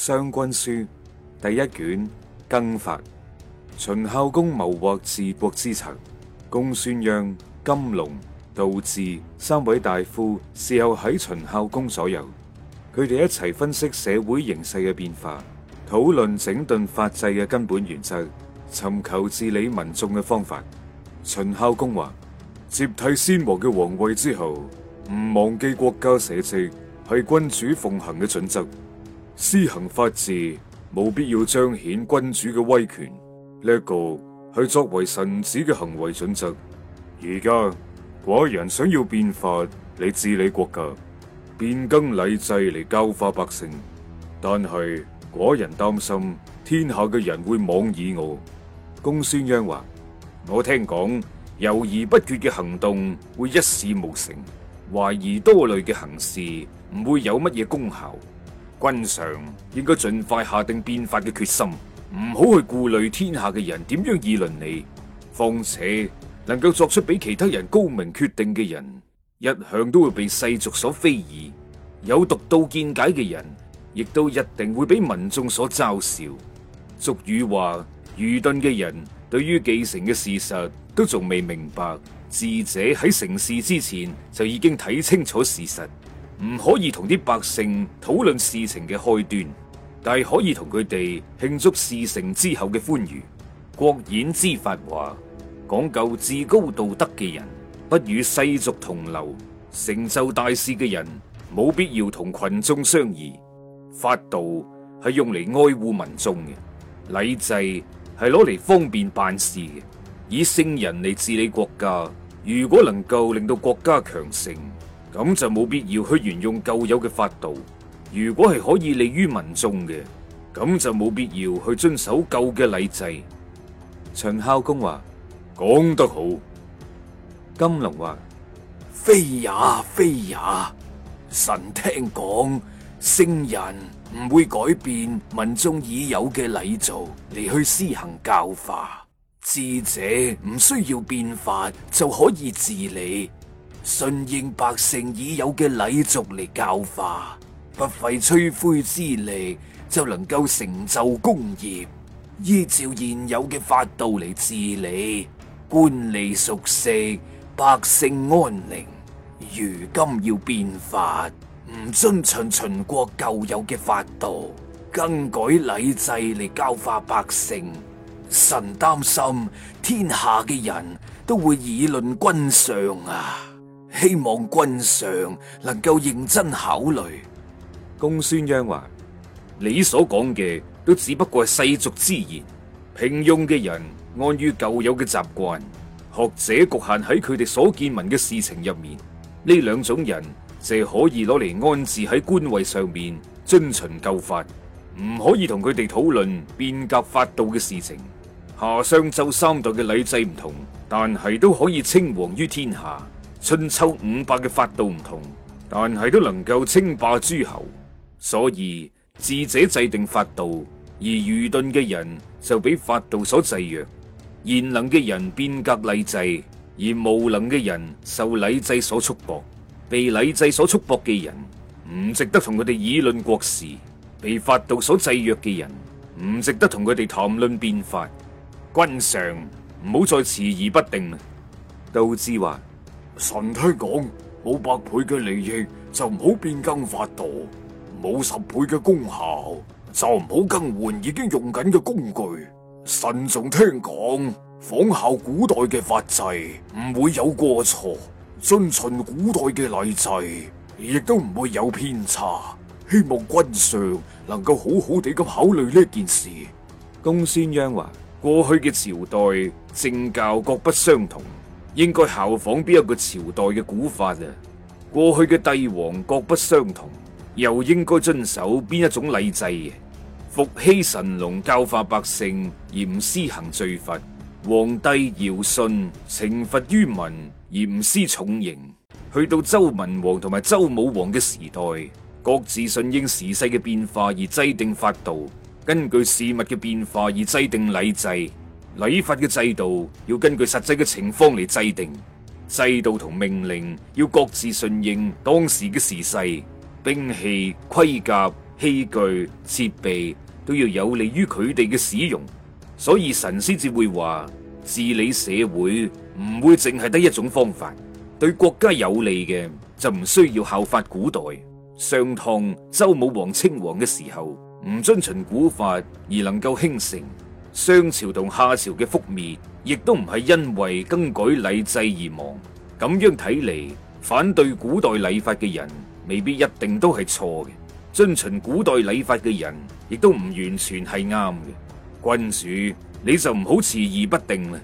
《商君書》第一卷更法，秦孝公謀獲治國之策，公孫鞅金龍、杜摯三位大夫事后喺秦孝公左右，佢哋一齊分析社會形勢嘅變化，討論整頓法制嘅根本原則，尋求治理民眾嘅方法。秦孝公話：接替先王嘅皇位之後，唔忘記國家社稷係君主奉行嘅準則。施行法治，冇必要彰顯君主嘅威權。呢、這個係作為臣子嘅行為準則。而家寡人想要變法嚟治理國家，變更禮制嚟教化百姓，但係寡人擔心天下嘅人會妄議我。公孫鞅話：我聽講猶豫不決嘅行動會一事無成，懷疑多慮嘅行事唔會有乜嘢功效。君上應該盡快下定變法嘅決心，唔好去顧慮天下嘅人點樣議論你。況且能夠作出比其他人高明決定嘅人，一向都會被世俗所非議；有獨到見解嘅人，亦都一定會被民眾所嘲笑。俗語話：愚鈍嘅人對於既成嘅事實都仲未明白，智者喺成事之前就已經睇清楚事實。唔可以同啲百姓討論事情嘅開端，但係可以同佢哋慶祝事成之後嘅歡愉。國演之法話，講究至高道德嘅人不與世俗同流，成就大事嘅人冇必要同群眾商議。法度係用嚟愛護民眾嘅，禮制係攞嚟方便辦事嘅。以聖人嚟治理國家，如果能夠令到國家強盛，咁就冇必要去沿用舊有嘅法度。如果係可以利於民眾嘅，咁就冇必要去遵守舊嘅禮制。秦孝公話：講得好。金龍話：非也，非也。神聽講，聖人唔會改變民眾已有嘅禮俗嚟去施行教化。智者唔需要變法就可以治理。順應百姓已有嘅禮俗嚟教化，不費吹灰之力就能夠成就功業；依照現有嘅法度嚟治理，官吏熟悉，百姓安寧。如今要變法，唔遵從秦國舊有嘅法度，更改禮制嚟教化百姓，臣擔心天下嘅人都會議論君上啊！希望君上能夠認真考慮。公孫鞅話，你所講嘅都只不過係世俗之言。平庸嘅人安於舊有嘅習慣，學者局限喺佢哋所見聞嘅事情入面。呢兩種人就係可以攞嚟安置喺官位上面，遵循舊法，唔可以同佢哋討論變革法度嘅事情。夏商周三代嘅禮制唔同，但係都可以稱王於天下。春秋五霸嘅法度唔同，但係都能夠稱霸諸侯。所以智者制定法度，而愚鈍嘅人就俾法度所制約；賢能嘅人變革禮制，而無能嘅人受禮制所束縛。被禮制所束縛嘅人唔值得同佢哋議論國事；被法度所制約嘅人唔值得同佢哋談論變法。君上唔好再遲疑不定，導致話。神聽講，冇百倍嘅利益就唔好變更法度，冇十倍嘅功效就唔好更換已經用緊嘅工具。神仲聽講，仿效古代嘅法制唔會有過錯，遵循古代嘅禮制亦都唔會有偏差。希望君上能夠好好地咁考慮呢一件事。公孫鞅話：過去嘅朝代政教各不相同。應該效仿邊一個朝代嘅古法啊？過去嘅帝王各不相同，又應該遵守邊一種禮制？伏羲神龍教化百姓，而唔施行罪罰；黃帝堯舜懲罰於民，而唔施重刑。去到周文王同埋周武王嘅時代，各自順應時勢嘅變化而制定法度，根據事物嘅變化而制定禮制。禮法嘅制度要根據實際嘅情況嚟制定，制度同命令要各自順應當時嘅時勢，兵器、盔甲、器具、設備都要有利於佢哋嘅使用。所以神師先至會話治理社會唔會淨係得一種方法，對國家有利嘅就唔需要效法古代。商湯、周武王、稱王嘅時候唔遵循古法而能夠興盛。商朝同夏朝嘅覆滅，亦都唔係因為更改禮制而亡。咁樣睇嚟，反對古代禮法嘅人未必一定都係錯嘅；遵循古代禮法嘅人，亦都唔完全係啱嘅。君主，你就唔好遲疑不定啦。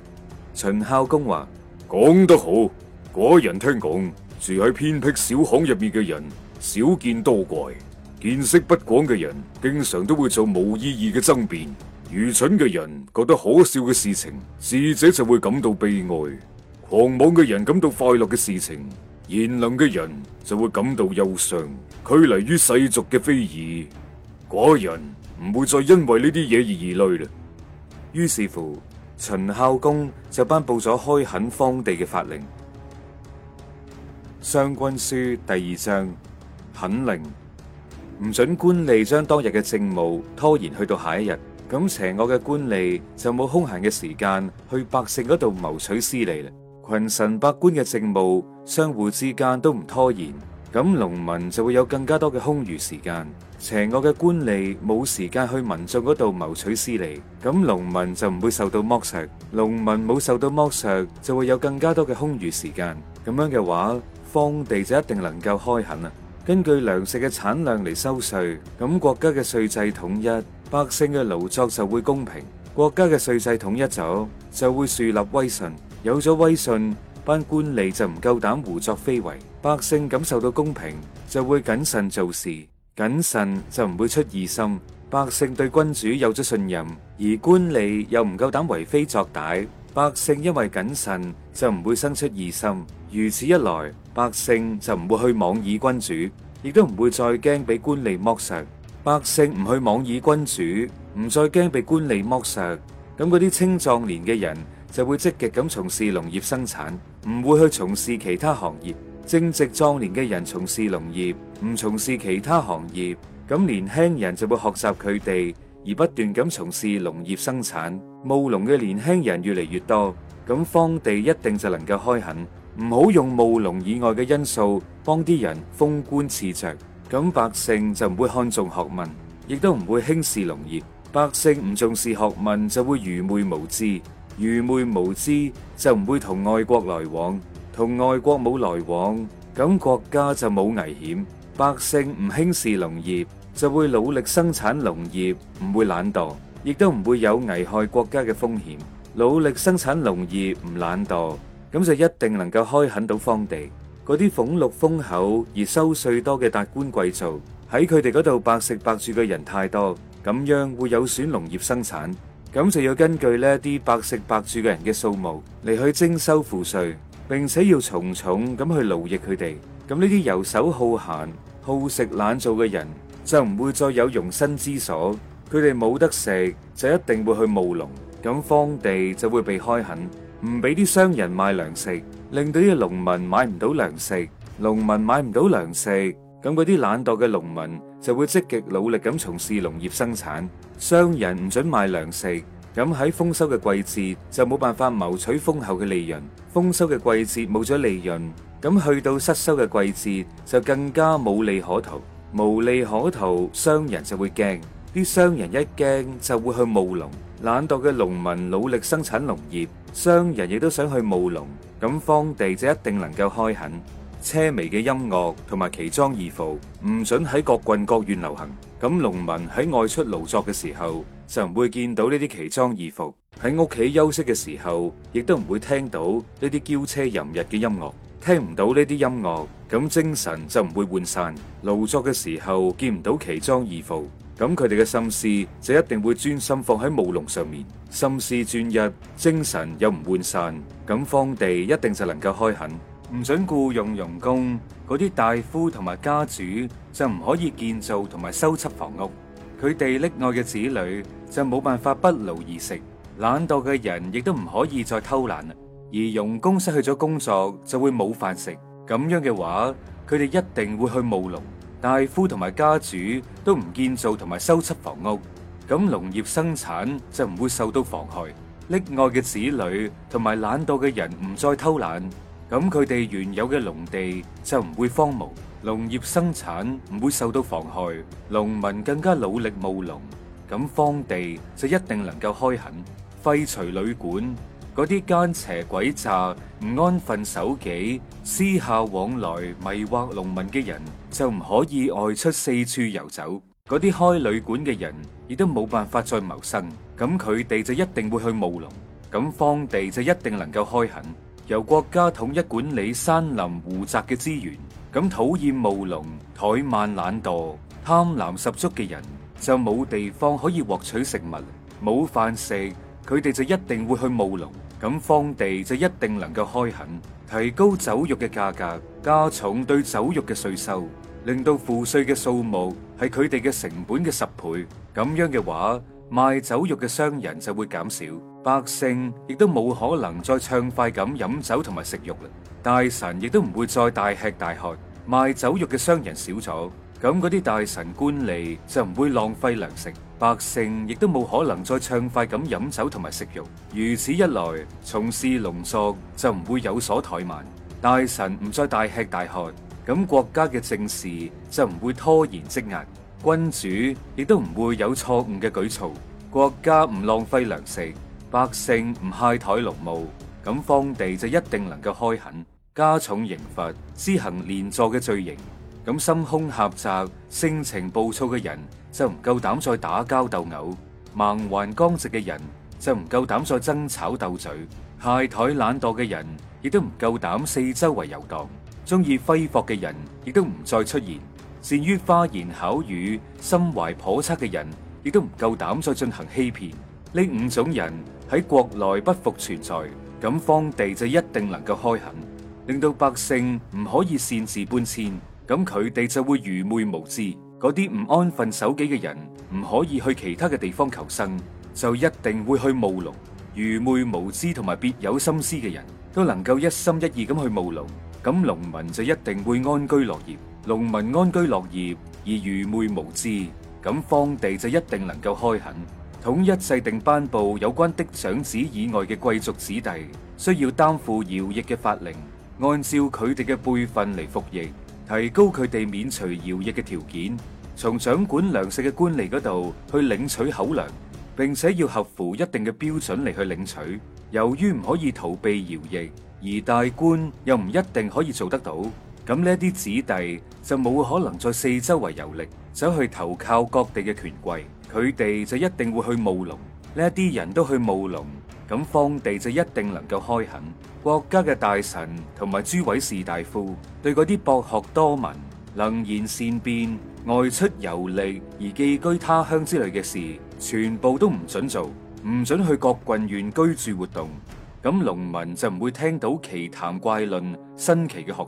秦孝公話：講得好，果人聽講，住喺偏僻小巷入面嘅人，少見多怪，見識不廣嘅人，經常都會做冇意義嘅爭辯。愚蠢嘅人覺得可笑嘅事情，智者就會感到悲哀；狂妄嘅人感到快樂嘅事情，賢良嘅人就會感到憂傷。驅離於世俗嘅非議，寡人唔會再因為呢啲嘢而疑慮啦。於是乎，秦孝公就頒布咗開墾荒地嘅法令。《商君書》第二章：墾令，唔准官吏將當日嘅政務拖延去到下一日。咁邪惡嘅官吏就冇空閒嘅時間去百姓嗰度謀取私利啦。群臣百官嘅政務，相互之間都唔拖延。咁農民就會有更加多嘅空餘時間。邪惡嘅官吏冇時間去民眾嗰度謀取私利。咁農民就唔會受到剝削。農民冇受到剝削，就會有更加多嘅空餘時間。咁樣嘅話，荒地就一定能夠開墾啊！根據糧食嘅產量嚟收稅，咁國家嘅稅制統一。百姓嘅勞作就會公平，國家嘅稅制統一咗就會樹立威信。有咗威信，班官吏就唔夠膽胡作非為。百姓感受到公平，就會謹慎做事，謹慎就唔會出異心。百姓對君主有咗信任，而官吏又唔夠膽為非作歹。百姓因為謹慎就唔會生出異心。如此一來，百姓就唔會去妄議君主，亦都唔會再驚俾官吏剝削。百姓唔去妄議君主，唔再驚被官吏剝削，咁嗰啲青壯年嘅人就會積極咁從事農業生產，唔會去從事其他行業。正值壯年嘅人從事農業，唔從事其他行業，咁年輕人就會學習佢哋，而不斷咁從事農業生產。務農嘅年輕人越嚟越多，咁荒地一定就能夠開墾。唔好用務農以外嘅因素幫啲人封官賜爵。咁百姓就唔會看重學問，亦都唔會輕視農業。百姓唔重視學問，就會愚昧無知；愚昧無知就唔會同外國來往，同外國冇來往，咁國家就冇危險。百姓唔輕視農業，就會努力生產農業，唔會懶惰，亦都唔會有危害國家嘅風險。努力生產農業唔懶惰，咁就一定能夠開墾到荒地。嗰啲俸祿豐厚而收稅多嘅達官貴族，喺佢哋嗰度白食白住嘅人太多，咁樣會有損農業生產。咁就要根據呢啲白食白住嘅人嘅數目嚟去徵收賦稅，並且要重重咁去勞役佢哋。咁呢啲游手好閒、好食懶做嘅人就唔會再有容身之所。佢哋冇得食，就一定會去務農。咁荒地就會被開墾。唔俾啲商人賣糧食，令到啲農民買唔到糧食。農民買唔到糧食，咁嗰啲懶惰嘅農民就會積極努力咁從事農業生產。商人唔准賣糧食，咁喺豐收嘅季節就冇辦法謀取豐厚嘅利潤。豐收嘅季節冇咗利潤，咁去到失收嘅季節就更加無利可圖。無利可圖，商人就會驚。啲商人一驚就會去務農。懶惰嘅農民努力生產農業，商人亦都想去務農，咁荒地就一定能夠開墾。奢靡嘅音樂同埋奇裝異服唔准喺各郡各縣流行，咁農民喺外出勞作嘅時候就唔會見到呢啲奇裝異服，喺屋企休息嘅時候亦都唔會聽到呢啲驕奢淫逸嘅音樂，聽唔到呢啲音樂，咁精神就唔會渙散，勞作嘅時候見唔到奇裝異服。咁佢哋嘅心思就一定會專心放喺務農上面，心思專一，精神又唔渙散，咁荒地一定就能夠開墾。唔准雇傭傭工，嗰啲大夫同埋家主就唔可以建造同埋修葺房屋，佢哋溺愛嘅子女就冇辦法不勞而食，懶惰嘅人亦都唔可以再偷懶啦。而傭工失去咗工作就會冇飯食，咁樣嘅話，佢哋一定會去務農。大夫同埋家主都唔建造同埋修葺房屋，咁農業生產就唔會受到妨害。溺愛嘅子女同埋懶惰嘅人唔再偷懶，咁佢哋原有嘅農地就唔會荒蕪，農業生產唔會受到妨害，農民更加努力務農，咁荒地就一定能夠開墾，廢除旅館。嗰啲奸邪詭詐、唔安分守己、私下往來迷惑農民嘅人，就唔可以外出四處游走。嗰啲開旅館嘅人亦都冇辦法再謀生，咁佢哋就一定會去務農。咁荒地就一定能夠開墾，由國家統一管理山林湖澤嘅資源。咁討厭務農、怠慢懶惰、貪婪十足嘅人，就冇地方可以獲取食物，冇飯食，佢哋就一定會去務農。咁荒地就一定能夠開墾，提高酒肉嘅價格，加重對酒肉嘅稅收，令到賦稅嘅數目係佢哋嘅成本嘅十倍。咁樣嘅話，賣酒肉嘅商人就會減少，百姓亦都冇可能再暢快咁飲酒同埋食肉啦。大臣亦都唔會再大吃大喝，賣酒肉嘅商人少咗，咁嗰啲大臣官吏就唔會浪費糧食。百姓亦都冇可能再暢快咁飲酒同埋食肉，如此一來，從事農作就唔會有所怠慢，大臣唔再大吃大喝，咁國家嘅政事就唔會拖延積壓，君主亦都唔會有錯誤嘅舉措，國家唔浪費糧食，百姓唔懈怠勞務，咁荒地就一定能夠開墾。加重刑罰，施行連坐嘅罪刑，咁心胸狹窄、性情暴躁嘅人，就唔夠膽再打交鬥毆，盲頑剛直嘅人就唔夠膽再爭吵鬥嘴，懈怠懶惰嘅人亦都唔夠膽四周圍遊蕩，中意揮霍嘅人亦都唔再出現，善於花言巧語、心懷叵測嘅人亦都唔夠膽再進行欺騙。呢五種人喺國內不復存在，咁荒地就一定能夠開墾，令到百姓唔可以擅自搬遷，咁佢哋就會愚昧無知。嗰啲唔安分守己嘅人，唔可以去其他嘅地方求生，就一定會去務農。愚昧無知同埋別有心思嘅人都能夠一心一意咁去務農，咁農民就一定會安居樂業。農民安居樂業而愚昧無知，咁荒地就一定能夠開墾。統一制定頒布有關嫡長子以外嘅貴族子弟需要擔負徭役嘅法令，按照佢哋嘅輩分嚟服役。提高佢哋免除徭役嘅條件，從掌管糧食嘅官吏嗰度去領取口糧，並且要合乎一定嘅標準嚟去領取。由於唔可以逃避徭役，而大官又唔一定可以做得到，咁呢啲子弟就冇可能在四周圍遊歷，走去投靠各地嘅權貴，佢哋就一定會去務農。呢一啲人都去務農，咁荒地就一定能夠開墾。國家嘅大臣同埋諸位士大夫，對嗰啲博學多聞、能言善辯、外出遊歷而寄居他鄉之類嘅事，全部都唔准做，唔准去各郡縣居住活動。咁農民就唔會聽到奇談怪論、新奇嘅學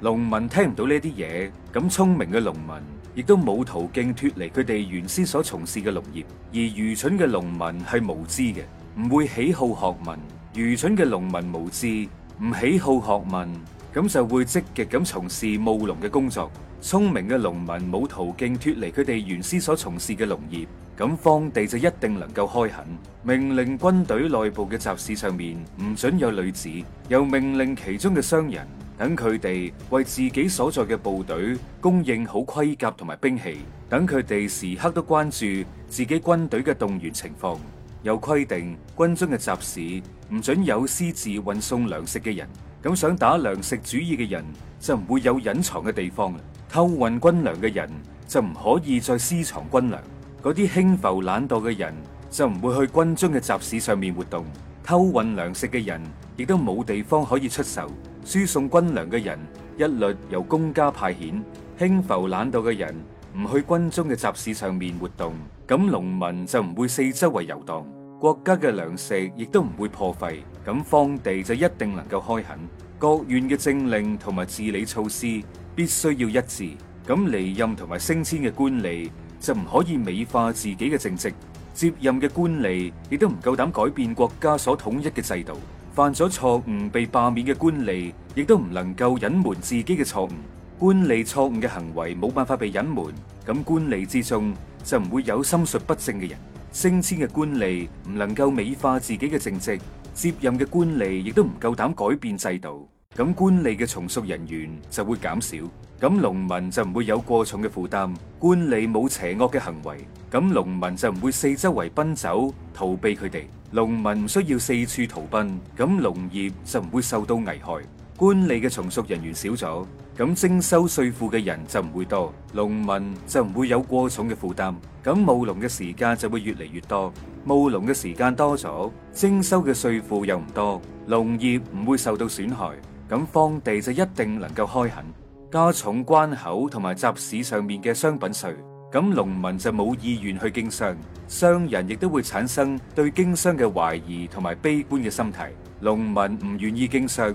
說。農民聽唔到呢啲嘢，咁聰明嘅農民亦都冇途徑脫離佢哋原先所從事嘅農業。而愚蠢嘅農民係無知嘅，唔會喜好學問。愚蠢嘅農民無知，唔喜好學問，咁就會積極咁從事務農嘅工作。聰明嘅農民冇途徑脫離佢哋原先所從事嘅農業，咁荒地就一定能夠開墾。命令軍隊內部嘅集市上面唔准有女子，又命令其中嘅商人，等佢哋為自己所在嘅部隊供應好盔甲同埋兵器，等佢哋時刻都關注自己軍隊嘅動員情況。有規定，軍中嘅集市唔准有私自運送糧食嘅人。咁想打糧食主意嘅人就唔會有隱藏嘅地方啦。偷運軍糧嘅人就唔可以再私藏軍糧。嗰啲輕浮懶惰嘅人就唔會去軍中嘅集市上面活動。偷運糧食嘅人亦都冇地方可以出售。輸送軍糧嘅人一律由公家派遣。輕浮懶惰嘅人，唔去軍中嘅集市上面活動，咁農民就唔會四周圍遊蕩，國家嘅糧食亦都唔會破費，咁荒地就一定能夠開墾。各縣嘅政令同埋治理措施必須要一致，咁離任同埋升遷嘅官吏就唔可以美化自己嘅政績，接任嘅官吏亦都唔夠膽改變國家所統一嘅制度，犯咗錯誤被罷免嘅官吏亦都唔能夠隱瞞自己嘅錯誤。官吏錯誤嘅行為冇辦法被隱瞞，咁官吏之中就唔會有心術不正嘅人。升遷嘅官吏唔能夠美化自己嘅政績，接任嘅官吏亦都唔夠膽改變制度，咁官吏嘅從屬人員就會減少，咁農民就唔會有過重嘅負擔。官吏冇邪惡嘅行為，咁農民就唔會四周圍奔走逃避佢哋，農民唔需要四處逃奔，咁農業就唔會受到危害。官吏嘅從屬人員少咗，咁徵收稅負嘅人就唔會多，農民就唔會有過重嘅負擔，咁務農嘅時間就會越嚟越多。務農嘅時間多咗，徵收嘅稅負又唔多，農業唔會受到損害，咁荒地就一定能夠開墾。加重關口同埋集市上面嘅商品稅，咁農民就冇意願去經商，商人亦都會產生對經商嘅懷疑同埋悲觀嘅心態。農民唔願意經商。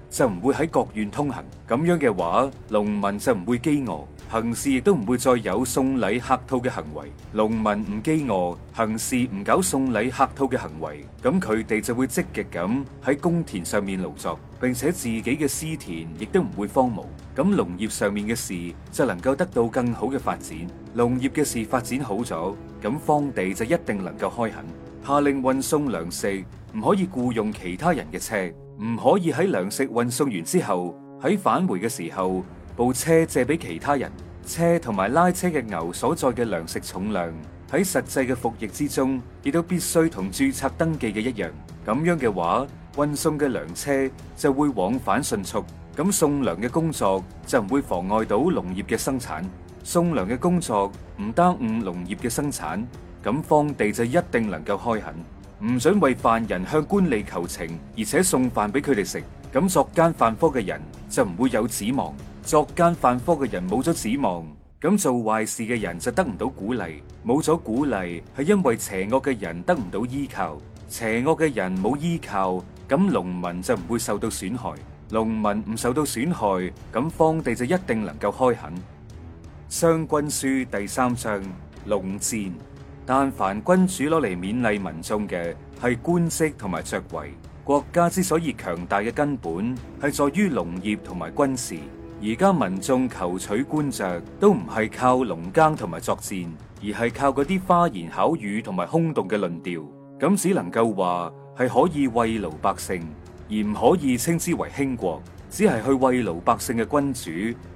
就唔會喺各縣通行，咁樣嘅話，農民就唔會飢餓，行事亦都唔會再有送禮客套嘅行為。農民唔飢餓，行事唔搞送禮客套嘅行為，咁佢哋就會積極咁喺公田上面勞作，並且自己嘅私田亦都唔會荒蕪。咁農業上面嘅事就能夠得到更好嘅發展。農業嘅事發展好咗，咁荒地就一定能夠開墾。下令運送糧食，唔可以僱傭其他人嘅車。唔可以喺糧食運送完之後，喺返回嘅時候，部車借俾其他人。車同埋拉車嘅牛所在嘅糧食重量，喺實際嘅服役之中,亦都必須同註冊登記嘅一樣。咁樣嘅話，運送嘅糧車就會往返迅速。咁送糧嘅工作就唔會妨礙到農業嘅生產。送糧嘅工作唔耽誤農業嘅生產，咁荒地就一定能夠開墾。唔准為犯人向官吏求情，而且送飯俾佢哋食。咁作奸犯科嘅人就唔會有指望。作奸犯科嘅人冇咗指望，咁做壞事嘅人就得唔到鼓勵。冇咗鼓勵，係因為邪惡嘅人得唔到依靠。邪惡嘅人冇依靠，咁農民就唔會受到損害。農民唔受到損害，咁荒地就一定能夠開墾。《商君書》第三章：農戰。但凡君主攞嚟勉勵民眾嘅係官職同埋爵位，國家之所以強大嘅根本係在於農業同埋軍事。而家民眾求取官爵都唔係靠農耕同埋作戰，而係靠嗰啲花言巧語同埋空洞嘅論調。咁只能夠話係可以慰勞百姓，而唔可以稱之為興國。只係去慰勞百姓嘅君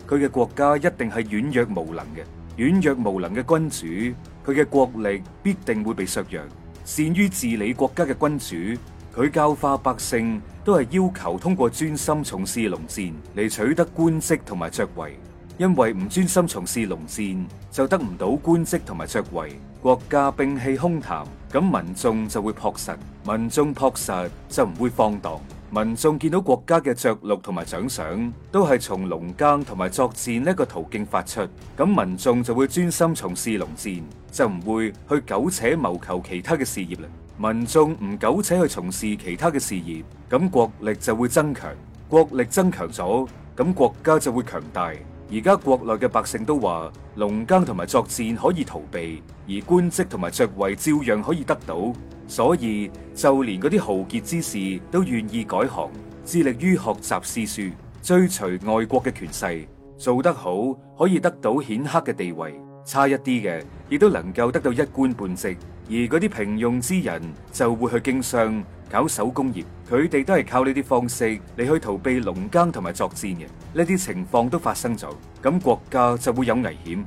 主，佢嘅國家一定係軟弱無能嘅。軟弱無能嘅君主。佢嘅國力必定會被削弱。善於治理國家嘅君主，佢教化百姓都係要求通過專心從事農戰嚟取得官職同埋爵位。因為唔專心從事農戰，就得唔到官職同埋爵位。國家摒棄空談，咁民眾就會樸實。民眾樸實就唔會放蕩。民眾見到國家嘅着落同埋獎賞，都係從農耕同埋作戰呢一個途徑發出，咁民眾就會專心從事農戰，就唔會去苟且謀求其他嘅事業啦。民眾唔苟且去從事其他嘅事業，咁國力就會增強，國力增強咗，咁國家就會強大。而家國內嘅百姓都話，農耕同埋作戰可以逃避，而官職同埋爵位照樣可以得到，所以就連嗰啲豪傑之士都願意改行，致力於學習詩書，追隨外國嘅權勢。做得好可以得到顯赫嘅地位，差一啲嘅亦都能夠得到一官半職。而嗰啲平庸之人就會去經商，搞手工業。佢哋都係靠呢啲方式嚟去逃避農耕同埋作戰嘅，呢啲情況都發生咗，咁國家就會有危險。君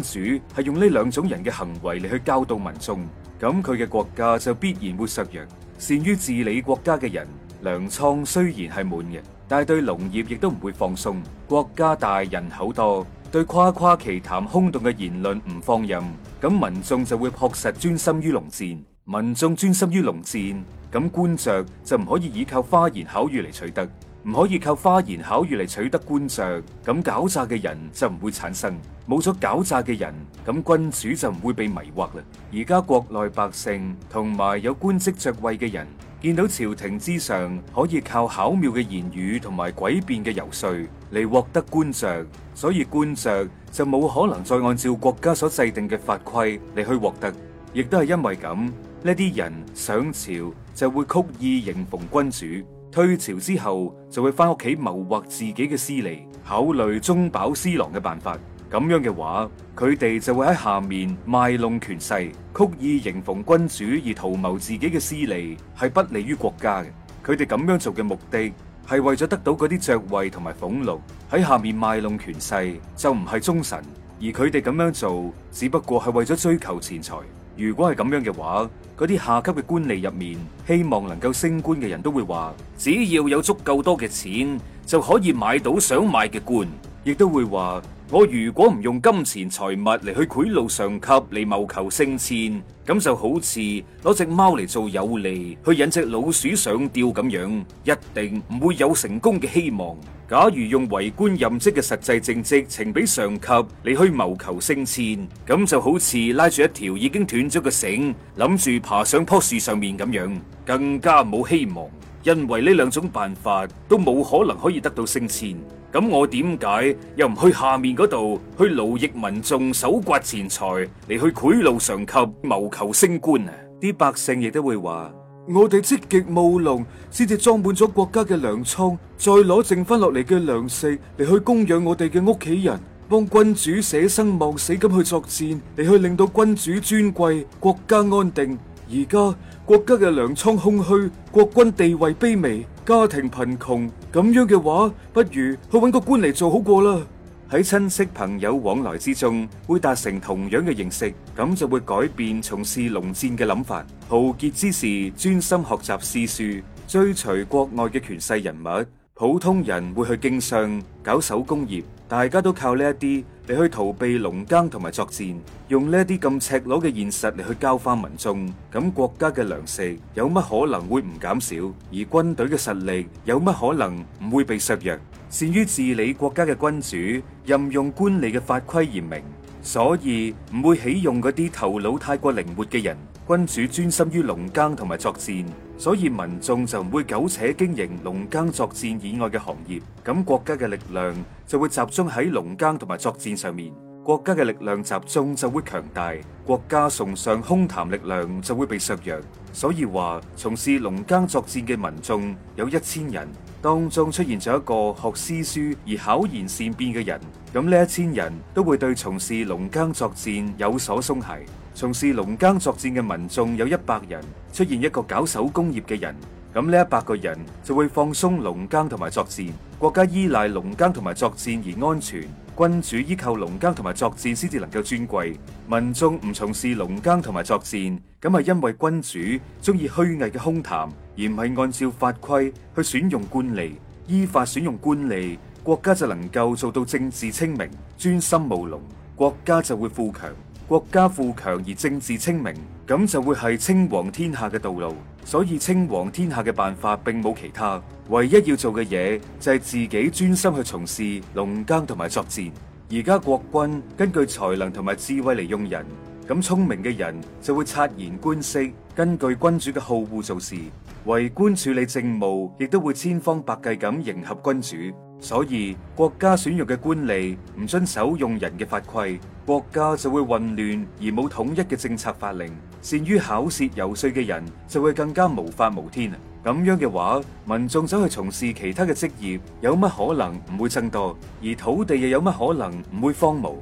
主係用呢兩種人嘅行為嚟去教導民眾，咁佢嘅國家就必然會削弱。善於治理國家嘅人，糧倉雖然係滿嘅，但係對農業亦都唔會放鬆。國家大，人口多，對誇誇其談、空洞嘅言論唔放任，咁民眾就會樸實，專心於農戰。民眾專心於農戰。咁官爵就唔可以依靠花言巧語嚟取得，唔可以靠花言巧語嚟取得官爵。咁狡詐嘅人就唔會產生，冇咗狡詐嘅人，咁君主就唔會被迷惑啦。而家國內百姓同埋有官職爵位嘅人見到朝廷之上可以靠巧妙嘅言語同埋詭辯嘅遊說嚟獲得官爵，所以官爵就冇可能再按照國家所制定嘅法規嚟去獲得。亦都係因為咁，呢啲人上朝。就會曲意迎逢君主，退朝之後就會翻屋企謀劃自己嘅私利，考慮中飽私囊嘅辦法。咁樣嘅話，佢哋就會喺下面賣弄權勢，曲意迎逢君主而圖謀自己嘅私利，係不利於國家嘅。佢哋咁樣做嘅目的係為咗得到嗰啲爵位同埋俸祿，喺下面賣弄權勢就唔係忠臣，而佢哋咁樣做只不過係為咗追求錢財。如果係咁樣嘅話，嗰啲下級嘅官吏入面，希望能夠升官嘅人都會話，只要有足夠多嘅錢，就可以買到想買嘅官，亦都會話。我如果唔用金錢財物嚟去賄賂上級嚟謀求升遷，咁就好似攞隻貓嚟做有利，去引隻老鼠上吊咁樣，一定唔會有成功嘅希望。假如用為官任職嘅實際政績呈俾上級你去謀求升遷，咁就好似拉住一條已經斷咗嘅繩，諗住爬上棵樹上面咁樣，更加冇希望。因為呢兩種辦法都冇可能可以得到升遷，咁我點解又唔去下面嗰度去勞役民眾、搜刮錢財嚟去賄賂上級、謀求升官啊？啲百姓亦都會話：我哋積極務農，先至裝滿咗國家嘅糧倉，再攞剩翻落嚟嘅糧食嚟去供養我哋嘅屋企人，幫君主捨生忘死咁去作戰，嚟去令到君主尊貴、國家安定。而家。國家嘅糧倉空虛，國君地位卑微，家庭貧窮，咁樣嘅話，不如去搵個官嚟做好過啦。喺親戚朋友往來之中，會達成同樣嘅認識，咁就會改變從事農戰嘅諗法。豪傑之士，專心學習詩書，追隨國外嘅權勢人物。普通人會去經商、搞手工業，大家都靠呢一啲嚟去逃避農耕同埋作戰，用呢一啲咁赤裸嘅現實嚟去教化民眾。咁國家嘅糧食有乜可能會唔減少？而軍隊嘅實力有乜可能唔會被削弱？善於治理國家嘅君主任用官吏嘅法規嚴明，所以唔會起用嗰啲頭腦太過靈活嘅人。君主專心於農耕同埋作戰。所以民眾就唔會苟且經營農耕作戰以外嘅行業，咁國家嘅力量就會集中喺農耕同埋作戰上面，國家嘅力量集中就會強大，國家崇尚空談力量就會被削弱。所以話從事農耕作戰嘅民眾有一千人，當中出現咗一個學詩書而巧言善辯嘅人，咁呢一千人都會對從事農耕作戰有所鬆懈。從事農耕作戰嘅民眾有一百人，出現一個搞手工業嘅人，咁呢一百個人就會放鬆農耕同埋作戰。國家依賴農耕同埋作戰而安全，君主依靠農耕同埋作戰先至能夠尊貴。民眾唔從事農耕同埋作戰，咁係因為君主中意虛偽嘅空談，而唔係按照法規去選用官吏，依法選用官吏，國家就能夠做到政治清明，專心務農，國家就會富強。國家富強而政治清明，咁就會係稱王天下嘅道路。所以稱王天下嘅辦法並冇其他，唯一要做嘅嘢就係自己專心去從事農耕同埋作戰。而家國君根據才能同埋智慧嚟用人，咁聰明嘅人就會察言觀色，根據君主嘅好惡做事，為官處理政務，亦都會千方百計咁迎合君主。所以國家選用嘅官吏唔遵守用人嘅法規，國家就會混亂而冇統一嘅政策法令。善於巧舌遊說嘅人就會更加無法無天啊！咁樣嘅話，民眾走去從事其他嘅職業，有乜可能唔會增多？而土地又有乜可能唔會荒蕪？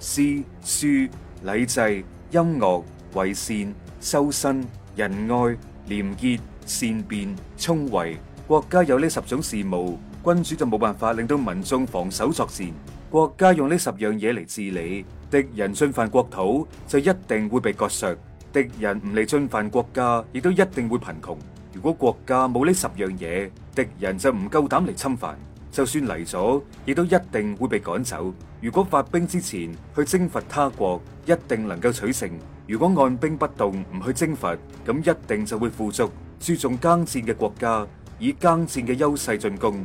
詩書禮制、音樂、為善、修身、仁愛、廉潔、善變、聰慧，國家有呢十種事務。君主就冇辦法令到民眾防守作戰，國家用呢十樣嘢嚟治理，敵人進犯國土就一定會被割削；敵人唔嚟進犯國家，亦都一定會貧窮。如果國家冇呢十樣嘢，敵人就唔夠膽嚟侵犯。就算嚟咗，亦都一定會被趕走。如果發兵之前去征伐他國，一定能夠取勝；如果按兵不動，唔去征伐，咁一定就會富足。注重耕戰嘅國家，以耕戰嘅優勢進攻。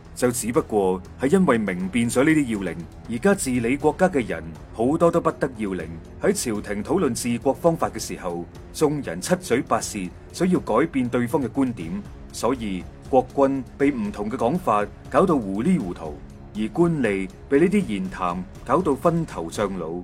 就只不過係因為明辨咗呢啲要領，而家治理國家嘅人好多都不得要領。喺朝廷討論治國方法嘅時候，眾人七嘴八舌，想要改變對方嘅觀點。所以國君被唔同嘅講法搞到糊裡糊塗，而官吏被呢啲言談搞到昏頭脹腦，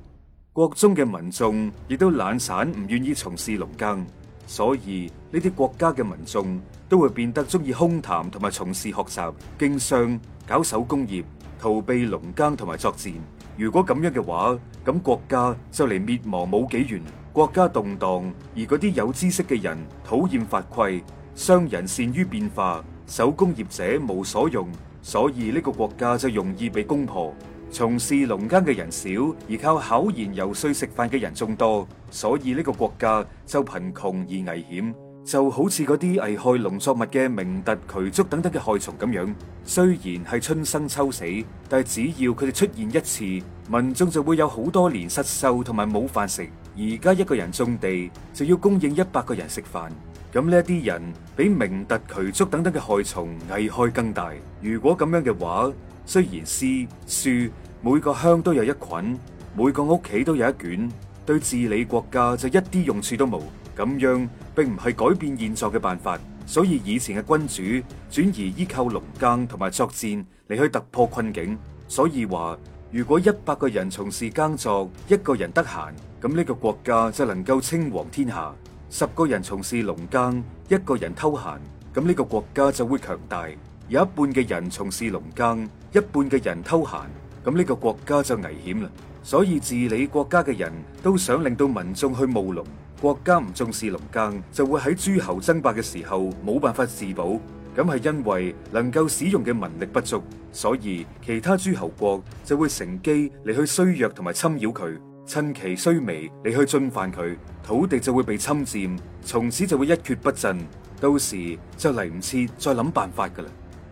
國中嘅民眾亦都懶散，唔願意從事農耕。所以呢啲國家嘅民眾。都會變得中意空談同埋從事學習、經商、搞手工業、逃避農耕同埋作戰。如果咁樣嘅話，咁國家就離滅亡冇幾遠。國家動盪，而嗰啲有知識嘅人討厭法規，商人善於變化，手工業者無所用，所以呢個國家就容易被攻破。從事農耕嘅人少，而靠口言游說食飯嘅人眾多，所以呢個國家就貧窮而危險。就好似嗰啲危害農作物嘅明突渠竹等等嘅害蟲咁樣，雖然係春生秋死，但係只要佢哋出現一次，民眾就會有好多年失收同埋冇飯食。而家一個人種地就要供應一百個人食飯，咁呢啲人比明突渠竹等等嘅害蟲危害更大。如果咁樣嘅話，雖然詩書每個鄉都有一捆，每個屋企都有一卷，對治理國家就一啲用處都冇，咁樣，並唔係改變現狀嘅辦法，所以以前嘅君主轉而依靠農耕同埋作戰嚟去突破困境。所以話，如果一百個人從事耕作，一個人得閒，咁呢個國家就能夠稱王天下；十個人從事農耕，一個人偷閒，咁呢個國家就會強大；有一半嘅人從事農耕，一半嘅人偷閒，咁呢個國家就危險啦。所以治理國家嘅人都想令到民眾去務農。國家唔重視農耕，就會喺諸侯爭霸嘅時候冇辦法自保。咁係因為能夠使用嘅民力不足，所以其他諸侯國就會乘機嚟去衰弱，同埋侵擾佢，趁其衰微嚟去進犯佢，土地就會被侵占，從此就會一蹶不振。到時就嚟唔切再諗辦法㗎喇。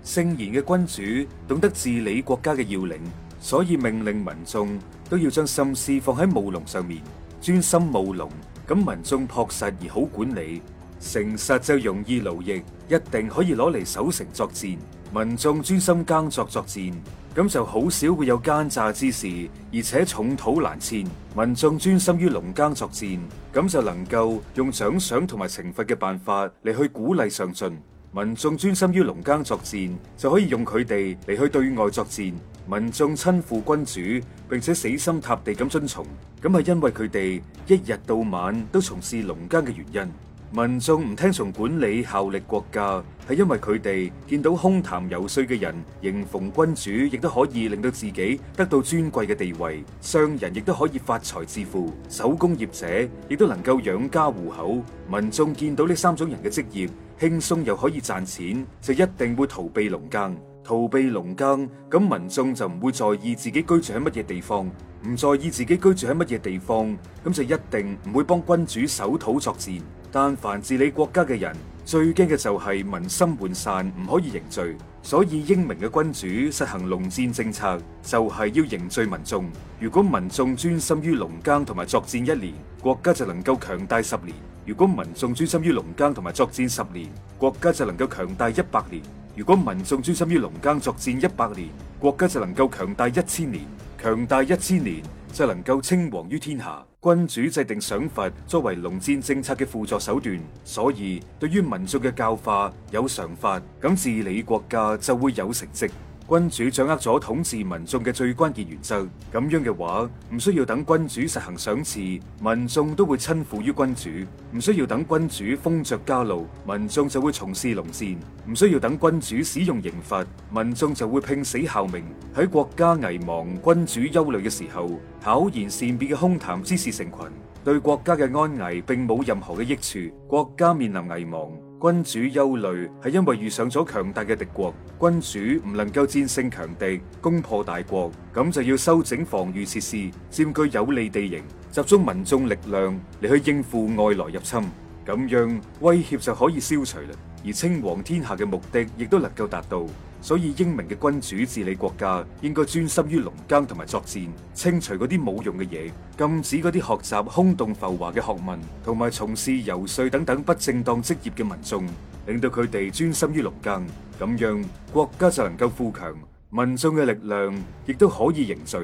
聖賢嘅君主懂得治理國家嘅要領，所以命令民眾都要將心思放喺務農上面，專心務農。咁民眾樸實而好管理，誠實就容易勞役，一定可以攞嚟守城作戰。民眾專心耕作作戰，咁就好少會有奸詐之事，而且重土難遷。民眾專心於農耕作戰，咁就能夠用獎賞同埋懲罰嘅辦法嚟去鼓勵上進。民眾專心於農耕作戰，就可以用佢哋嚟去對外作戰。民眾親附君主，並且死心塌地咁遵從，咁係因為佢哋一日到晚都從事農耕嘅原因。民眾唔聽從管理效力國家，係因為佢哋見到空談游說嘅人迎逢君主，亦都可以令到自己得到尊貴嘅地位；商人亦都可以發財致富，手工業者亦都能夠養家糊口。民眾見到呢三種人嘅職業，輕鬆又可以賺錢，就一定會逃避農耕。逃避農耕，咁民眾就唔會在意自己居住喺乜嘢地方，唔在意自己居住喺乜嘢地方，咁就一定唔會幫君主守土作戰。但凡治理國家嘅人，最驚嘅就係民心渙散，唔可以凝聚。所以英明嘅君主實行農戰政策，就係要凝聚民眾。如果民眾專心於農耕同埋作戰一年，國家就能夠強大十年。如果民眾專心於農耕同埋作戰十年，國家就能夠強大一百年；如果民眾專心於農耕作戰一百年，國家就能夠強大一千年。強大一千年就能夠稱王於天下。君主制定想法，作為農戰政策嘅輔助手段，所以對於民眾嘅教化有常法，咁治理國家就會有成績。君主掌握咗統治民眾嘅最關鍵原則，咁樣嘅話，唔需要等君主實行賞賜，民眾都會親附於君主；唔需要等君主封爵加祿，民眾就會從事農戰；唔需要等君主使用刑罰，民眾就會拼死效命。喺國家危亡、君主憂慮嘅時候，巧言善辯嘅空談之士成群，對國家嘅安危並冇任何嘅益處。國家面臨危亡。君主憂慮係因為遇上咗強大嘅敵國，君主唔能夠戰勝強敵，攻破大國，咁就要修整防御設施，佔據有利地形，集中民眾力量，嚟去應付外來入侵，咁樣威脅就可以消除啦，而稱王天下嘅目的亦都能夠達到。所以英明嘅君主治理國家，應該專心於農耕同埋作戰，清除嗰啲冇用嘅嘢，禁止嗰啲學習空洞浮華嘅學問，同埋從事游說等等不正當職業嘅民眾，令到佢哋專心於農耕，咁樣國家就能夠富強，民眾嘅力量亦都可以凝聚。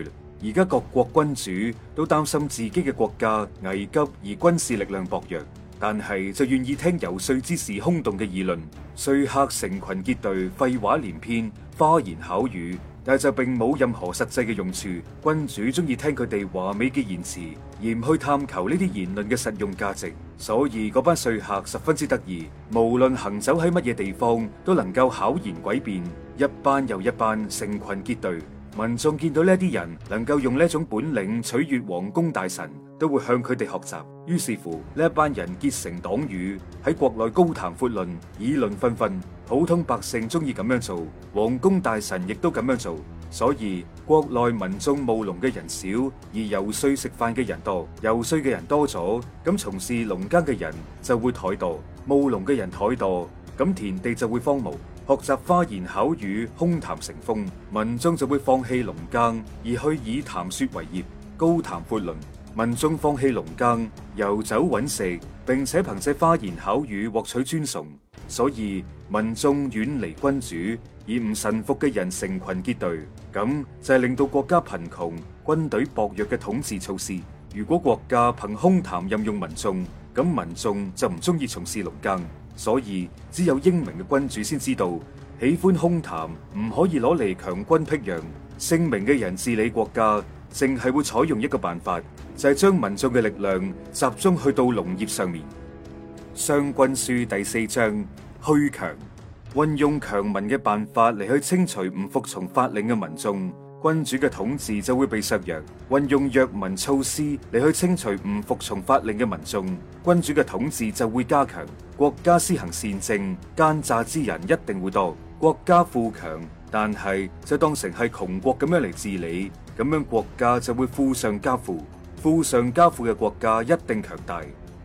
而家各國君主都擔心自己嘅國家危急，而軍事力量薄弱。但係就願意聽遊說之時空洞嘅議論，說客成群結隊，廢話連篇，花言巧語，但係就並冇任何實際嘅用處。君主中意聽佢哋華美嘅言辭，而唔去探求呢啲言論嘅實用價值。所以嗰班說客十分之得意，無論行走喺乜嘢地方，都能夠巧言詭辯，一班又一班，成群結隊。民眾見到呢一啲人能夠用呢種本領取悅皇宮大臣，都會向佢哋學習。於是乎，呢一班人結成黨羽，喺國內高談闊論，議論紛紛。普通百姓中意咁樣做，皇宮大臣亦都咁樣做。所以國內民眾務農嘅人少，而遊說食飯嘅人多。遊說嘅人多咗，咁從事農耕嘅人就會怠惰，務農嘅人怠惰，咁田地就會荒蕪。學習花言巧語，空談成風，民眾就會放棄農耕，而去以談說為業，高談闊論。民眾放棄農耕，游走揾食，並且憑借花言巧語獲取尊崇，所以民眾遠離君主，以唔臣服嘅人成群結隊，咁就係令到國家貧窮、軍隊薄弱嘅統治措施。如果國家憑空談任用民眾，咁民眾就唔中意從事農耕。所以只有英明嘅君主先知道，喜歡空談唔可以攞嚟強軍辟揚。聖明嘅人治理國家，淨係會採用一個辦法，就係、是、將民眾嘅力量集中去到農業上面。《商君書》第四章：虛強，運用強民嘅辦法嚟去清除唔服從法令嘅民眾。君主嘅統治就會被削弱，運用弱民措施嚟去清除唔服從法令嘅民眾，君主嘅統治就會加強。國家施行善政，奸詐之人一定會多。國家富強，但係就當成係窮國咁樣嚟治理，咁樣國家就會富上加富，富上加富嘅國家一定強大。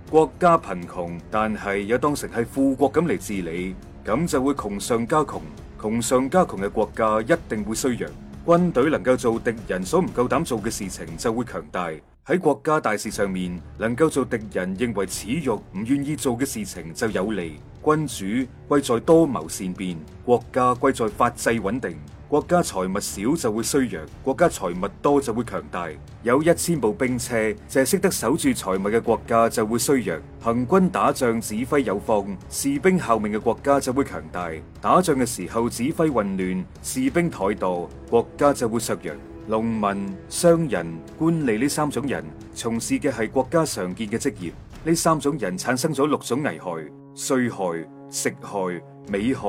國家貧窮，但係又當成係富國咁嚟治理，咁就會窮上加窮，窮上加窮嘅國家一定會衰弱。軍隊能夠做敵人所唔夠膽做嘅事情，就會強大；喺國家大事上面，能夠做敵人認為恥辱、唔願意做嘅事情，就有利。君主貴在多謀善變，國家貴在法制穩定。國家財物少就會衰弱，國家財物多就會強大。有一千部兵車就係、是、識得守住財物嘅國家就會衰弱，行軍打仗指揮有方、士兵效命嘅國家就會強大。打仗嘅時候指揮混亂、士兵怠惰，國家就會削弱。農民、商人、官吏呢三種人從事嘅係國家常見嘅職業，呢三種人產生咗六種危害：衰害、食害、美害、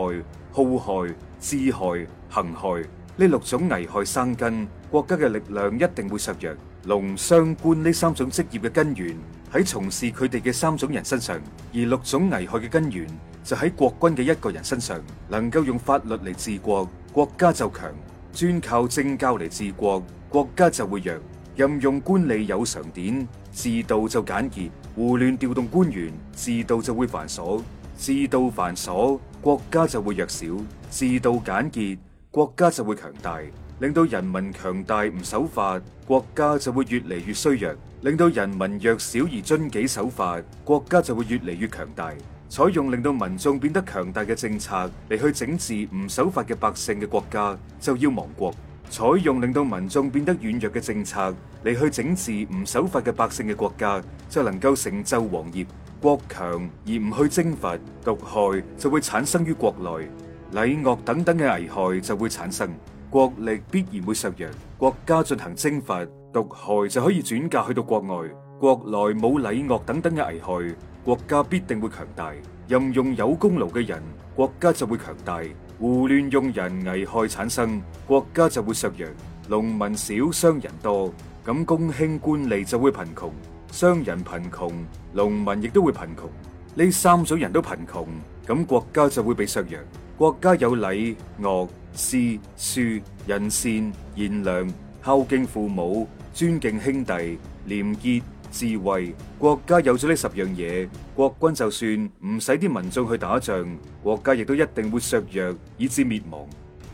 好害、治害、行害呢六種危害生根，國家嘅力量一定會削弱。農、商、官呢三種職業嘅根源喺從事佢哋嘅三種人身上，而六種危害嘅根源就喺國君嘅一個人身上。能夠用法律嚟治國，國家就強；專靠政教嚟治國，國家就會弱。任用官吏有常典，治道就簡易；胡亂調動官員，治道就會繁瑣。治道繁瑣，國家就會弱小，制度簡潔，國家就會強大，令到人民強大唔守法，國家就會越嚟越衰弱令到人民弱小而遵紀守法，國家就會越嚟越強大。採用令到民眾變得強大嘅政策嚟去整治唔守法嘅百姓嘅國家，就要亡國，採用令到民眾變得軟弱嘅政策嚟去整治唔守法嘅百姓嘅國家就能夠成就王業，國強而唔去征伐，毒害就會產生於國內，禮樂等等嘅危害就會產生，國力必然會削弱。國家進行征伐，毒害就可以轉嫁去到國外，國內冇禮樂等等嘅危害，國家必定會強大。任用有功勞嘅人，國家就會強大；胡亂用人，危害產生，國家就會削弱。農民少，商人多，咁公卿官吏就會貧窮，商人貧窮，農民亦都會貧窮。呢三種人都貧窮，咁國家就會被削弱。國家有禮、樂、詩、書、仁善、賢良、孝敬父母、尊敬兄弟、廉潔、智慧。國家有咗呢十樣嘢，國君就算唔使啲民眾去打仗，國家亦都一定會削弱，以致滅亡。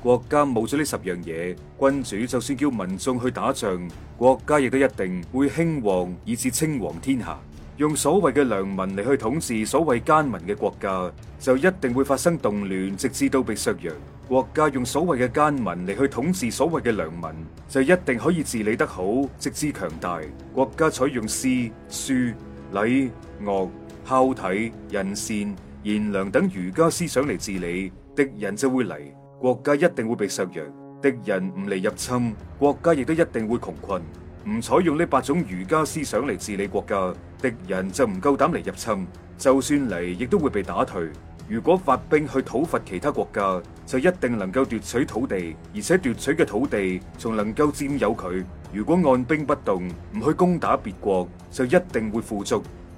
國家冇咗呢十樣嘢，君主就算叫民眾去打仗，國家亦都一定會興旺，以至稱王天下。用所謂嘅良民嚟去統治所謂奸民嘅國家，就一定會發生動亂，直至到被削弱。國家用所謂嘅奸民嚟去統治所謂嘅良民，就一定可以治理得好，直至強大。國家採用詩、書、禮、樂、孝悌、仁善、賢良等儒家思想嚟治理，敵人就會嚟。國家一定會被削弱，敵人唔嚟，入侵國家亦都一定會窮困。唔採用呢八種儒家思想嚟治理國家，敵人就唔夠膽嚟入侵。就算嚟，亦都會被打退。如果發兵去討伐其他國家，就一定能夠奪取土地，而且奪取嘅土地仲能夠佔有佢。如果按兵不動，唔去攻打別國，就一定會富足。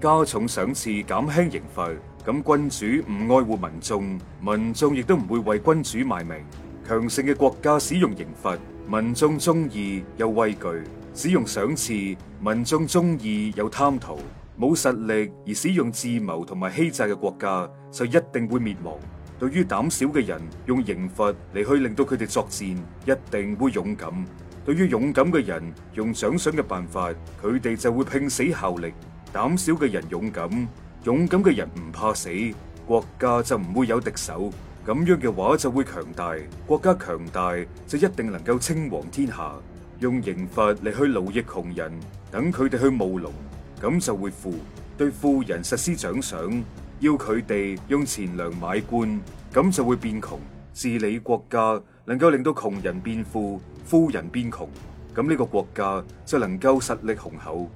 加重賞賜，減輕刑罰，咁君主唔愛護民眾，民眾亦都唔會為君主賣命。強盛嘅國家使用刑罰，民眾中意又畏懼；使用賞賜，民眾中意又貪圖。冇實力而使用自謀同埋欺詐嘅國家，就一定會滅亡。對於膽小嘅人，用刑罰嚟去令到佢哋作戰，一定會勇敢；對於勇敢嘅人，用獎賞嘅辦法，佢哋就會拼死效力。膽小嘅人勇敢，勇敢嘅人唔怕死，國家就唔會有敵手。咁樣嘅話就會強大，國家強大就一定能夠稱王天下。用刑法嚟去奴役窮人，等佢哋去務農，咁就會富；對富人實施獎賞，要佢哋用錢糧買官，咁就會變窮。治理國家能夠令到窮人變富，富人變窮，咁呢個國家就能夠實力雄厚。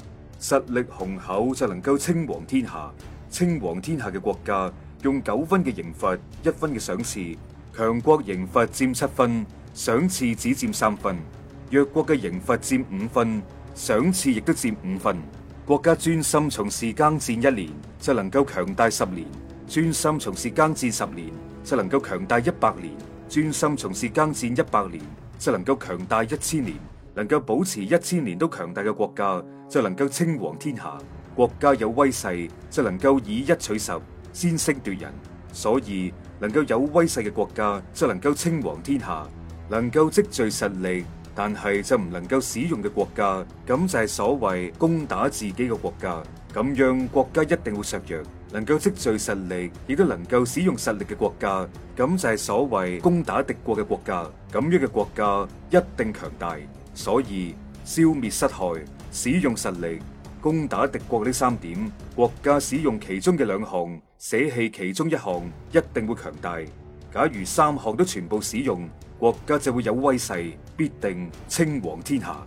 實力雄厚就能夠稱王天下。稱王天下嘅國家用九分嘅刑罰，一分嘅賞賜。強國刑罰占七分，賞賜只占三分。弱國嘅刑罰占五分，賞賜亦都占五分。國家專心從事耕戰一年就能夠強大十年，專心從事耕戰十年就能夠強大一百年，專心從事耕戰一百年就能夠強大一千年。能夠保持一千年都強大嘅國家。就能夠稱王天下，國家有威勢就能夠以一取十，先聲奪人。所以能夠有威勢嘅國家就能夠稱王天下，能夠積聚實力但係就唔能夠使用嘅國家，咁就係所謂攻打自己嘅國家。咁樣國家一定會削弱。能夠積聚實力亦都能夠使用實力嘅國家，咁就係所謂攻打敵國嘅國家。咁樣嘅國家一定強大。所以消滅蝨害，使用實力攻打敵國呢三點，國家使用其中嘅兩項，捨棄其中一項，一定會強大。假如三項都全部使用，國家就會有威勢，必定稱王天下。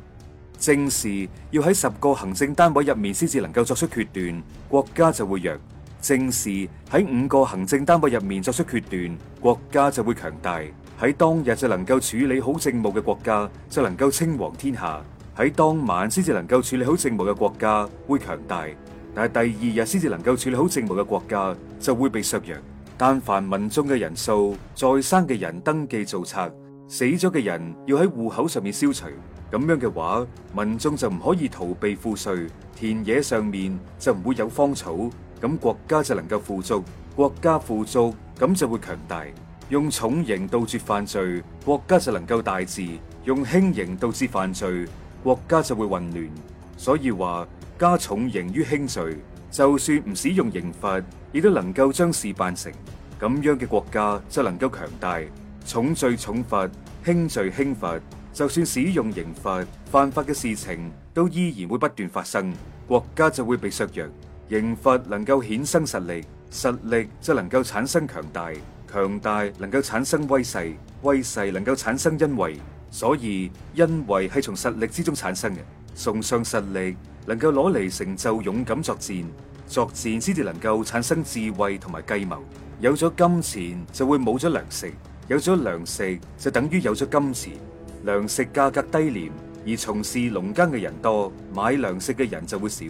正事要喺十個行政單位入面，先至能夠作出決斷，國家就會弱；正事喺五個行政單位入面作出決斷，國家就會強大。喺當日就能夠處理好政務嘅國家，就能夠稱王天下。喺當晚先至能夠處理好政務嘅國家會強大，但係第二日先至能夠處理好政務嘅國家就會被削弱。但凡民眾嘅人數再生嘅人登記造冊，死咗嘅人要喺戶口上面消除，咁樣嘅話，民眾就唔可以逃避賦稅，田野上面就唔會有荒草，咁國家就能夠富足，國家富足咁就會強大。用重刑杜絕犯罪，國家就能夠大治；用輕刑導致犯罪。國家就會混亂，所以話加重刑於輕罪，就算唔使用刑罰，亦都能夠將事辦成。咁樣嘅國家就能夠強大。重罪重罰，輕罪輕罰，就算使用刑罰，犯法嘅事情都依然會不斷發生，國家就會被削弱。刑罰能夠衍生實力，實力就能夠產生強大，強大能夠產生威勢，威勢能夠產生恩惠。所以，因為係從實力之中產生嘅。崇尚實力，能夠攞嚟成就勇敢作戰，作戰先至能夠產生智慧同埋計謀。有咗金錢就會冇咗糧食，有咗糧食就等於有咗金錢。糧食價格低廉，而從事農耕嘅人多，買糧食嘅人就會少，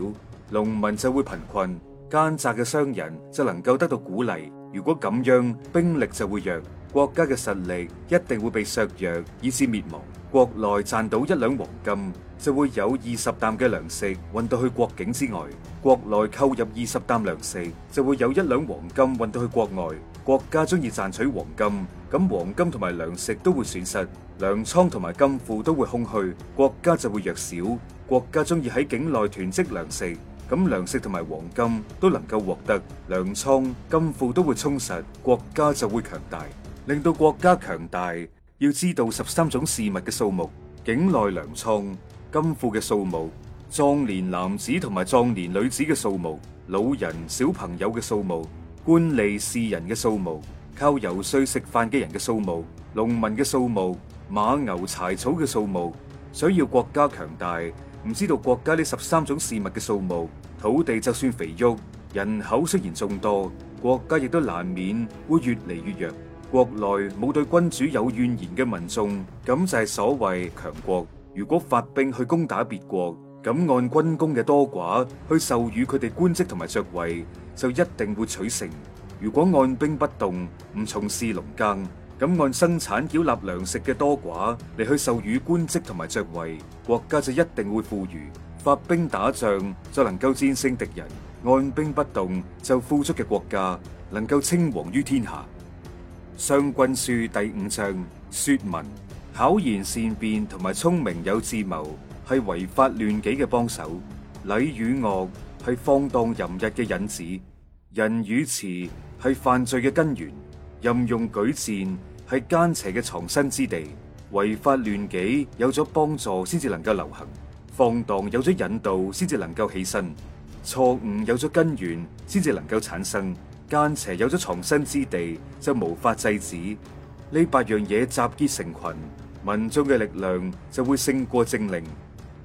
農民就會貧困。奸詐嘅商人就能夠得到鼓勵。如果咁樣，兵力就會弱。國家嘅實力一定會被削弱，以致滅亡。國內賺到一兩黃金，就會有二十擔嘅糧食運到去國境之外；國內購入二十擔糧食，就會有一兩黃金運到去國外。國家中意賺取黃金，咁黃金同埋糧食都會損失，糧倉同埋金庫都會空虛，國家就會弱小。國家中意喺境內囤積糧食，咁糧食同埋黃金都能夠獲得，糧倉金庫都會充實，國家就會強大。令到國家強大，要知道十三種事物嘅數目，境內糧倉金庫嘅數目，壯年男子同埋壯年女子嘅數目，老人小朋友嘅數目，官吏士人嘅數目，靠游說食飯嘅人嘅數目，農民嘅數目，馬牛柴草嘅數目。想要國家強大，唔知道國家呢十三種事物嘅數目，土地就算肥沃，人口雖然眾多，國家亦都難免會越嚟越弱。國內冇對君主有怨言嘅民眾，咁就係所謂強國。如果發兵去攻打別國，咁按軍功嘅多寡去授予佢哋官職同埋爵位，就一定會取勝。如果按兵不動，唔從事農耕，咁按生產繳納糧食嘅多寡嚟去授予官職同埋爵位，國家就一定會富裕。發兵打仗就能夠戰勝敵人，按兵不動就富足嘅國家能夠稱王於天下。《商君書》第五章：說文，巧言善辯同埋聰明有智謀，係違法亂紀嘅幫手；禮與樂係放蕩淫逸嘅引子；仁與慈係犯罪嘅根源；任用舉薦係奸邪嘅藏身之地。違法亂紀有咗幫助，先至能夠流行；放蕩有咗引導，先至能夠起身；錯誤有咗根源，先至能夠產生。奸邪有咗藏身之地，就無法制止。呢八樣嘢集結成群，民眾嘅力量就會勝過政令。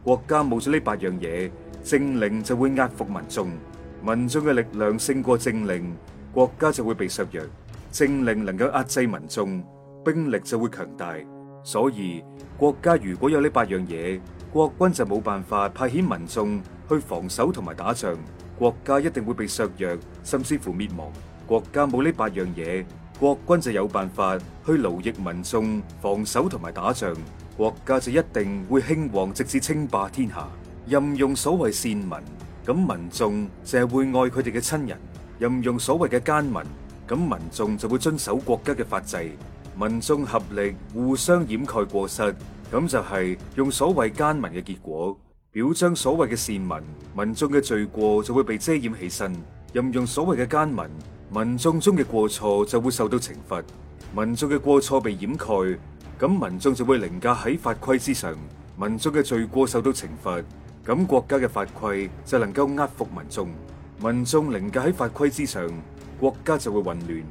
國家冇咗呢八樣嘢，政令就會壓服民眾，民眾嘅力量勝過政令，國家就會被削弱。政令能夠壓制民眾，兵力就會強大。所以國家如果有呢八樣嘢，國軍就冇辦法派遣民眾去防守同埋打仗。國家一定會被削弱，甚至乎滅亡。國家冇呢八樣嘢，國君就有辦法去勞役民眾、防守同埋打仗。國家就一定會興旺，直至稱霸天下。任用所謂善民，咁民眾就係會愛佢哋嘅親人；任用所謂嘅奸民，咁民眾就會遵守國家嘅法制。民眾合力互相掩蓋過失，咁就係用所謂奸民嘅結果。表彰所謂嘅善民，民眾嘅罪過就會被遮掩起身；任用所謂嘅奸民，民眾中嘅過錯就會受到懲罰。民眾嘅過錯被掩蓋，咁民眾就會凌駕喺法規之上。民眾嘅罪過受到懲罰，咁國家嘅法規就能夠壓服民眾。民眾凌駕喺法規之上，國家就會混亂。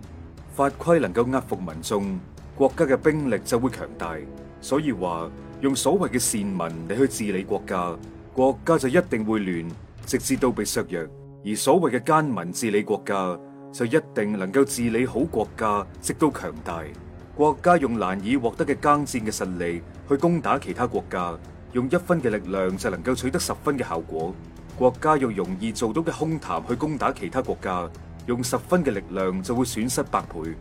法規能夠壓服民眾，國家嘅兵力就會強大。所以話。用所謂嘅善民嚟去治理國家，國家就一定會亂，直至到被削弱；而所謂嘅奸民治理國家，就一定能夠治理好國家，直到強大。國家用難以獲得嘅耕戰嘅實力去攻打其他國家，用一分嘅力量就能夠取得十分嘅效果。國家用容易做到嘅空談去攻打其他國家，用十分嘅力量就會損失百倍。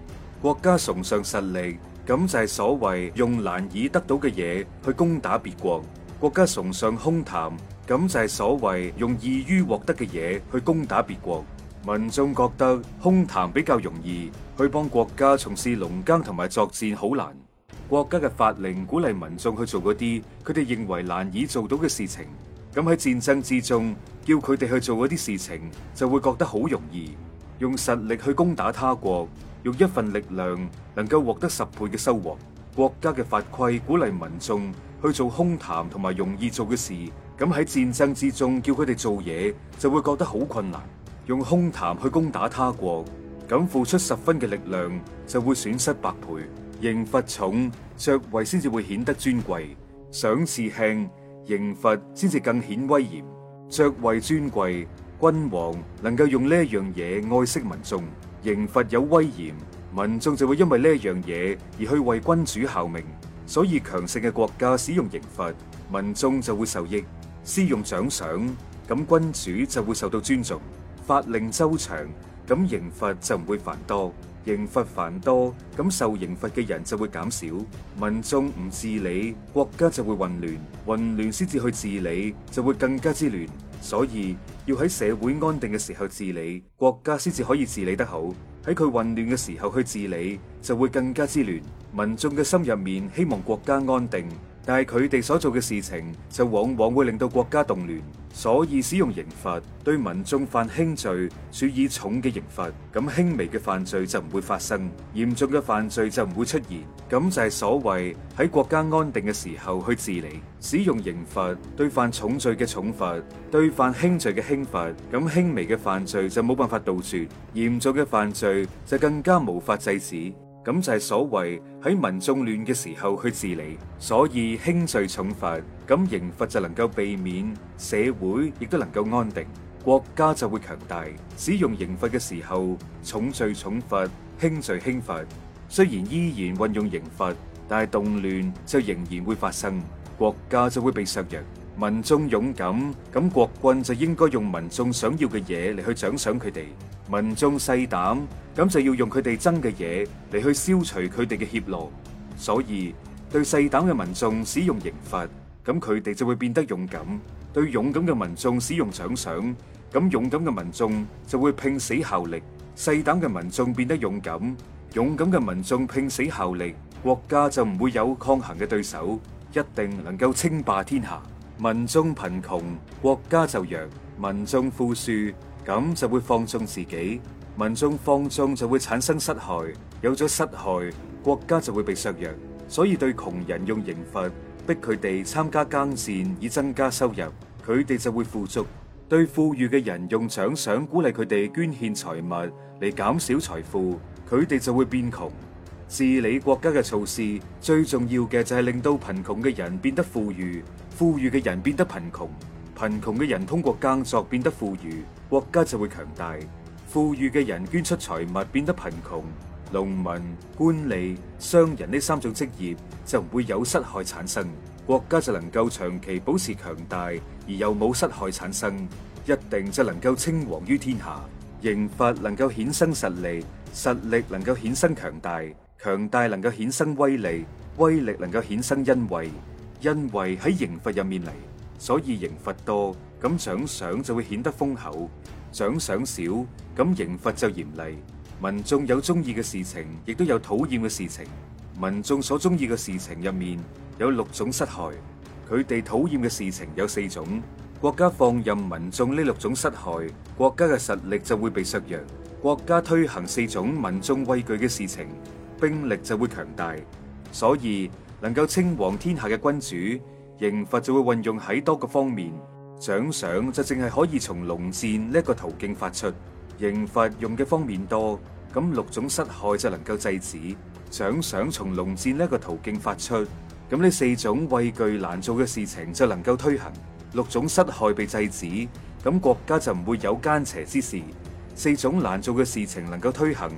國家崇尚實力。咁就係所謂用難以得到嘅嘢去攻打別國，國家崇尚空談；咁就係所謂用易於獲得嘅嘢去攻打別國。民眾覺得空談比較容易，去幫國家從事農耕同埋作戰，好難。國家嘅法令鼓勵民眾去做嗰啲佢哋認為難以做到嘅事情。咁喺戰爭之中，叫佢哋去做嗰啲事情，就會覺得好容易，用實力去攻打他國。用一份力量能夠獲得十倍嘅收穫。國家嘅法規鼓勵民眾去做空談同埋容易做嘅事，咁喺戰爭之中叫佢哋做嘢就會覺得好困難。用空談去攻打他國，咁付出十分嘅力量就會損失百倍。刑罰重，爵位先至會顯得尊貴；賞賜輕，刑罰先至更顯威嚴。爵位尊貴，君王能夠用呢一樣嘢愛惜民眾。刑罰有威嚴，民眾就會因為呢一樣嘢而去為君主效命。所以強盛嘅國家使用刑罰，民眾就會受益；施用獎賞，咁君主就會受到尊重。法令周詳，咁刑罰就唔會繁多。刑罰繁多，咁受刑罰嘅人就會減少。民眾唔治理，國家就會混亂；混亂先至去治理，就會更加之亂。所以。要喺社會安定嘅時候治理，國家先至可以治理得好。喺佢混亂嘅時候去治理，就會更加之亂。民眾嘅心入面希望國家安定，但係佢哋所做嘅事情就往往會令到國家動亂，所以使用刑罰對民眾犯輕罪處以重嘅刑罰，咁輕微嘅犯罪就唔會發生，嚴重嘅犯罪就唔會出現，咁就係所謂喺國家安定嘅時候去治理，使用刑罰對犯重罪嘅重罰，對犯輕罪嘅輕罰，咁輕微嘅犯罪就冇辦法杜絕，嚴重嘅犯罪就更加無法制止。咁就係所謂喺民眾亂嘅時候去治理，所以輕罪重罰，咁刑罰就能夠避免，社會亦都能夠安定，國家就會強大。使用刑罰嘅時候，重罪重罰，輕罪輕罰，雖然依然運用刑罰，但係動亂就仍然會發生，國家就會被削弱。民眾勇敢，咁國君就應該用民眾想要嘅嘢嚟去獎賞佢哋；民眾細膽，咁就要用佢哋憎嘅嘢嚟去消除佢哋嘅怯懦。所以對細膽嘅民眾使用刑罰，咁佢哋就會變得勇敢；對勇敢嘅民眾使用獎賞，咁勇敢嘅民眾就會拼死效力。細膽嘅民眾變得勇敢，勇敢嘅民眾拼死效力，國家就唔會有抗衡嘅對手，一定能夠稱霸天下。民眾貧窮，國家就弱；民眾富庶，咁就會放縱自己。民眾放縱就會產生失害，有咗失害，國家就會被削弱。所以對窮人用刑罰，逼佢哋參加耕戰以增加收入，佢哋就會富足；對富裕嘅人用獎賞鼓勵佢哋捐獻財物嚟減少財富，佢哋就會變窮。治理國家嘅措施最重要嘅就係令到貧窮嘅人變得富裕。富裕嘅人變得貧窮，貧窮嘅人通過耕作變得富裕，國家就會強大。富裕嘅人捐出財物變得貧窮，農民、官吏、商人呢三種職業就唔會有失害產生，國家就能夠長期保持強大，而又冇失害產生，一定就能夠稱王於天下。刑罰能夠衍生實力，實力能夠衍生強大，強大能夠衍生威力，威力能夠衍生恩惠。因為喺刑罰入面嚟，所以刑罰多，咁獎賞就會顯得豐厚；獎賞少，咁刑罰就嚴厲。民眾有中意嘅事情，亦都有討厭嘅事情。民眾所中意嘅事情入面有六種失害，佢哋討厭嘅事情有四種。國家放任民眾呢六種失害，國家嘅實力就會被削弱；國家推行四種民眾畏懼嘅事情，兵力就會強大。所以。能夠稱王天下嘅君主，刑罰就會運用喺多個方面；獎賞就淨係可以從農戰呢一個途徑發出。刑罰用嘅方面多，咁六種失害就能夠制止；獎賞從農戰呢一個途徑發出，咁呢四種畏懼難做嘅事情就能夠推行；六種失害被制止，咁國家就唔會有奸邪之事；四種難做嘅事情能夠推行，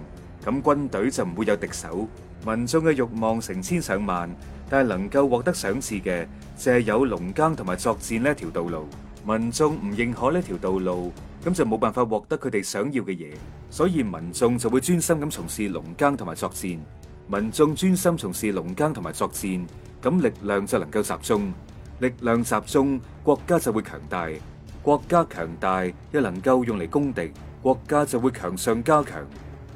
咁軍隊就唔會有敵手。民眾嘅欲望成千上萬，但係能夠獲得賞賜嘅就係有農耕同埋作戰呢一條道路。民眾唔認可呢條道路，咁就冇辦法獲得佢哋想要嘅嘢，所以民眾就會專心咁從事農耕同埋作戰。民眾專心從事農耕同埋作戰，咁力量就能夠集中，力量集中，國家就會強大。國家強大又能夠用嚟攻敵，國家就會強上加強，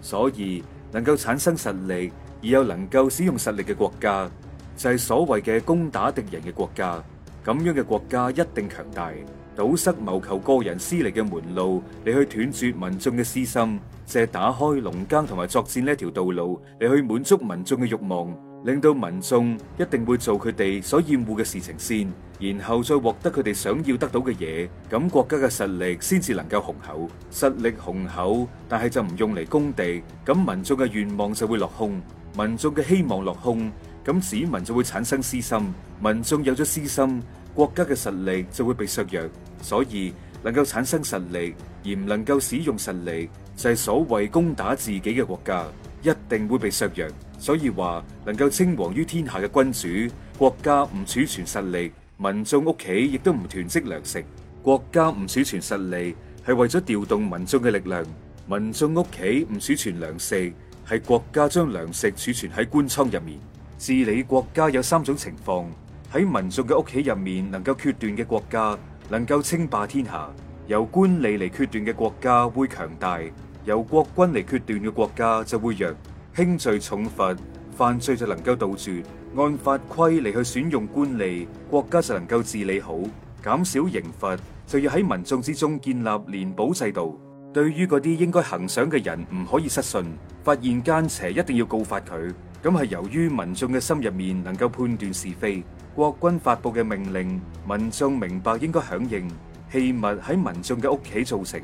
所以能夠產生實力。而有能夠使用實力嘅國家，就係所謂嘅攻打敵人嘅國家。咁樣嘅國家一定強大。堵塞謀求個人私利嘅門路，你去斷絕民眾嘅私心，借打開農耕同埋作戰呢一條道路，你去滿足民眾嘅慾望，令到民眾一定會做佢哋所厭惡嘅事情先，然後再獲得佢哋想要得到嘅嘢。咁國家嘅實力先至能夠雄厚。實力雄厚，但係就唔用嚟攻地，咁民眾嘅願望就會落空。民眾嘅希望落空，咁子民就會產生私心。民眾有咗私心，國家嘅實力就會被削弱。所以能夠產生實力而唔能夠使用實力，就係所謂攻打自己嘅國家，一定會被削弱。所以話能夠稱王於天下嘅君主，國家唔儲存實力，民眾屋企亦都唔囤積糧食。國家唔儲存實力，係為咗調動民眾嘅力量。民眾屋企唔儲存糧食，係國家將糧食儲存喺官倉入面。治理國家有三種情況，喺民眾嘅屋企入面能夠決斷嘅國家能夠稱霸天下，由官吏嚟決斷嘅國家會強大，由國君嚟決斷嘅國家就會弱。輕罪重罰，犯罪就能夠杜絕。按法規嚟去選用官吏，國家就能夠治理好。減少刑罰，就要喺民眾之中建立連保制度。對於嗰啲應該行賞嘅人唔可以失信，發現奸邪一定要告發佢。咁係由於民眾嘅心入面能夠判斷是非，國君發佈嘅命令，民眾明白應該響應。器物喺民眾嘅屋企造成，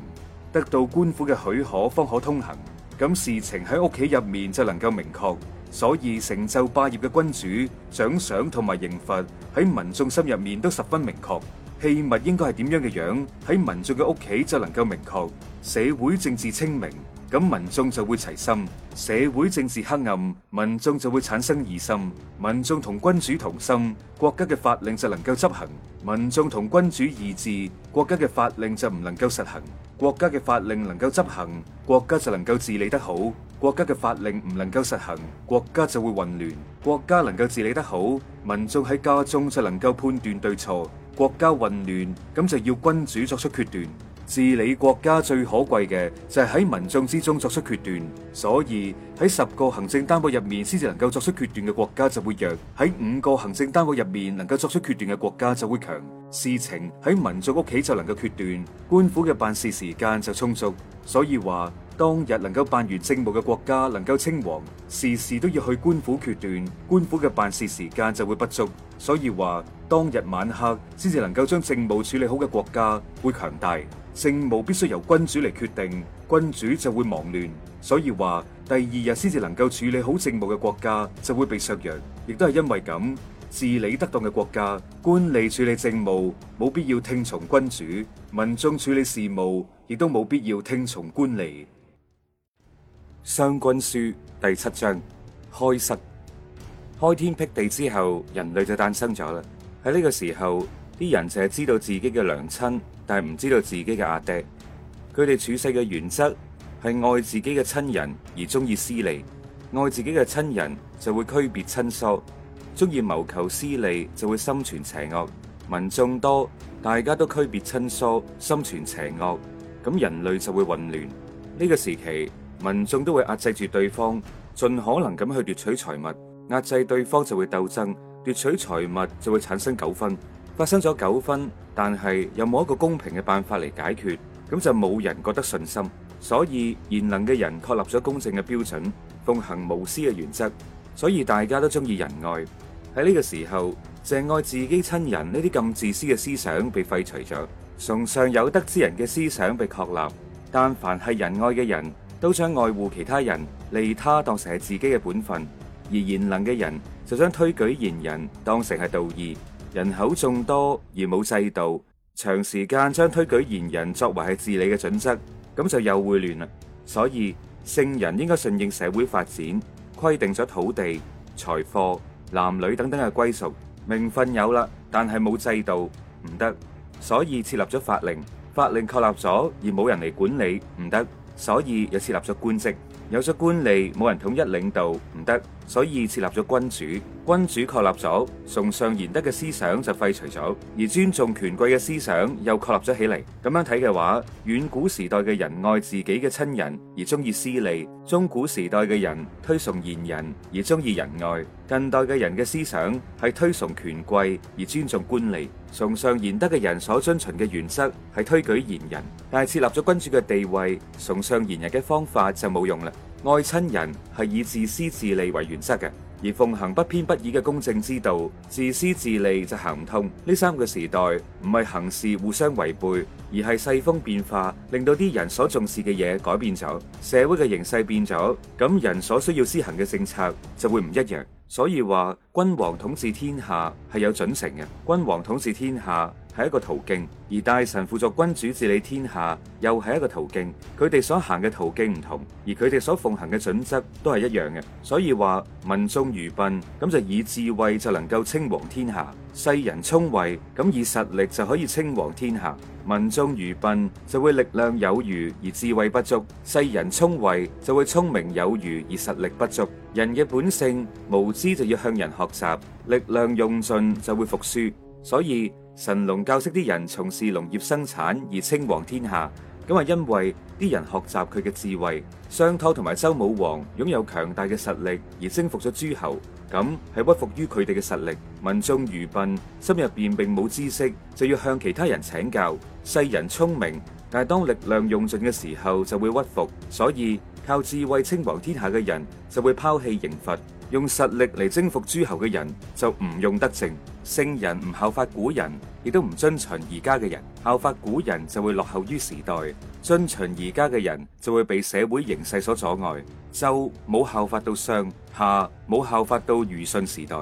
得到官府嘅許可方可通行。咁事情喺屋企入面就能夠明確，所以成就霸業嘅君主獎賞同埋刑罰喺民眾心入面都十分明確。器物應該係點樣嘅樣？喺民眾嘅屋企就能夠明確。社會政治清明，咁民眾就會齊心；社會政治黑暗，民眾就會產生疑心。民眾同君主同心，國家嘅法令就能夠執行；民眾同君主異志，國家嘅法令就唔能夠實行。國家嘅法令能夠執行，國家就能夠治理得好；國家嘅法令唔能夠實行，國家就會混亂。國家能夠治理得好，民眾喺家中就能夠判斷對錯。國家混亂，咁就要君主作出決斷。治理國家最可貴嘅就係喺民眾之中作出決斷。所以喺十個行政單位入面先至能夠作出決斷嘅國家就會弱，喺五個行政單位入面能夠作出決斷嘅國家就會強。事情喺民眾屋企就能夠決斷，官府嘅辦事時間就充足。所以話。當日能夠辦完政務嘅國家能夠稱王，時時都要去官府決斷，官府嘅辦事時間就會不足，所以話當日晚黑先至能夠將政務處理好嘅國家會強大。政務必須由君主嚟決定，君主就會忙亂，所以話第二日先至能夠處理好政務嘅國家就會被削弱，亦都係因為咁治理得當嘅國家，官吏處理政務冇必要聽從君主，民眾處理事務亦都冇必要聽從官吏。《商君書》第七章：開塞。開天辟地之後，人類就誕生咗啦。喺呢個時候，啲人就係知道自己嘅娘親，但係唔知道自己嘅阿爹。佢哋處世嘅原則係愛自己嘅親人而中意私利，愛自己嘅親人就會區別親疏，中意謀求私利就會心存邪惡。民眾多，大家都區別親疏，心存邪惡，咁人類就會混亂。呢個時期。民眾都會壓制住對方，盡可能咁去奪取財物。壓制對方就會鬥爭，奪取財物就會產生糾紛。發生咗糾紛，但係又冇一個公平嘅辦法嚟解決，咁就冇人覺得信心。所以賢能嘅人確立咗公正嘅標準，奉行無私嘅原則，所以大家都鍾意仁愛。喺呢個時候，淨愛自己親人呢啲咁自私嘅思想被廢除咗，崇尚有德之人嘅思想被確立。但凡係仁愛嘅人。都將愛護其他人、利他當成係自己嘅本分，而賢能嘅人就將推舉賢人當成係道義。人口眾多而冇制度，長時間將推舉賢人作為係治理嘅準則，咁就又會亂了。所以聖人應該順應社會發展，規定咗土地財貨男女等等嘅歸屬名分。有啦，但係冇制度唔得，所以設立咗法令。法令確立咗，而冇人嚟管理唔得，所以又設立咗官職，有咗官吏，冇人統一領導唔得，所以設立咗君主。君主確立咗，崇尚賢德嘅思想就廢除咗，而尊重權貴嘅思想又確立咗起嚟。咁樣睇嘅話，遠古時代嘅人愛自己嘅親人而中意私利，中古時代嘅人推崇賢人而中意仁愛，近代嘅人嘅思想係推崇權貴而尊重官吏。崇尚賢德嘅人所遵循嘅原則係推舉賢人，但係設立咗君主嘅地位，崇尚賢人嘅方法就冇用啦。愛親人係以自私自利為原則嘅。而奉行不偏不倚嘅公正之道，自私自利就行唔通。呢三個時代唔係行事互相違背，而係世風變化，令到啲人所重視嘅嘢改變咗，社會嘅形勢變咗，咁人所需要施行嘅政策就會唔一樣。所以話，君王統治天下係有準繩嘅，君王統治天下。係一個途徑，而大臣輔助君主治理天下，又係一個途徑。佢哋所行嘅途徑唔同，而佢哋所奉行嘅準則都係一樣嘅。所以話民眾愚笨，咁就以智慧就能夠稱王天下；世人聰慧，咁以實力就可以稱王天下。民眾愚笨就會力量有餘而智慧不足，世人聰慧就會聰明有餘而實力不足。人嘅本性無知就要向人學習，力量用盡就會服輸。所以，神農教識啲人從事農業生產而稱王天下，咁係因為啲人學習佢嘅智慧，商湯同埋周武王擁有強大嘅實力而征服咗諸侯，咁係屈服於佢哋嘅實力。民眾愚笨，心入邊並冇知識，就要向其他人請教。世人聰明，但係當力量用盡嘅時候就會屈服，所以靠智慧稱王天下嘅人就會拋棄刑罰。用實力嚟征服諸侯嘅人就唔用得正聖人唔效法古人，亦都唔遵循而家嘅人效法古人就會落後於時代，遵循而家嘅人就會被社會形勢所阻礙。周冇效法到商，夏冇效法到虞舜時代，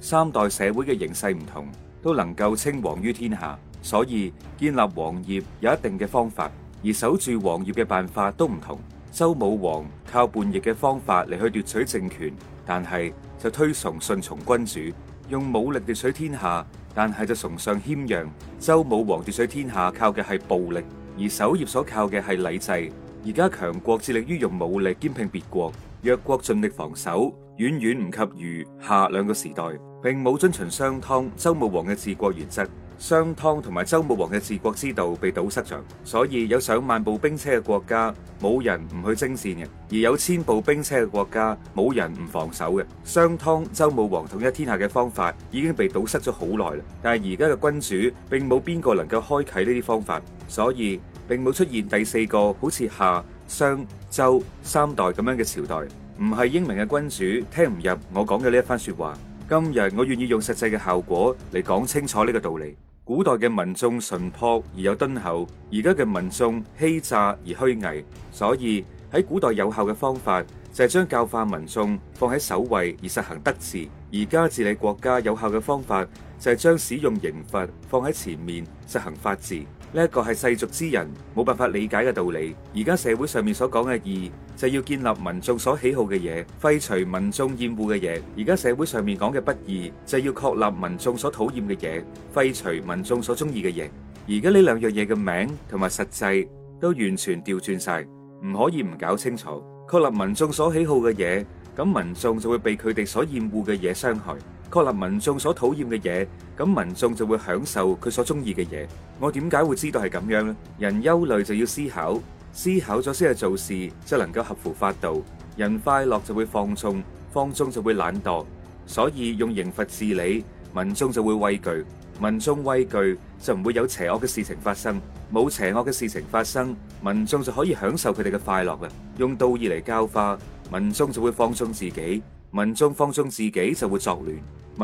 三代社會嘅形勢唔同，都能夠稱王於天下。所以建立王業有一定嘅方法，而守住王業嘅辦法都唔同。周武王靠叛逆嘅方法嚟去奪取政權。但係就推崇順從君主，用武力奪取天下；但係就崇尚謙讓。周武王奪取天下靠嘅係暴力，而守業所靠嘅係禮制。而家強國致力於用武力兼併別國，弱國盡力防守，遠遠唔及如下兩個時代，並冇遵循商湯、周武王嘅治國原則。商湯同埋周武王嘅治國之道被堵塞咗，所以有上萬部兵車嘅國家冇人唔去征戰嘅，而有千部兵車嘅國家冇人唔防守嘅。商湯、周武王統一天下嘅方法已經被堵塞咗好耐啦，但係而家嘅君主並冇邊個能夠開啟呢啲方法，所以並冇出現第四個好似夏、商、周三代咁樣嘅朝代。唔係英明嘅君主聽唔入我講嘅呢一番說話，今日我願意用實際嘅效果嚟講清楚呢個道理。古代嘅民眾淳朴而有敦厚，而家嘅民眾欺詐而虛偽，所以喺古代有效嘅方法就係將教化民眾放喺首位而實行德治；而家治理國家有效嘅方法就係將使用刑罰放喺前面實行法治。呢一個係世俗之人冇辦法理解嘅道理。而家社會上面所講嘅義，就要建立民眾所喜好嘅嘢，廢除民眾厭惡嘅嘢。而家社會上面講嘅不義，就要確立民眾所討厭嘅嘢，廢除民眾所中意嘅嘢。而家呢兩樣嘢嘅名同埋實際都完全調轉晒，唔可以唔搞清楚。確立民眾所喜好嘅嘢，咁民眾就會被佢哋所厭惡嘅嘢傷害。確立民眾所討厭嘅嘢，咁民眾就會享受佢所中意嘅嘢。我點解會知道係咁樣咧？人憂慮就要思考，思考咗先係做事，就能夠合乎法度。人快樂就會放縱，放縱就會懶惰。所以用刑罰治理民眾就會畏懼，民眾畏懼就唔會有邪惡嘅事情發生。冇邪惡嘅事情發生，民眾就可以享受佢哋嘅快樂啊！用道義嚟教化民眾就會放縱自己。民眾放縱自己就會作亂，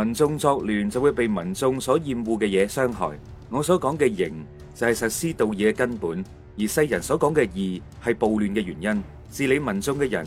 民眾作亂就會被民眾所厭惡嘅嘢傷害。我所講嘅刑就係、是、實施道義嘅根本，而世人所講嘅義係暴亂嘅原因。治理民眾嘅人。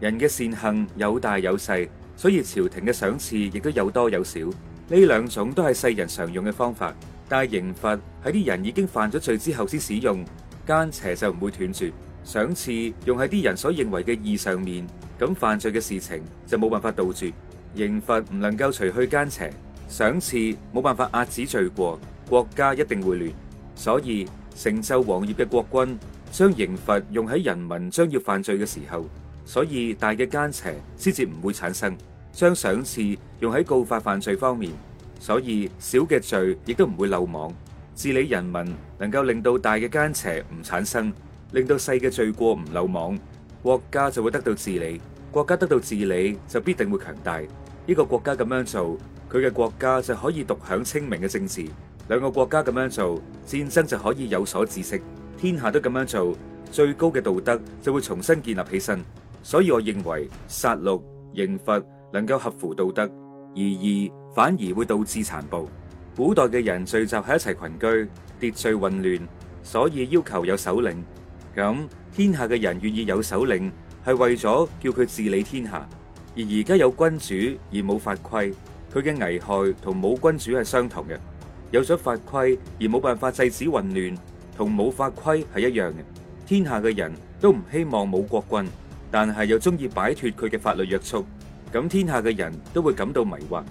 人嘅善行有大有細，所以朝廷嘅賞賜亦都有多有少。呢兩種都係世人常用嘅方法，但係刑罰喺啲人已經犯咗罪之後先使用，奸邪就唔會斷絕；賞賜用喺啲人所認為嘅義上面，咁犯罪嘅事情就冇辦法杜絕。刑罰唔能夠除去奸邪，賞賜冇辦法壓止罪過，國家一定會亂。所以成就王業嘅國君，將刑罰用喺人民將要犯罪嘅時候。所以大嘅奸邪先至唔會產生，將賞賜用喺告發犯罪方面，所以小嘅罪亦都唔會漏網。治理人民能夠令到大嘅奸邪唔產生，令到細嘅罪過唔漏網，國家就會得到治理。國家得到治理就必定會強大。呢個國家咁樣做，佢嘅國家就可以獨享清明嘅政治。兩個國家咁樣做，戰爭就可以有所止息。天下都咁樣做，最高嘅道德就會重新建立起身。所以我認為殺戮刑罰能夠合乎道德，而義反而會導致殘暴。古代嘅人聚集喺一齊群居，秩序混亂，所以要求有首領。咁天下嘅人願意有首領，係為咗叫佢治理天下。而而家有君主而冇法規，佢嘅危害同冇君主係相同嘅。有咗法規而冇辦法制止混亂，同冇法規係一樣嘅。天下嘅人都唔希望冇國君，但係又中意擺脫佢嘅法律約束，咁天下嘅人都會感到迷惑。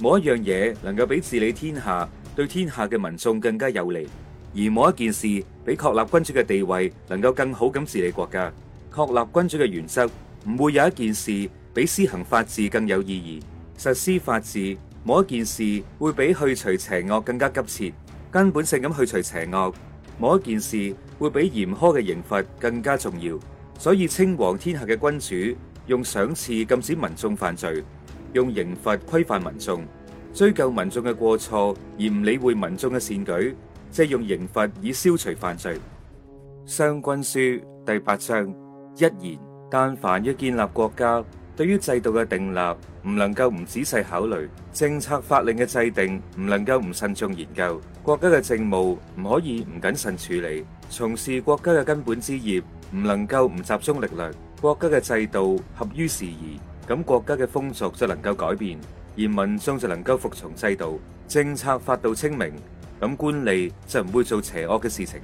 冇一樣嘢能夠比治理天下，對天下嘅民眾更加有利，而冇一件事比確立君主嘅地位能夠更好咁治理國家。確立君主嘅原則，唔會有一件事比施行法治更有意義。實施法治，冇一件事會比去除邪惡更加急切。根本性咁去除邪惡，冇一件事會比嚴苛嘅刑罰更加重要。所以，稱王天下嘅君主用賞賜禁止民眾犯罪，用刑罰規範民眾，追究民眾嘅過錯，而唔理會民眾嘅善舉，即係用刑罰以消除犯罪。《商君書》第八章壹言：但凡要建立國家，對於制度嘅訂立唔能夠唔仔細考慮，政策法令嘅制定唔能夠唔慎重研究，國家嘅政務唔可以唔謹慎處理，從事國家嘅根本之業。唔能夠唔集中力量，國家嘅制度合於時宜，咁國家嘅風俗就能夠改變，而民眾就能夠服從制度，政策法度清明，咁官吏就唔會做邪惡嘅事情。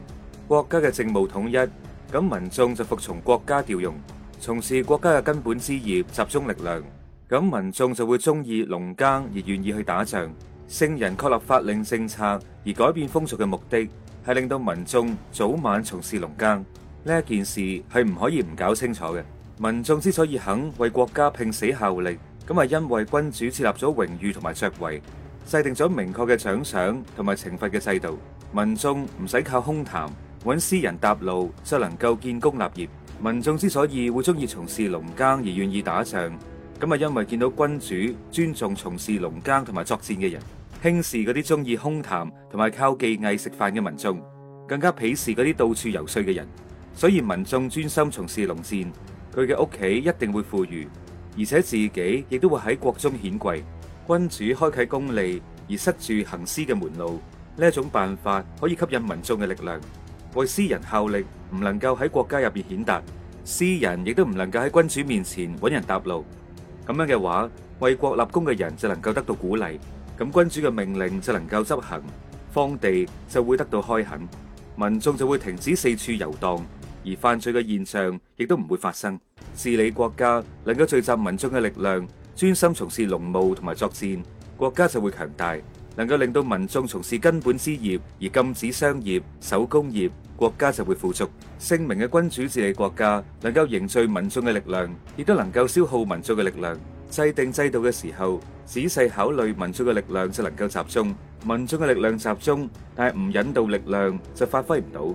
國家嘅政務統一，咁民眾就服從國家調用，從事國家嘅根本之業，集中力量，咁民眾就會中意農耕而願意去打仗。聖人確立法令政策而改變風俗嘅目的，係令到民眾早晚從事農耕。呢一件事係唔可以唔搞清楚嘅。民眾之所以肯為國家拼死效力，咁係因為君主設立咗榮譽同埋爵位，制定咗明確嘅獎賞同埋懲罰嘅制度。民眾唔使靠空談，搵私人搭路就能夠建功立業。民眾之所以會中意從事農耕而願意打仗，咁係因為見到君主尊重從事農耕同埋作戰嘅人，輕視嗰啲中意空談同埋靠技藝食飯嘅民眾，更加鄙視嗰啲到處游說嘅人。所以民眾專心從事農戰，佢嘅屋企一定會富裕，而且自己亦都會喺國中顯貴。君主開啟公利而塞住行私嘅門路，呢一種辦法可以吸引民眾嘅力量。為私人效力唔能夠喺國家入邊顯達，私人亦都唔能夠喺君主面前揾人搭路。咁樣嘅話，為國立功嘅人就能夠得到鼓勵，咁君主嘅命令就能夠執行，荒地就會得到開墾，民眾就會停止四處遊蕩。而犯罪嘅現象亦都唔會發生。治理國家能夠聚集民眾嘅力量，專心從事農務同埋作戰，國家就會強大。能夠令到民眾從事根本之業而禁止商業、手工業，國家就會富足。聖明嘅君主治理國家，能夠凝聚民眾嘅力量，亦都能夠消耗民眾嘅力量。制定制度嘅時候，仔細考慮民眾嘅力量就能夠集中。民眾嘅力量集中，但係唔引導力量就發揮唔到。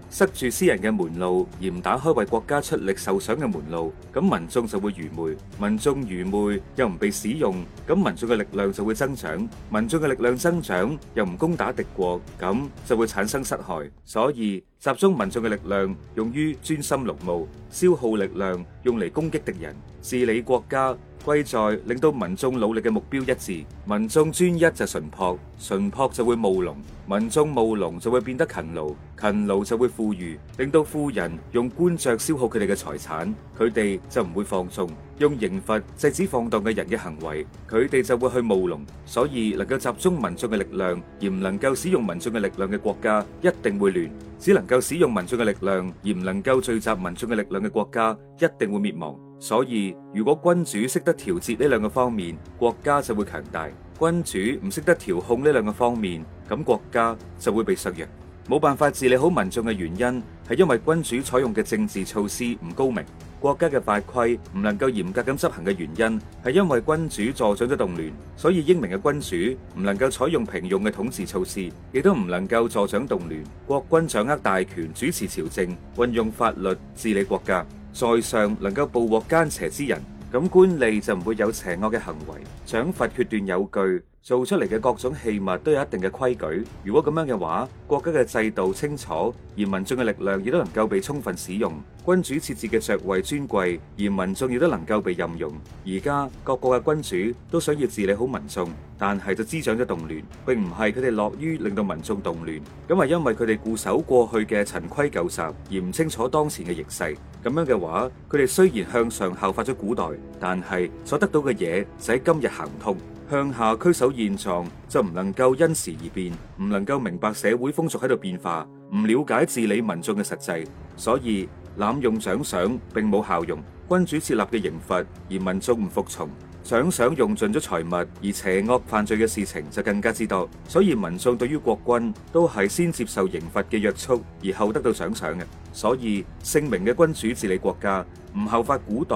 塞住私人嘅門路，而唔打開為國家出力受賞嘅門路，咁民眾就會愚昧。民眾愚昧又唔被使用，咁民眾嘅力量就會增長。民眾嘅力量增長又唔攻打敵國，咁就會產生失害。所以集中民眾嘅力量用於專心農務，消耗力量用嚟攻擊敵人，治理國家，貴在令到民眾努力嘅目標一致。民眾專一就純樸，純樸就會務農。民眾務農就會變得勤勞，勤勞就會富裕，令到富人用官爵消耗佢哋嘅財產，佢哋就唔會放縱，用刑罰制止放蕩嘅人嘅行為，佢哋就會去務農。所以能夠集中民眾嘅力量而唔能夠使用民眾嘅力量嘅國家一定會亂，只能夠使用民眾嘅力量而唔能夠聚集民眾嘅力量嘅國家一定會滅亡。所以如果君主識得調節呢兩個方面，國家就會強大；君主唔識得調控呢兩個方面。咁國家就會被削弱。冇辦法治理好民眾嘅原因係因為君主採用嘅政治措施唔高明，國家嘅法規唔能夠嚴格咁執行嘅原因係因為君主助長咗動亂，所以英明嘅君主唔能夠採用平庸嘅統治措施，亦都唔能夠助長動亂。國君掌握大權，主持朝政，運用法律治理國家，在上能夠捕獲奸邪之人，咁官吏就唔會有邪惡嘅行為，獎罰決斷有據。做出嚟嘅各種器物都有一定嘅規矩。如果咁樣嘅話，國家嘅制度清楚，而民眾嘅力量亦都能夠被充分使用。君主設置嘅爵位尊貴，而民眾亦都能夠被任用。而家各國嘅君主都想要治理好民眾，但係就滋長咗動亂，並唔係佢哋樂於令到民眾動亂。咁係因為佢哋固守過去嘅陳規舊習，而唔清楚當前嘅形勢。咁樣嘅話，佢哋雖然向上效法咗古代，但係所得到嘅嘢就喺今日行唔通。向下拘守現狀，就唔能夠因時而變，唔能夠明白社會風俗喺度變化，唔了解治理民眾嘅實際，所以濫用獎賞並冇效用。君主設立嘅刑罰而民眾唔服從，獎賞用盡咗財物而邪惡犯罪嘅事情就更加之多。所以民眾對於國君都係先接受刑罰嘅約束，而後得到獎賞嘅。所以聖明嘅君主治理國家，唔後法古代，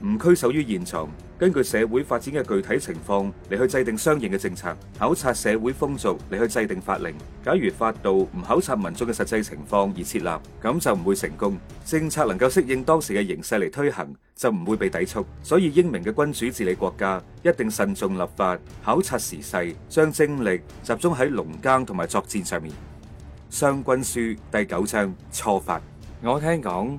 唔拘守於現狀。根據社會發展嘅具體情況嚟去制定相應嘅政策，考察社會風俗嚟去制定法令。假如法度唔考察民眾嘅實際情況而設立，咁就唔會成功。政策能夠適應當時嘅形勢嚟推行，就唔會被抵觸。所以英明嘅君主治理國家，一定慎重立法，考察時勢，將精力集中喺農耕同埋作戰上面。《商君書》第九章：錯法。我聽講。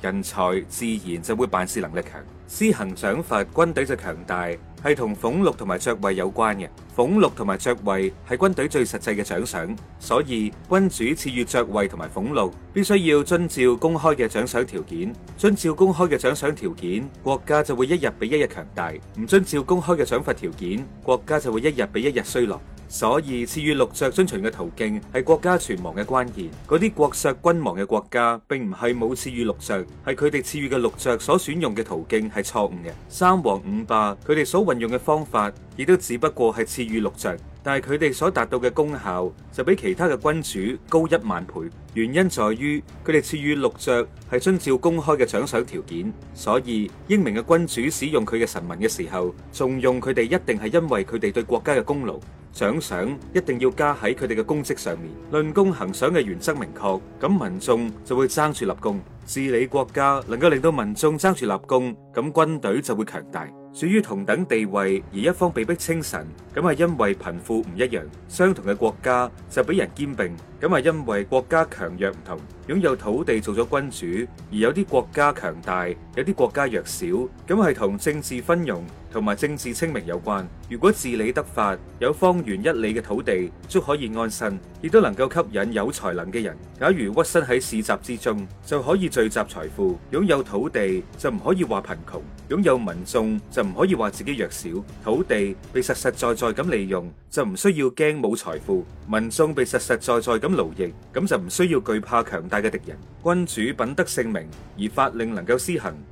人才自然就會辦事能力強，施行獎罰，軍隊就強大，係同俸祿同埋爵位有關嘅。俸祿同埋爵位係軍隊最實際嘅獎賞，所以君主賜予爵位同埋俸祿，必須要遵照公開嘅獎賞條件。遵照公開嘅獎賞條件，國家就會一日比一日強大；唔遵照公開嘅獎罰條件，國家就會一日比一日衰落。所以賜予祿爵遵循嘅途徑係國家存亡嘅關鍵。嗰啲國削君亡嘅國家，並唔係冇賜予祿爵。係佢哋賜予嘅六象所選用嘅途徑係錯誤嘅，三王五霸佢哋所運用嘅方法亦都只不過係賜予六象。但係佢哋所達到嘅功效就比其他嘅君主高一萬倍，原因在於佢哋賜予六爵係遵照公開嘅獎賞條件，所以英明嘅君主使用佢嘅臣民嘅時候，重用佢哋一定係因為佢哋對國家嘅功勞，獎賞一定要加喺佢哋嘅功績上面。論功行賞嘅原則明確，咁民眾就會爭住立功，治理國家能夠令到民眾爭住立功，咁軍隊就會強大。屬於同等地位，而一方被逼稱臣，咁係因為貧富唔一樣；相同嘅國家就俾人兼併，咁係因為國家強弱唔同。擁有土地做咗君主，而有啲國家強大，有啲國家弱小，咁係同政治昏庸同埋政治清明有關。如果治理得法，有方圓一里嘅土地，足可以安身，亦都能夠吸引有才能嘅人。假如屈身喺市集之中，就可以聚集財富。擁有土地就唔可以話貧窮。擁有民眾就唔可以話自己弱小，土地被實實在在咁利用就唔需要驚冇財富，民眾被實實在在咁勞役咁就唔需要懼怕強大嘅敵人，君主品德聖明，而法令能夠施行。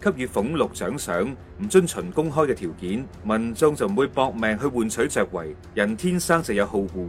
給予俸祿獎賞，唔遵循公開嘅條件，民眾就唔會搏命去換取爵位。人天生就有好惡。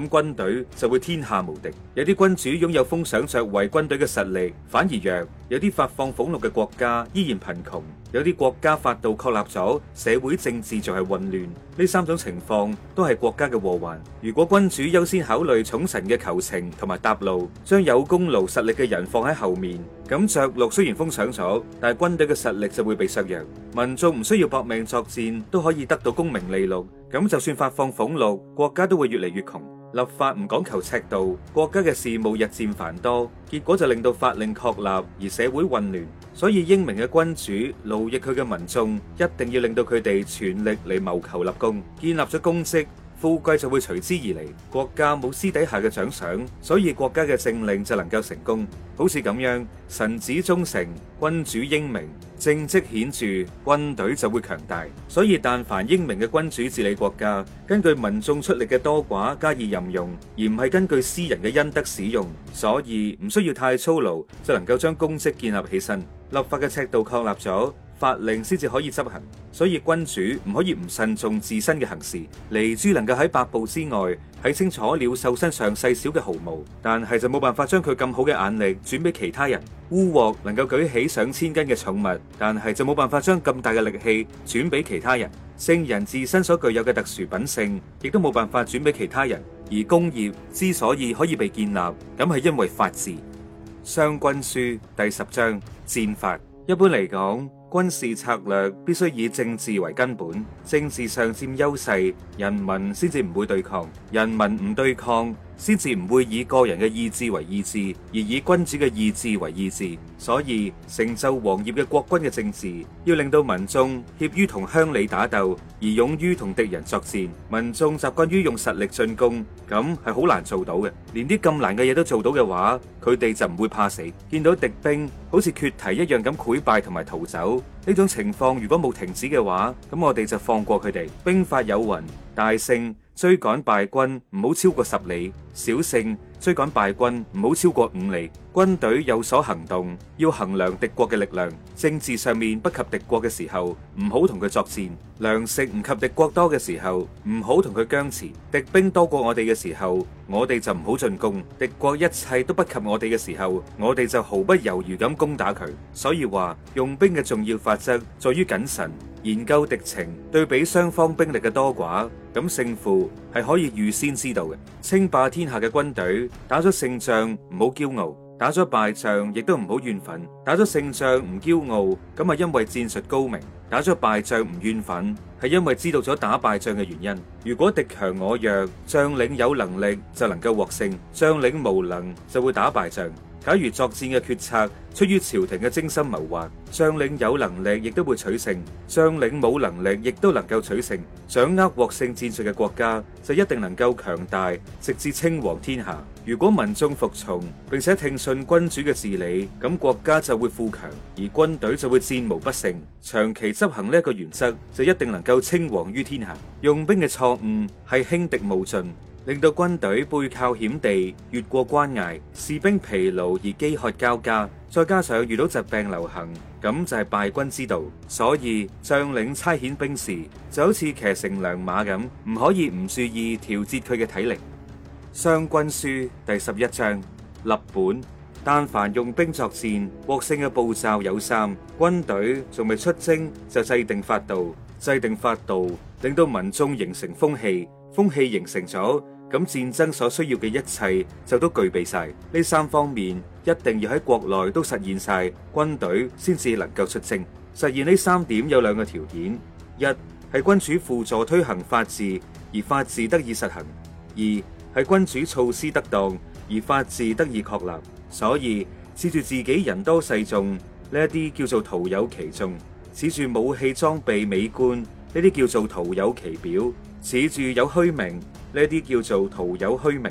咁軍隊就會天下無敵。有啲君主擁有封賞爵位軍隊嘅實力，反而弱；有啲發放俸祿嘅國家依然貧窮；有啲國家法度確立咗，社會政治就係混亂。呢三種情況都係國家嘅禍患。如果君主優先考慮寵臣嘅求情同埋搭路，將有功勞實力嘅人放喺後面，咁爵祿雖然封賞咗，但係軍隊嘅實力就會被削弱。民衆唔需要搏命作戰，都可以得到功名利祿。咁就算發放俸禄，國家都會越嚟越窮；立法唔講求尺度，國家嘅事務日漸繁多，結果就令到法令確立而社會混亂。所以英明嘅君主奴役佢嘅民眾，一定要令到佢哋全力嚟謀求立功，建立咗功績。富貴就會隨之而嚟，國家冇私底下嘅獎賞，所以國家嘅政令就能夠成功。好似咁樣，臣子忠誠，君主英明，政績顯著，軍隊就會強大。所以但凡英明嘅君主治理國家，根據民眾出力嘅多寡加以任用，而唔係根據私人嘅恩德使用，所以唔需要太操勞就能夠將功績建立起身，立法嘅尺度確立咗，法令先至可以執行，所以君主唔可以唔慎重自身嘅行事。離朱能夠喺百步之外睇清楚鳥獸身上細小嘅毫毛，但係就冇辦法將佢咁好嘅眼力轉俾其他人。烏獲能夠舉起上千斤嘅重物，但係就冇辦法將咁大嘅力氣轉俾其他人。聖人自身所具有嘅特殊品性，亦都冇辦法轉俾其他人。而工業之所以可以被建立，咁係因為法治。《商君書》第十章：戰法。一般嚟講。軍事策略必須以政治為根本，政治上佔優勢，人民先至唔會對抗，人民唔對抗，先至唔會以個人嘅意志為意志，而以君主嘅意志為意志。所以成就王業嘅國君嘅政治，要令到民眾怯於同鄉里打鬥，而勇於同敵人作戰。民眾習慣於用實力進攻，咁係好難做到嘅。連啲咁難嘅嘢都做到嘅話，佢哋就唔會怕死。見到敵兵好似決堤一樣咁潰敗同埋逃走呢種情況，如果冇停止嘅話，咁我哋就放過佢哋。兵法有云：大勝。追趕敗軍，唔好超過十里，小勝。追趕敗軍唔好超過五里，軍隊有所行動要衡量敵國嘅力量，政治上面不及敵國嘅時候唔好同佢作戰，糧食唔及敵國多嘅時候唔好同佢僵持，敵兵多過我哋嘅時候我哋就唔好進攻，敵國一切都不及我哋嘅時候我哋就毫不猶豫咁攻打佢。所以話用兵嘅重要法則在於謹慎，研究敵情，對比雙方兵力嘅多寡，咁勝負。係可以預先知道嘅。稱霸天下嘅軍隊打咗勝仗唔好驕傲，打咗敗仗亦都唔好怨憤。打咗勝仗唔驕傲，咁係因為戰術高明；打咗敗仗唔怨憤，係因為知道咗打敗仗嘅原因。如果敵強我弱，將領有能力就能夠獲勝，將領無能就會打敗仗。假如作戰嘅決策出於朝廷嘅精心謀劃，將領有能力亦都會取勝，將領冇能力亦都能夠取勝。掌握獲勝戰術嘅國家就一定能夠強大，直至稱王天下。如果民眾服從，並且聽信君主嘅治理，咁國家就會富強，而軍隊就會戰無不勝。長期執行呢一個原則，就一定能夠稱王於天下。用兵嘅錯誤係輕敵無盡。令到軍隊背靠險地，越過關隘，士兵疲勞而飢渴交加，再加上遇到疾病流行，咁就係敗軍之道。所以將領差遣兵士就好似騎乘良馬咁，唔可以唔注意調節佢嘅體力。《商君書》第十一章立本：但凡用兵作戰，獲勝嘅步驟有三，軍隊仲未出征就制定法度，制定法度令到民眾形成風氣，風氣形成咗。咁戰爭所需要嘅一切就都具備晒。呢三方面，一定要喺國內都實現晒軍隊，先至能夠出征。實現呢三點有兩個條件：一係君主輔助推行法治，而法治得以實行；二係君主措施得當，而法治得以確立。所以恃住自己人多勢眾，呢一啲叫做徒有其眾，恃住武器裝備美觀，呢啲叫做徒有其表，恃住有虛名。呢啲叫做徒有虛名。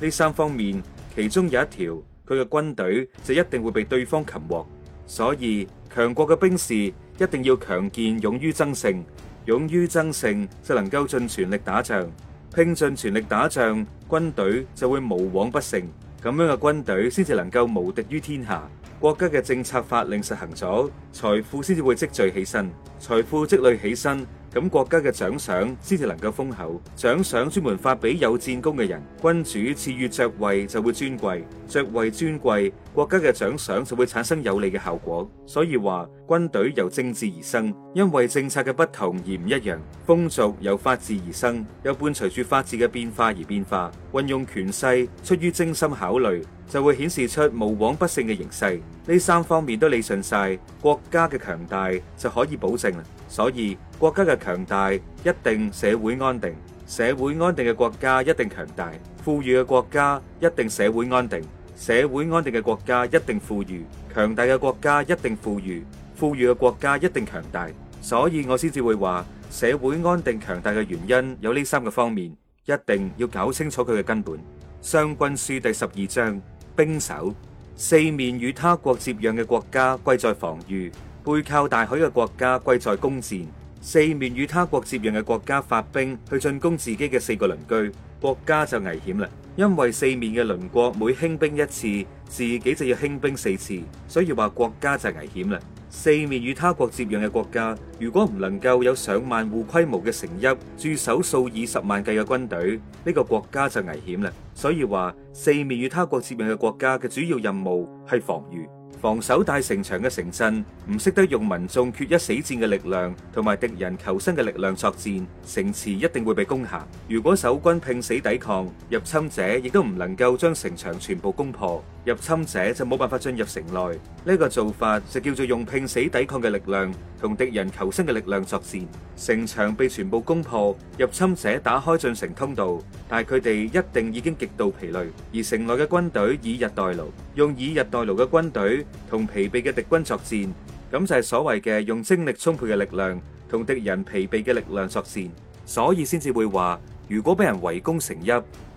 呢三方面其中有一條，佢嘅軍隊就一定會被對方擒獲。所以強國嘅兵士一定要強健勇增，勇於爭勝。勇於爭勝就能夠盡全力打仗，拼盡全力打仗，軍隊就會無往不勝。咁樣嘅軍隊先至能夠無敵於天下。國家嘅政策法令實行咗，財富先至會積聚起身，財富積累起身。咁國家嘅獎賞先至能夠豐厚，獎賞專門發俾有戰功嘅人，君主賜予爵位就會尊貴，爵位尊貴，國家嘅獎賞就會產生有利嘅效果。所以話軍隊由政治而生，因為政策嘅不同而唔一樣；風俗由法治而生，又伴隨住法治嘅變化而變化。運用權勢出於精心考慮，就會顯示出無往不勝嘅形勢。呢三方面都理順晒，國家嘅強大就可以保證啦。所以國家嘅強大一定社會安定，社會安定嘅國家一定強大。富裕嘅國家一定社會安定，社會安定嘅國家一定富裕。強大嘅國家一定富裕，富裕嘅國家一定強大。所以我先至會話社會安定強大嘅原因有呢三個方面，一定要搞清楚佢嘅根本。《商君書》第十二章：兵守四面與他國接壤嘅國家，貴在防禦。背靠大海嘅國家，貴在攻戰；四面與他國接壤嘅國家，發兵去進攻自己嘅四個鄰居，國家就危險啦。因為四面嘅鄰國每興兵一次，自己就要興兵四次，所以話國家就危險啦。四面與他國接壤嘅國家，如果唔能夠有上萬戶規模嘅城邑，駐守數以十萬計嘅軍隊，呢個國家就危險啦。所以話，四面與他國接壤嘅國家嘅主要任務係防禦。防守大城牆嘅城鎮唔識得用民眾決一死戰嘅力量同埋敵人求生嘅力量作戰，城池一定會被攻下。如果守軍拼死抵抗，入侵者亦都唔能夠將城牆全部攻破，入侵者就冇辦法進入城內。呢個做法就叫做用拼死抵抗嘅力量同敵人求生嘅力量作戰。城牆被全部攻破，入侵者打開進城通道，但係佢哋一定已經極度疲累，而城內嘅軍隊以逸待勞，用以逸待勞嘅軍隊。同疲憊嘅敵軍作戰，咁就係所謂嘅用精力充沛嘅力量同敵人疲憊嘅力量作戰，所以先至會話。如果俾人圍攻成邑，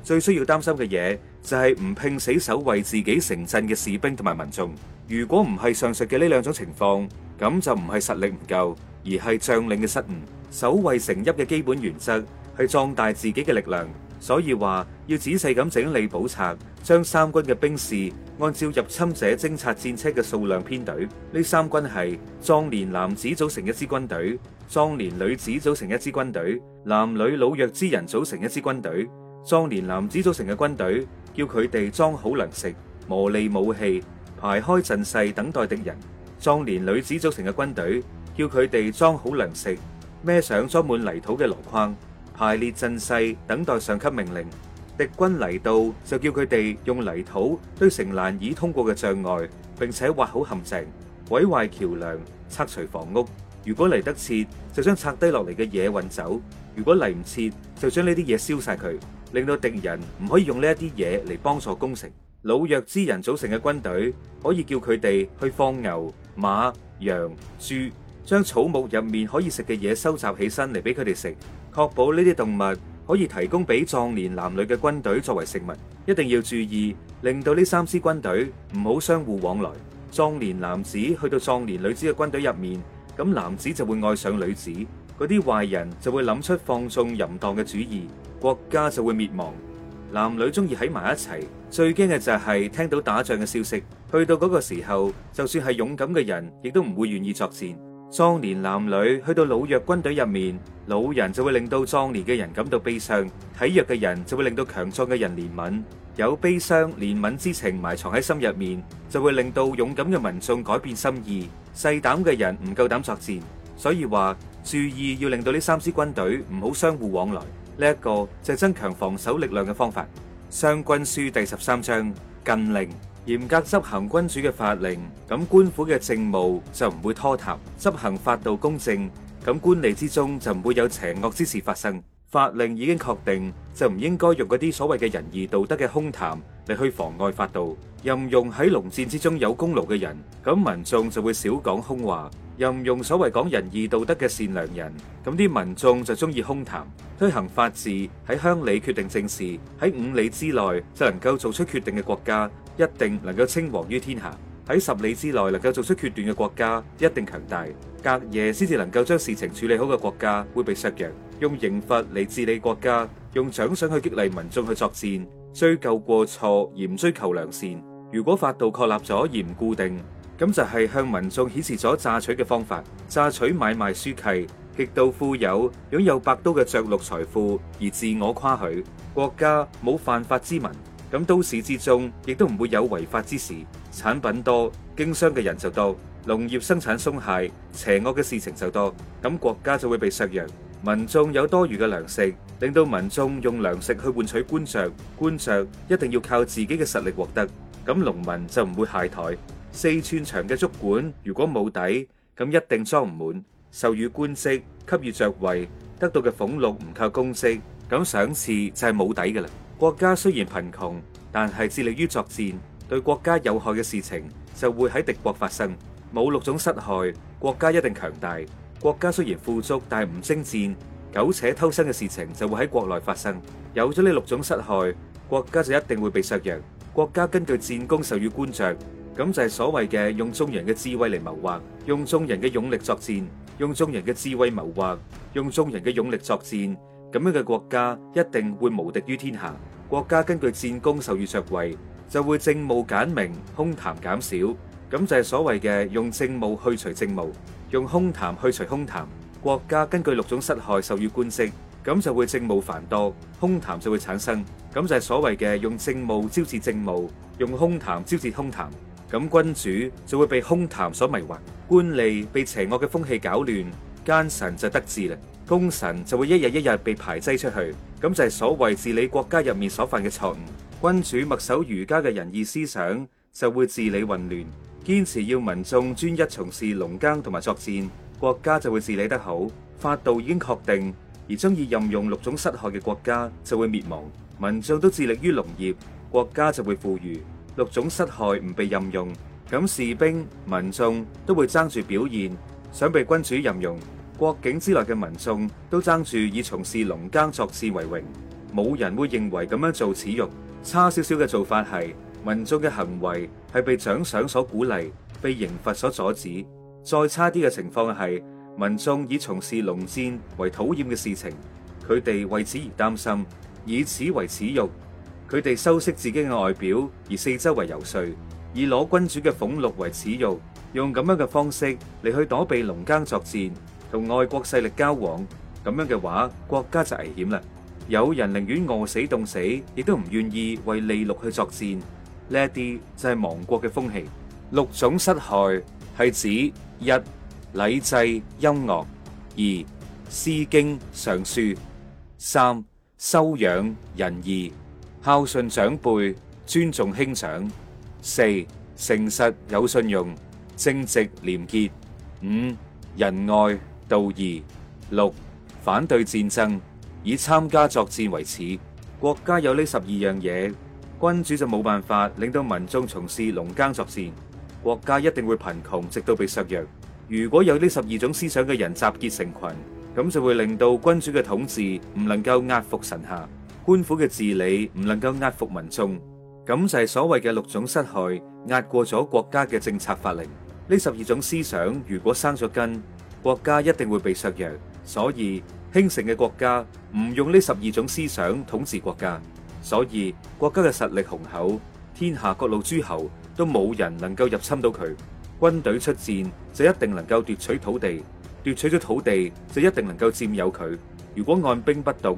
最需要擔心嘅嘢就係、是、唔拼死守衛自己城鎮嘅士兵同埋民眾。如果唔係上述嘅呢兩種情況，咁就唔係實力唔夠，而係將領嘅失誤。守衛成邑嘅基本原則係壯大自己嘅力量，所以話要仔細咁整理補察。將三軍嘅兵士按照入侵者偵察戰車嘅數量編隊。呢三軍係壯年男子組成一支軍隊，壯年女子組成一支軍隊，男女老弱之人組成一支軍隊。壯年男子組成嘅軍隊，叫佢哋裝好糧食、磨利武器，排開陣勢等待敵人。壯年女子組成嘅軍隊，叫佢哋裝好糧食，孭上裝滿泥土嘅籮筐，排列陣勢，等待上級命令。敵軍嚟到，就叫佢哋用泥土堆成難以通過嘅障礙，並且挖好陷阱，毀壞橋梁，拆除房屋。如果嚟得切，就將拆低落嚟嘅嘢運走；如果嚟唔切，就將呢啲嘢燒晒佢，令到敵人唔可以用呢一啲嘢嚟幫助攻城。老弱之人組成嘅軍隊，可以叫佢哋去放牛、馬、羊、豬，將草木入面可以食嘅嘢收集起身嚟俾佢哋食，確保呢啲動物。可以提供俾壯年男女嘅軍隊作為食物，一定要注意，令到呢三支軍隊唔好相互往來。壯年男子去到壯年女子嘅軍隊入面，咁男子就會愛上女子，嗰啲壞人就會諗出放縱淫蕩嘅主意，國家就會滅亡。男女中意喺埋一齊，最驚嘅就係聽到打仗嘅消息，去到嗰個時候，就算係勇敢嘅人，亦都唔會願意作戰。壯年男女去到老弱軍隊入面，老人就會令到壯年嘅人感到悲傷；體弱嘅人就會令到強壯嘅人憐憫。有悲傷憐憫之情埋藏喺心入面，就會令到勇敢嘅民眾改變心意。細膽嘅人唔夠膽作戰，所以話注意要令到呢三支軍隊唔好相互往來。呢、這、一個就係增強防守力量嘅方法。《商君書》第十三章，靳令。嚴格執行君主嘅法令，咁官府嘅政務就唔會拖沓；執行法度公正，咁官吏之中就唔會有邪惡之事發生。法令已經確定，就唔應該用嗰啲所謂嘅仁義道德嘅空談嚟去妨礙法度。任用喺龍戰之中有功勞嘅人，咁民眾就會少講空話。任用所謂講仁義道德嘅善良人，咁啲民眾就中意空談，推行法治喺鄉里，決定政事。喺五里之內就能夠做出決定嘅國家，一定能夠稱王於天下；喺十里之內能夠做出決斷嘅國家，一定強大；隔夜先至能夠將事情處理好嘅國家會被削弱。用刑罰嚟治理國家，用獎賞去激勵民眾去作戰，追究過錯而唔追求良善。如果法度確立咗而唔固定，咁就係向民眾顯示咗榨取嘅方法，榨取買賣書契，極度富有擁有百刀嘅着祿財富而自我誇許。國家冇犯法之民，咁都市之中亦都唔會有違法之事。產品多，經商嘅人就多，農業生產鬆懈，邪惡嘅事情就多，咁國家就會被削弱。民眾有多餘嘅糧食，令到民眾用糧食去換取官爵，官爵一定要靠自己嘅實力獲得，咁農民就唔會下台。四寸長嘅竹管，如果冇底，咁一定裝唔滿。授予官職，給予爵位，得到嘅俸禄唔靠公職，咁賞賜就係冇底㗎喇。國家雖然貧窮，但係致力於作戰，對國家有害嘅事情就會喺敵國發生。冇六種失害，國家一定強大。國家雖然富足，但係唔精戰，苟且偷生嘅事情就會喺國內發生。有咗呢六種失害，國家就一定會被削弱。國家根據戰功授予官爵。咁就係所謂嘅用眾人嘅智慧嚟謀劃，用眾人嘅勇力作戰，用眾人嘅智慧謀劃，用眾人嘅勇力作戰，咁樣嘅國家一定會無敵於天下。國家根據戰功授予爵位，就會政務簡明，空談減少。咁就係所謂嘅用政務去除政務，用空談去除空談。國家根據六種失害授予官職，咁就會政務繁多，空談就會產生。咁就係所謂嘅用政務招致政務，用空談招致空談。咁君主就會被空談所迷惑，官吏被邪惡嘅風氣搞亂，奸臣就得志啦，忠臣就會一日一日被排擠出去，咁就係所謂治理國家入面所犯嘅錯誤。君主墨守儒家嘅仁義思想，就會治理混亂，堅持要民眾專一從事農耕同埋作戰，國家就會治理得好。法度已經確定，而中意任用六種失害嘅國家就會滅亡，民眾都致力於農業，國家就會富裕。六種失害唔被任用，咁士兵、民眾都會爭住表現，想被君主任用；國境之內嘅民眾都爭住以從事農耕作事為榮，冇人會認為咁樣做恥辱。差少少嘅做法係民眾嘅行為係被獎賞所鼓勵，被刑罰所阻止。再差啲嘅情況係民眾以從事農戰為討厭嘅事情，佢哋為此而擔心，以此為恥辱。佢哋修飾自己嘅外表，而四周圍遊說，以攞君主嘅俸祿為恥辱，用咁樣嘅方式嚟去躲避農耕作戰，同外國勢力交往，咁樣嘅話國家就危險啦。有人寧願餓死凍死，亦都唔願意為利祿去作戰。呢一啲就係亡國嘅風氣。六種失害係指一禮制音樂，二詩經尚書，三修養仁義。孝順長輩，尊重兄長；四誠實有信用，正直廉潔；五仁愛道義；六反對戰爭，以參加作戰為恥。國家有呢十二樣嘢，君主就冇辦法令到民眾從事農耕作戰，國家一定會貧窮，直到被削弱。如果有呢十二種思想嘅人集結成群，咁就會令到君主嘅統治唔能夠壓服臣下。官府嘅治理唔能夠壓服民眾，咁就係所謂嘅六種失害，壓過咗國家嘅政策法令。呢十二種思想如果生咗根，國家一定會被削弱。所以興盛嘅國家唔用呢十二種思想統治國家，所以國家嘅實力雄厚，天下各路諸侯都冇人能夠入侵到佢。軍隊出戰就一定能夠奪取土地，奪取咗土地就一定能夠佔有佢。如果按兵不動。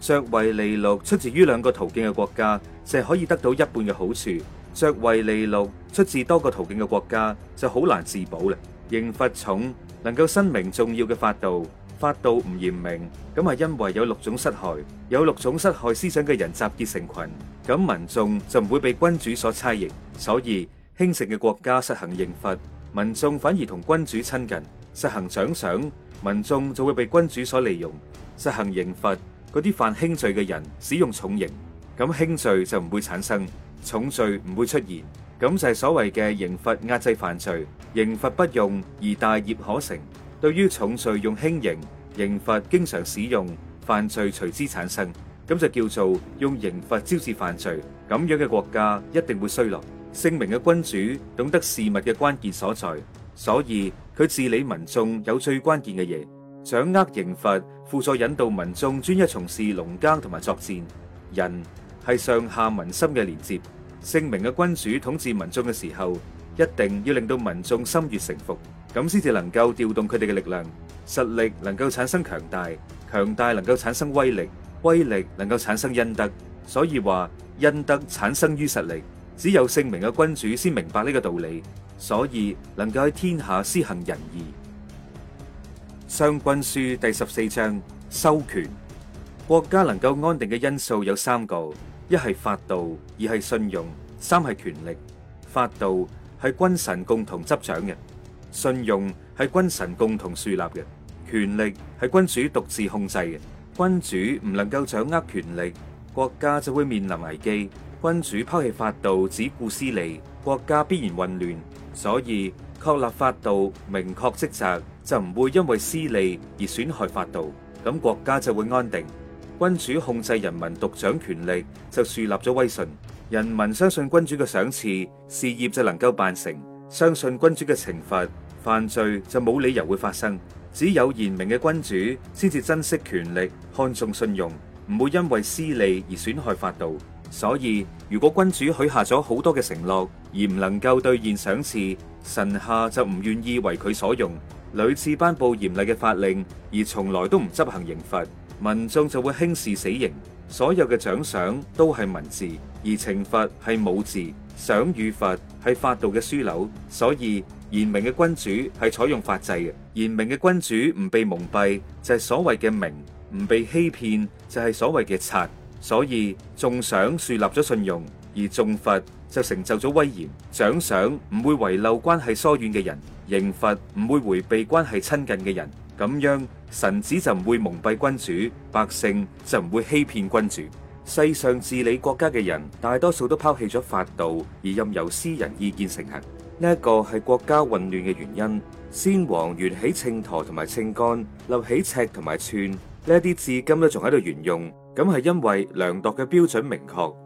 爵位利祿出自於兩個途徑嘅國家，就可以得到一半嘅好處；爵位利祿出自多個途徑嘅國家，就好難自保啦。刑罰重，能夠申明重要嘅法度，法度唔嚴明，咁係因為有六種失害，有六種失害思想嘅人集結成群，咁民衆就唔會被君主所猜疑。所以，興盛嘅國家實行刑罰，民衆反而同君主親近；實行獎賞，民衆就會被君主所利用；實行刑罰。嗰啲犯輕罪嘅人使用重刑，咁輕罪就唔會產生，重罪唔會出現，咁就係所謂嘅刑罰壓制犯罪，刑罰不用而大業可成。對於重罪用輕刑，刑罰經常使用，犯罪隨之產生，咁就叫做用刑罰招致犯罪。咁樣嘅國家一定會衰落。聖明嘅君主懂得事物嘅關鍵所在，所以佢治理民眾有最關鍵嘅嘢。掌握刑罰，輔助引導民眾，專一從事農耕同埋作戰。仁係上下民心嘅連接。聖明嘅君主統治民眾嘅時候，一定要令到民眾心悦誠服，咁先至能夠調動佢哋嘅力量。實力能夠產生強大，強大能夠產生威力，威力能夠產生恩德。所以話，恩德產生於實力。只有聖明嘅君主先明白呢個道理，所以能夠喺天下施行仁義。《商君書》第十四章：收權。國家能夠安定嘅因素有三個：一係法度，二係信用，三係權力。法度係君臣共同執掌嘅，信用係君臣共同樹立嘅，權力係君主獨自控制嘅。君主唔能夠掌握權力，國家就會面臨危機；君主拋棄法度，只顧私利，國家必然混亂。所以確立法度，明確職責，就唔會因為私利而損害法度，咁國家就會安定。君主控制人民獨掌權力，就樹立咗威信。人民相信君主嘅賞賜，事業就能夠辦成；相信君主嘅懲罰，犯罪就冇理由會發生。只有賢明嘅君主，先至珍惜權力，看重信用，唔會因為私利而損害法度。所以，如果君主許下咗好多嘅承諾，而唔能夠兌現賞賜，臣下就唔願意為佢所用。屢次頒布嚴厲嘅法令，而從來都唔執行刑罰，民眾就會輕視死刑。所有嘅獎賞都係文字，而懲罰係武字。賞與罰係法度嘅樞紐，所以賢明嘅君主係採用法制嘅。賢明嘅君主唔被蒙蔽，就係、是、所謂嘅明；唔被欺騙，就係、是、所謂嘅察。所以重賞樹立咗信用，而重罰就成就咗威嚴。獎賞唔會遺漏關係疏遠嘅人。刑罰唔會回避關係親近嘅人，咁樣臣子就唔會蒙蔽君主，百姓就唔會欺騙君主。世上治理國家嘅人，大多數都拋棄咗法度，而任由私人意見成行。呢、這、一個係國家混亂嘅原因。先王懸起秤砣同埋秤桿，立起尺同埋寸，呢一啲至今都仲喺度沿用。咁係因為量度嘅標準明確。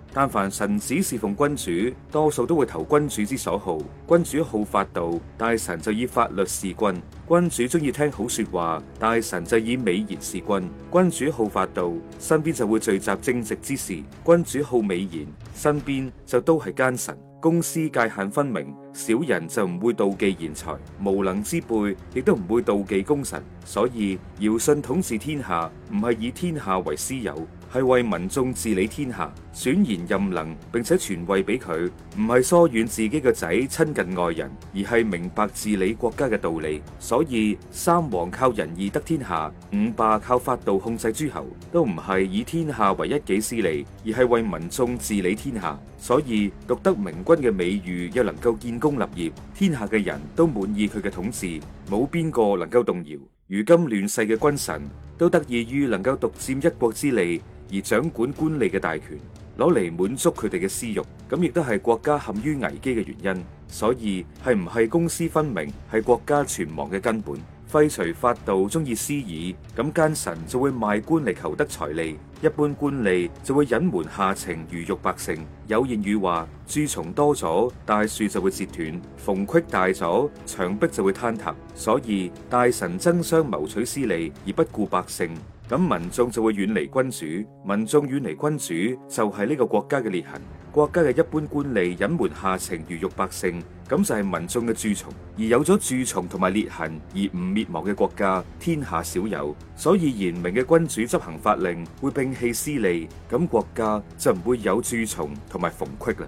但凡臣子侍奉君主，多數都會投君主之所好。君主好法道，大臣就以法律事君；君主中意聽好說話，大臣就以美言事君。君主好法道，身邊就會聚集正直之士；君主好美言，身邊就都係奸臣。公私界限分明，小人就唔會妒忌賢才，無能之輩亦都唔會妒忌功臣。所以堯舜統治天下，唔係以天下為私有。係為民眾治理天下，選賢任能，並且傳位俾佢，唔係疏遠自己嘅仔，親近外人，而係明白治理國家嘅道理。所以三王靠仁義得天下，五霸靠法度控制諸侯，都唔係以天下為一己私利，而係為民眾治理天下。所以獨得明君嘅美譽，又能夠建功立業，天下嘅人都滿意佢嘅統治，冇邊個能夠動搖。如今亂世嘅君臣，都得益於能夠獨占一國之利。而掌管官吏嘅大權，攞嚟滿足佢哋嘅私欲，咁亦都係國家陷於危機嘅原因。所以係唔係公私分明，係國家存亡嘅根本。廢除法度，中意私議，咁奸臣就會賣官嚟求得財利；一般官吏就會隱瞞下情，魚肉百姓。有諺語話：蛀蟲多咗，大樹就會折斷；縫隙大咗，牆壁就會坍塌。所以大臣爭相謀取私利，而不顧百姓。咁民眾就會遠離君主，民眾遠離君主就係呢個國家嘅裂痕。國家嘅一般官吏隱瞞下情，愚辱百姓，咁就係民眾嘅蛀蟲。而有咗蛀蟲同埋裂痕而唔滅亡嘅國家，天下少有。所以嚴明嘅君主執行法令，會摒棄私利，咁國家就唔會有蛀蟲同埋縫隙啦。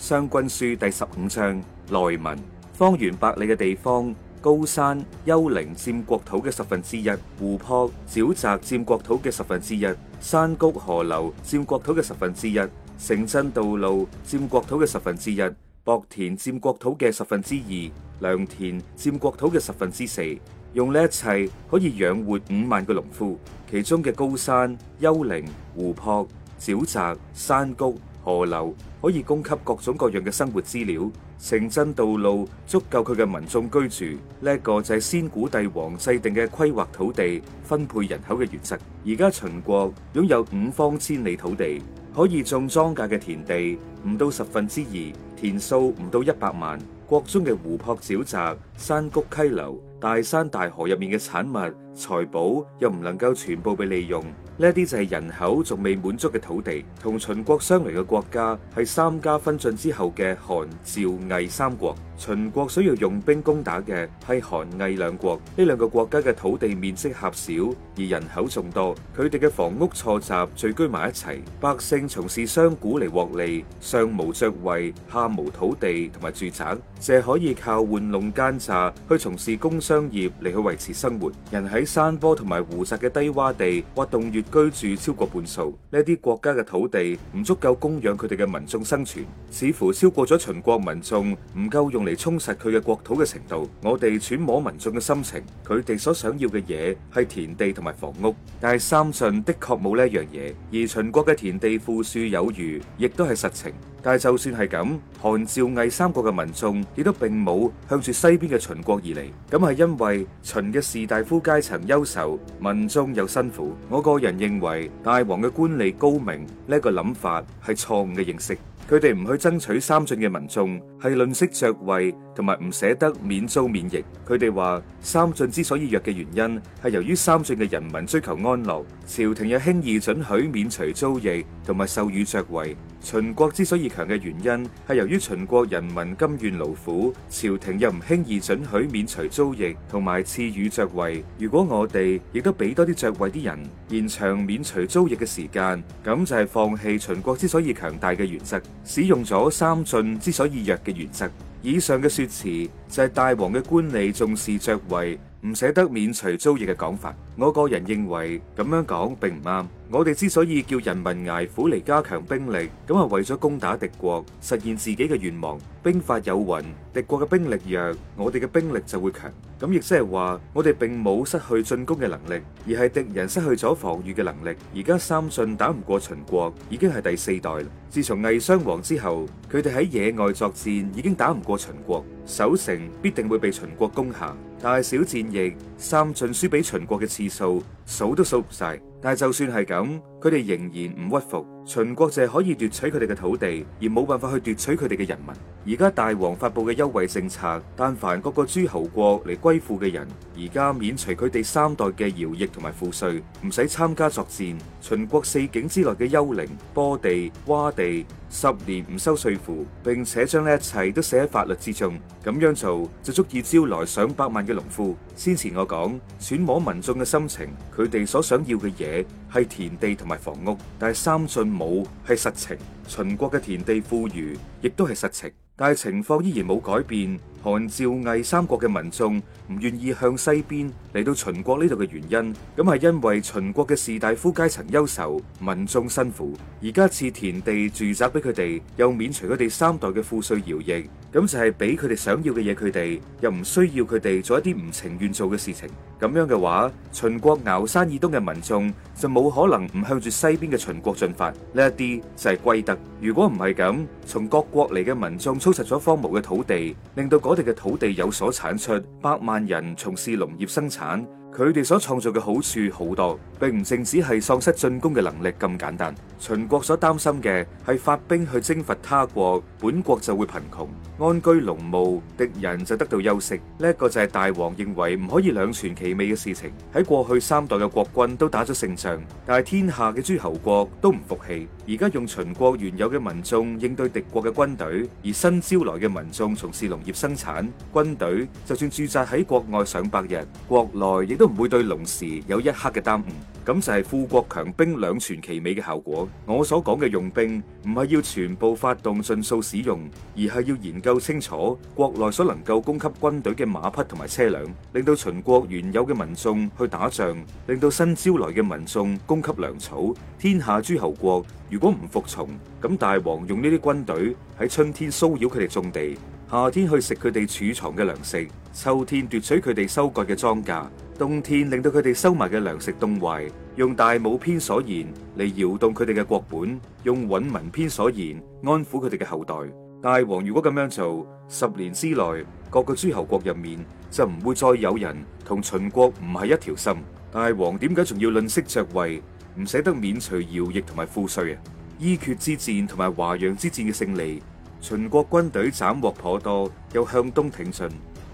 《商君書》第十五章：內文，方圓百里嘅地方。高山丘陵佔國土嘅十分之一，湖泊沼澤佔國土嘅十分之一，山谷河流佔國土嘅十分之一，城鎮道路佔國土嘅十分之一，薄田佔國土嘅十分之二，良田佔國土嘅十分之四。用呢一切可以養活五萬個農夫，其中嘅高山、丘陵、湖泊、沼澤、山谷、河流可以供給各種各樣嘅生活資料。城鎮道路足夠佢嘅民眾居住，呢一個就係先古帝王制定嘅規劃、土地分配人口嘅原則。而家秦國擁有五方千里土地，可以種莊稼嘅田地唔到十分之二，田數唔到一百萬。國中嘅湖泊沼澤、山谷溪流、大山大河入面嘅產物。財寶又唔能夠全部被利用，呢一啲就係人口仲未滿足嘅土地。同秦國相鄰嘅國家係三家分晉之後嘅韓、趙、魏三國。秦國需要用兵攻打嘅係韓、魏兩國。呢兩個國家嘅土地面積狹小，而人口眾多，佢哋嘅房屋錯雜聚居埋一齊，百姓從事商賈嚟獲利，上無爵位，下無土地同埋住宅，淨係可以靠玩弄奸詐去從事工商業嚟去維持生活。人喺。山坡同埋湖澤嘅低洼地，或洞穴居住超過半數。呢啲國家嘅土地，唔足夠供養佢哋嘅民眾生存，似乎超過咗秦國民眾唔夠用嚟充實佢嘅國土嘅程度。我哋揣摩民眾嘅心情，佢哋所想要嘅嘢係田地同埋房屋，但係三晉的確冇呢一樣嘢，而秦國嘅田地富庶有餘，亦都係實情。但係，就算係咁，韓、趙、魏三國嘅民眾亦都並冇向住西邊嘅秦國而嚟。咁係因為秦嘅士大夫階層優秀，民眾又辛苦。我個人認為，大王嘅官吏高明呢個諗法係錯誤嘅認識。佢哋唔去爭取三晉嘅民眾，係吝嗇爵位，同埋唔捨得免租免役。佢哋話三晉之所以弱嘅原因，係由於三晉嘅人民追求安樂，朝廷又輕易准許免除租役，同埋授予爵位。秦國之所以強嘅原因，係由於秦國人民甘願勞苦，朝廷又唔輕易准許免除租役，同埋賜予爵位。如果我哋亦都俾多啲爵位啲人延長免除租役嘅時間，咁就係放棄秦國之所以強大嘅原則，使用咗三晉之所以弱嘅原則。以上嘅說辭就係大王嘅官吏重視爵位，唔捨得免除租役嘅講法，我個人認為咁樣講並唔啱。我哋之所以叫人民挨苦嚟加強兵力，咁係為咗攻打敵國，實現自己嘅願望。兵法有云，敵國嘅兵力弱，我哋嘅兵力就會強。咁亦即係話，我哋並冇失去進攻嘅能力，而係敵人失去咗防禦嘅能力。而家三晉打唔過秦國，已經係第四代啦。自從魏襄王之後，佢哋喺野外作戰已經打唔過秦國，守城必定會被秦國攻下。大小戰役，三晉輸俾秦國嘅次數，數都數唔晒。但係就算係咁，佢哋仍然唔屈服。秦國淨係可以奪取佢哋嘅土地，而冇辦法去奪取佢哋嘅人民。而家大王發佈嘅優惠政策，但凡各個諸侯國嚟歸附嘅人，而家免除佢哋三代嘅徭役同埋賦稅，唔使參加作戰。秦國四境之內嘅丘陵、坡地、窪地，十年唔收稅賦，並且將呢一切都寫喺法律之中。咁樣做就足以招來上百萬嘅農夫。先前我講揣摩民眾嘅心情，佢哋所想要嘅嘢係田地同埋房屋，但係三晉冇係實情，秦國嘅田地富裕亦都係實情，但係情況依然冇改變。韓趙魏三國嘅民眾唔願意向西邊嚟到秦國呢度嘅原因，咁係因為秦國嘅士大夫階層優秀，民眾辛苦，而家賜田地住宅俾佢哋，又免除佢哋三代嘅賦稅徭役，咁就係俾佢哋想要嘅嘢，佢哋又唔需要佢哋做一啲唔情願做嘅事情。咁樣嘅話，秦國肴山以東嘅民眾就冇可能唔向住西邊嘅秦國進發。呢一啲就係貴德。如果唔係咁，從各國嚟嘅民眾操習咗荒蕪嘅土地，令到。我哋嘅土地有所產出，百萬人從事農業生產，佢哋所創造嘅好處好多，並唔淨止係喪失進攻嘅能力咁簡單。秦國所擔心嘅係發兵去征伐他國，本國就會貧窮，安居農務，敵人就得到休息。呢一個就係大王認為唔可以兩全其美嘅事情。喺過去三代嘅國君都打咗勝仗，但係天下嘅諸侯國都唔服氣。而家用秦國原有嘅民眾應對敵國嘅軍隊，而新招來嘅民眾從事農業生產。軍隊就算駐紮喺國外上百日，國內亦都唔會對農時有一刻嘅耽誤。咁就係富國強兵兩全其美嘅效果。我所講嘅用兵唔係要全部發動，盡數使用，而係要研究清楚國內所能夠供給軍隊嘅馬匹同埋車輛，令到秦國原有嘅民眾去打仗，令到新招來嘅民眾供給糧草。天下諸侯國如如果唔服從，咁大王用呢啲軍隊喺春天騷擾佢哋種地，夏天去食佢哋儲藏嘅糧食，秋天奪取佢哋收割嘅莊稼，冬天令到佢哋收埋嘅糧食凍壞，用大武篇所言嚟搖動佢哋嘅國本，用韻文篇所言安撫佢哋嘅後代。大王如果咁樣做，十年之內各個諸侯國入面就唔會再有人同秦國唔係一條心。大王點解仲要吝嗇爵位？唔捨得免除徭役同埋賦稅啊！伊闕之戰同埋華陽之戰嘅勝利，秦國軍隊斬獲頗多，又向東挺進。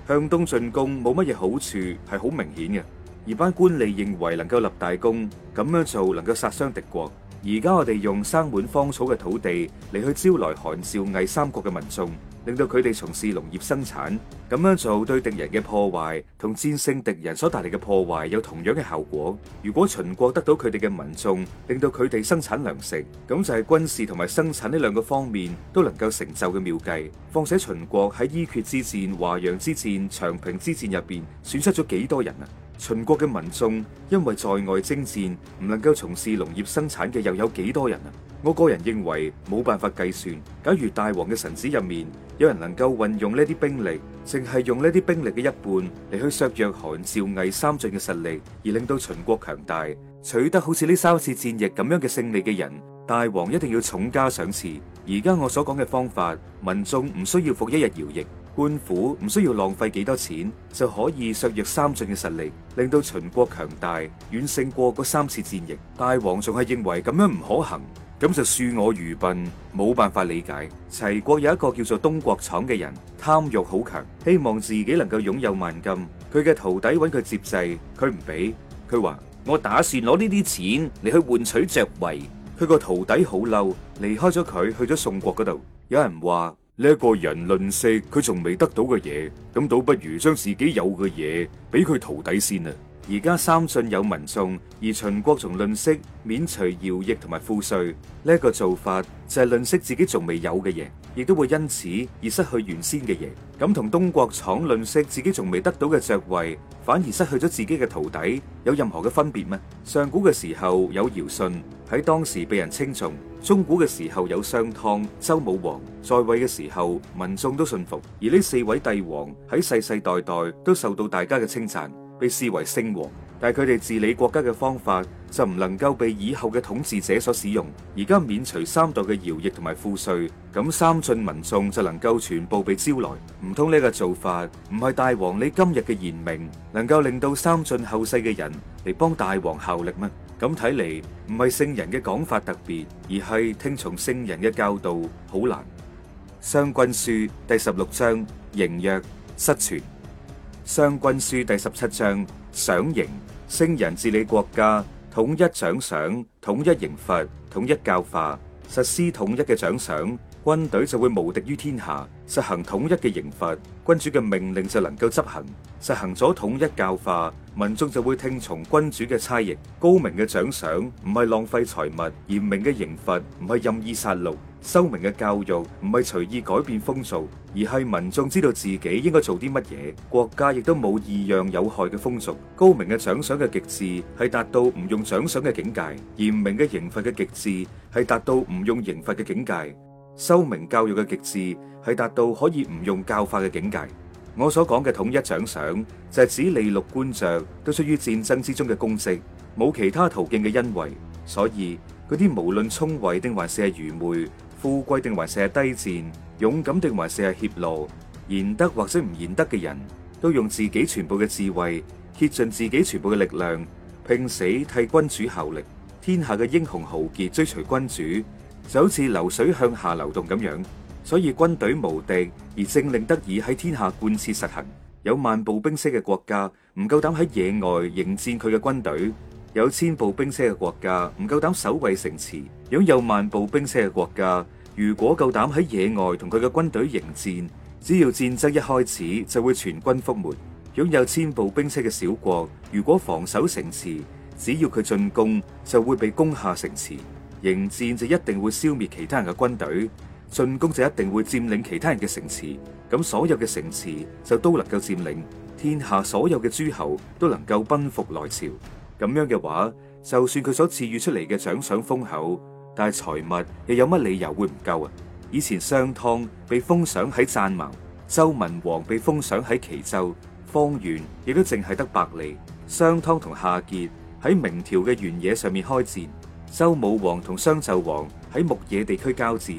向東進攻冇乜嘢好處，係好明顯嘅。而班官吏認為能夠立大功，咁樣做能夠殺傷敵國。而家我哋用生滿芳草嘅土地嚟去招來韓、趙、魏三國嘅民眾。令到佢哋從事農業生產，咁樣做對敵人嘅破壞同戰勝敵人所帶嚟嘅破壞有同樣嘅效果。如果秦國得到佢哋嘅民眾，令到佢哋生產糧食，咁就係軍事同埋生產呢兩個方面都能夠成就嘅妙計。況且秦國喺伊闕之戰、華陽之戰、長平之戰入邊，損失咗幾多人啊！秦國嘅民眾因為在外征戰唔能夠從事農業生產嘅又有幾多人啊？我個人認為冇辦法計算。假如大王嘅臣子入面有人能夠運用呢啲兵力，淨係用呢啲兵力嘅一半嚟去削弱韓趙魏三晉嘅實力，而令到秦國強大，取得好似呢三次戰役咁樣嘅勝利嘅人，大王一定要重加賞賜。而家我所講嘅方法，民眾唔需要服一日徭役。官府唔需要浪費幾多錢就可以削弱三晉嘅實力，令到秦國強大，遠勝過嗰三次戰役。大王仲係認為咁樣唔可行，咁就恕我愚笨，冇辦法理解。齊國有一個叫做東國廠嘅人，貪慾好強，希望自己能夠擁有萬金。佢嘅徒弟揾佢接濟，佢唔俾，佢話我打算攞呢啲錢嚟去換取爵位。佢個徒弟好嬲，離開咗佢去咗宋國嗰度。有人話。呢一個人吝惜，佢仲未得到嘅嘢，咁倒不如將自己有嘅嘢俾佢徒弟先啦。而家三晉有民眾，而秦國從論息免除徭役同埋賦稅呢個做法，就係論息自己仲未有嘅嘢，亦都會因此而失去原先嘅嘢。咁同東國廠論息自己仲未得到嘅爵位，反而失去咗自己嘅徒弟，有任何嘅分別咩？上古嘅時候有堯舜喺當時被人稱頌，中古嘅時候有商湯、周武王在位嘅時候，民眾都信服，而呢四位帝王喺世世代代都受到大家嘅稱讚。被視為聖王，但係佢哋治理國家嘅方法就唔能夠被以後嘅統治者所使用。而家免除三代嘅徭役同埋賦稅，咁三晉民眾就能夠全部被招來。唔通呢個做法唔係大王你今日嘅賢明，能夠令到三晉後世嘅人嚟幫大王效力咩？咁睇嚟唔係聖人嘅講法特別，而係聽從聖人嘅教導好難。《商君書》第十六章《刑約》失傳。《商君書》第十七章：賞刑，聖人治理國家，統一獎賞，統一刑罰，統一教化，實施統一嘅獎賞，軍隊就會無敵於天下；實行統一嘅刑罰，君主嘅命令就能夠執行；實行咗統一教化，民眾就會聽從君主嘅差役。高明嘅獎賞唔係浪費財物，嚴明嘅刑罰唔係任意殺戮。修明嘅教育唔係隨意改變風俗，而係民眾知道自己應該做啲乜嘢。國家亦都冇異樣有害嘅風俗。高明嘅獎賞嘅極致係達到唔用獎賞嘅境界，嚴明嘅刑罰嘅極致係達到唔用刑罰嘅境界。修明教育嘅極致係達到可以唔用教化嘅境界。我所講嘅統一獎賞就係指利祿官爵都出於戰爭之中嘅功績，冇其他途徑嘅恩惠。所以嗰啲無論聰慧定還是係愚昧，富貴定還是係低賤，勇敢定還是係怯懦，賢德或者唔賢德嘅人都用自己全部嘅智慧，竭盡自己全部嘅力量，拼死替君主效力。天下嘅英雄豪傑追隨君主，就好似流水向下流動咁樣。所以軍隊無敵，而政令得以喺天下貫徹實行。有萬步兵車嘅國家唔夠膽喺野外迎戰佢嘅軍隊，有千步兵車嘅國家唔夠膽守衛城池。擁有萬部兵車嘅國家，如果夠膽喺野外同佢嘅軍隊迎戰，只要戰爭一開始就會全軍覆沒；擁有千部兵車嘅小國，如果防守城池，只要佢進攻就會被攻下城池；迎戰就一定會消滅其他人嘅軍隊，進攻就一定會佔領其他人嘅城池。咁所有嘅城池就都能夠佔領，天下所有嘅諸侯都能夠賓服來朝。咁樣嘅話，就算佢所賜予出嚟嘅獎賞豐厚，但係財物又有乜理由會唔夠啊？以前商湯被封賞喺贊盟，周文王被封賞喺岐州，方圓亦都淨係得百里。商湯同夏桀喺鳴條嘅原野上面開戰，周武王同商紂王喺牧野地區交戰，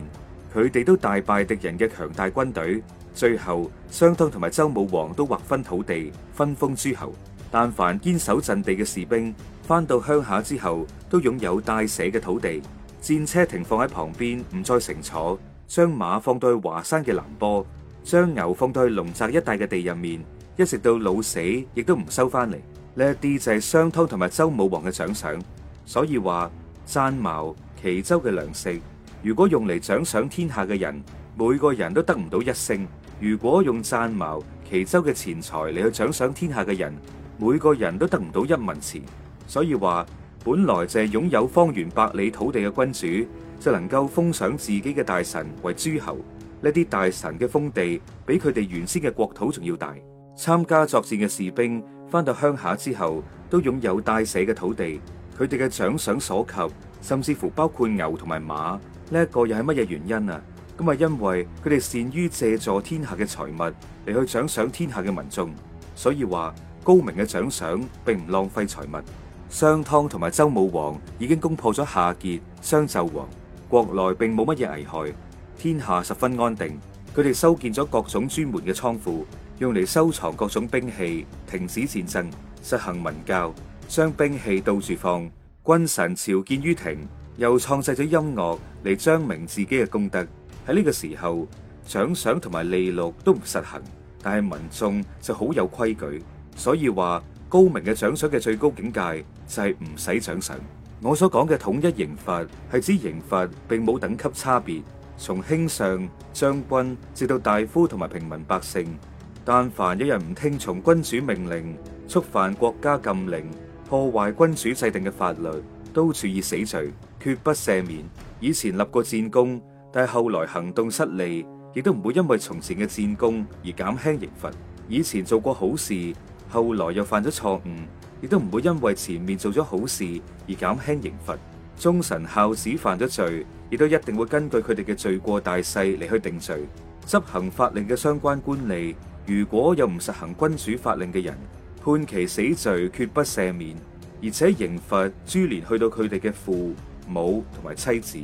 佢哋都大敗敵人嘅強大軍隊。最後，商湯同埋周武王都劃分土地，分封諸侯。但凡堅守陣地嘅士兵，返到鄉下之後，都擁有帶社嘅土地。戰車停放喺旁邊，唔再乘坐，將馬放到去華山嘅南坡，將牛放到去龍澤一帶嘅地入面，一直到老死，亦都唔收翻嚟。呢一啲就係商湯同埋周武王嘅獎賞。所以話，贊茅岐州嘅糧食，如果用嚟獎賞天下嘅人，每個人都得唔到一升；如果用贊茅岐州嘅錢財嚟去獎賞天下嘅人，每個人都得唔到一文錢。所以話。本來就係擁有方圓百里土地嘅君主，就能夠封賞自己嘅大臣為諸侯。呢啲大臣嘅封地比佢哋原先嘅國土仲要大。參加作戰嘅士兵翻到鄉下之後，都擁有帶舍嘅土地。佢哋嘅獎賞所及，甚至乎包括牛同埋馬。呢一個又係乜嘢原因啊？咁啊，因為佢哋善於借助天下嘅財物嚟去獎賞天下嘅民眾，所以話高明嘅獎賞並唔浪費財物。商湯同埋周武王已經攻破咗夏桀、商紂王，國內並冇乜嘢危害，天下十分安定。佢哋修建咗各種專門嘅倉庫，用嚟收藏各種兵器，停止戰爭，實行文教，將兵器到處放，君臣朝見於庭，又創制咗音樂嚟彰明自己嘅功德。喺呢個時候，獎賞同埋利祿都唔實行，但係民眾就好有規矩，所以話。高明嘅獎賞嘅最高境界就係唔使獎賞。我所講嘅統一刑罰係指刑罰並冇等級差別，從卿上將軍直到大夫同埋平民百姓，但凡有人唔聽從君主命令，觸犯國家禁令，破壞君主制定嘅法律，都處以死罪，決不赦免。以前立過戰功，但係後來行動失利，亦都唔會因為從前嘅戰功而減輕刑罰。以前做過好事。後來又犯咗錯誤，亦都唔會因為前面做咗好事而減輕刑罰。忠臣孝子犯咗罪，亦都一定會根據佢哋嘅罪過大細嚟去定罪。執行法令嘅相關官吏，如果有唔實行君主法令嘅人，判其死罪，決不赦免，而且刑罰株連去到佢哋嘅父母同埋妻子。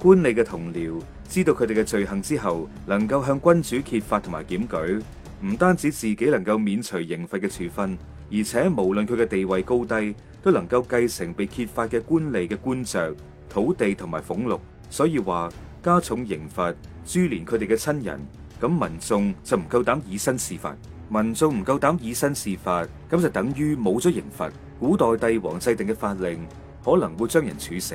官吏嘅同僚知道佢哋嘅罪行之後，能夠向君主揭發同埋檢舉。唔單止自己能夠免除刑罰嘅處分，而且無論佢嘅地位高低，都能夠繼承被揭發嘅官吏嘅官爵、土地同埋俸祿。所以話加重刑罰，株連佢哋嘅親人，咁民眾就唔夠膽以身試法。民眾唔夠膽以身試法，咁就等於冇咗刑罰。古代帝王制定嘅法令，可能會將人處死，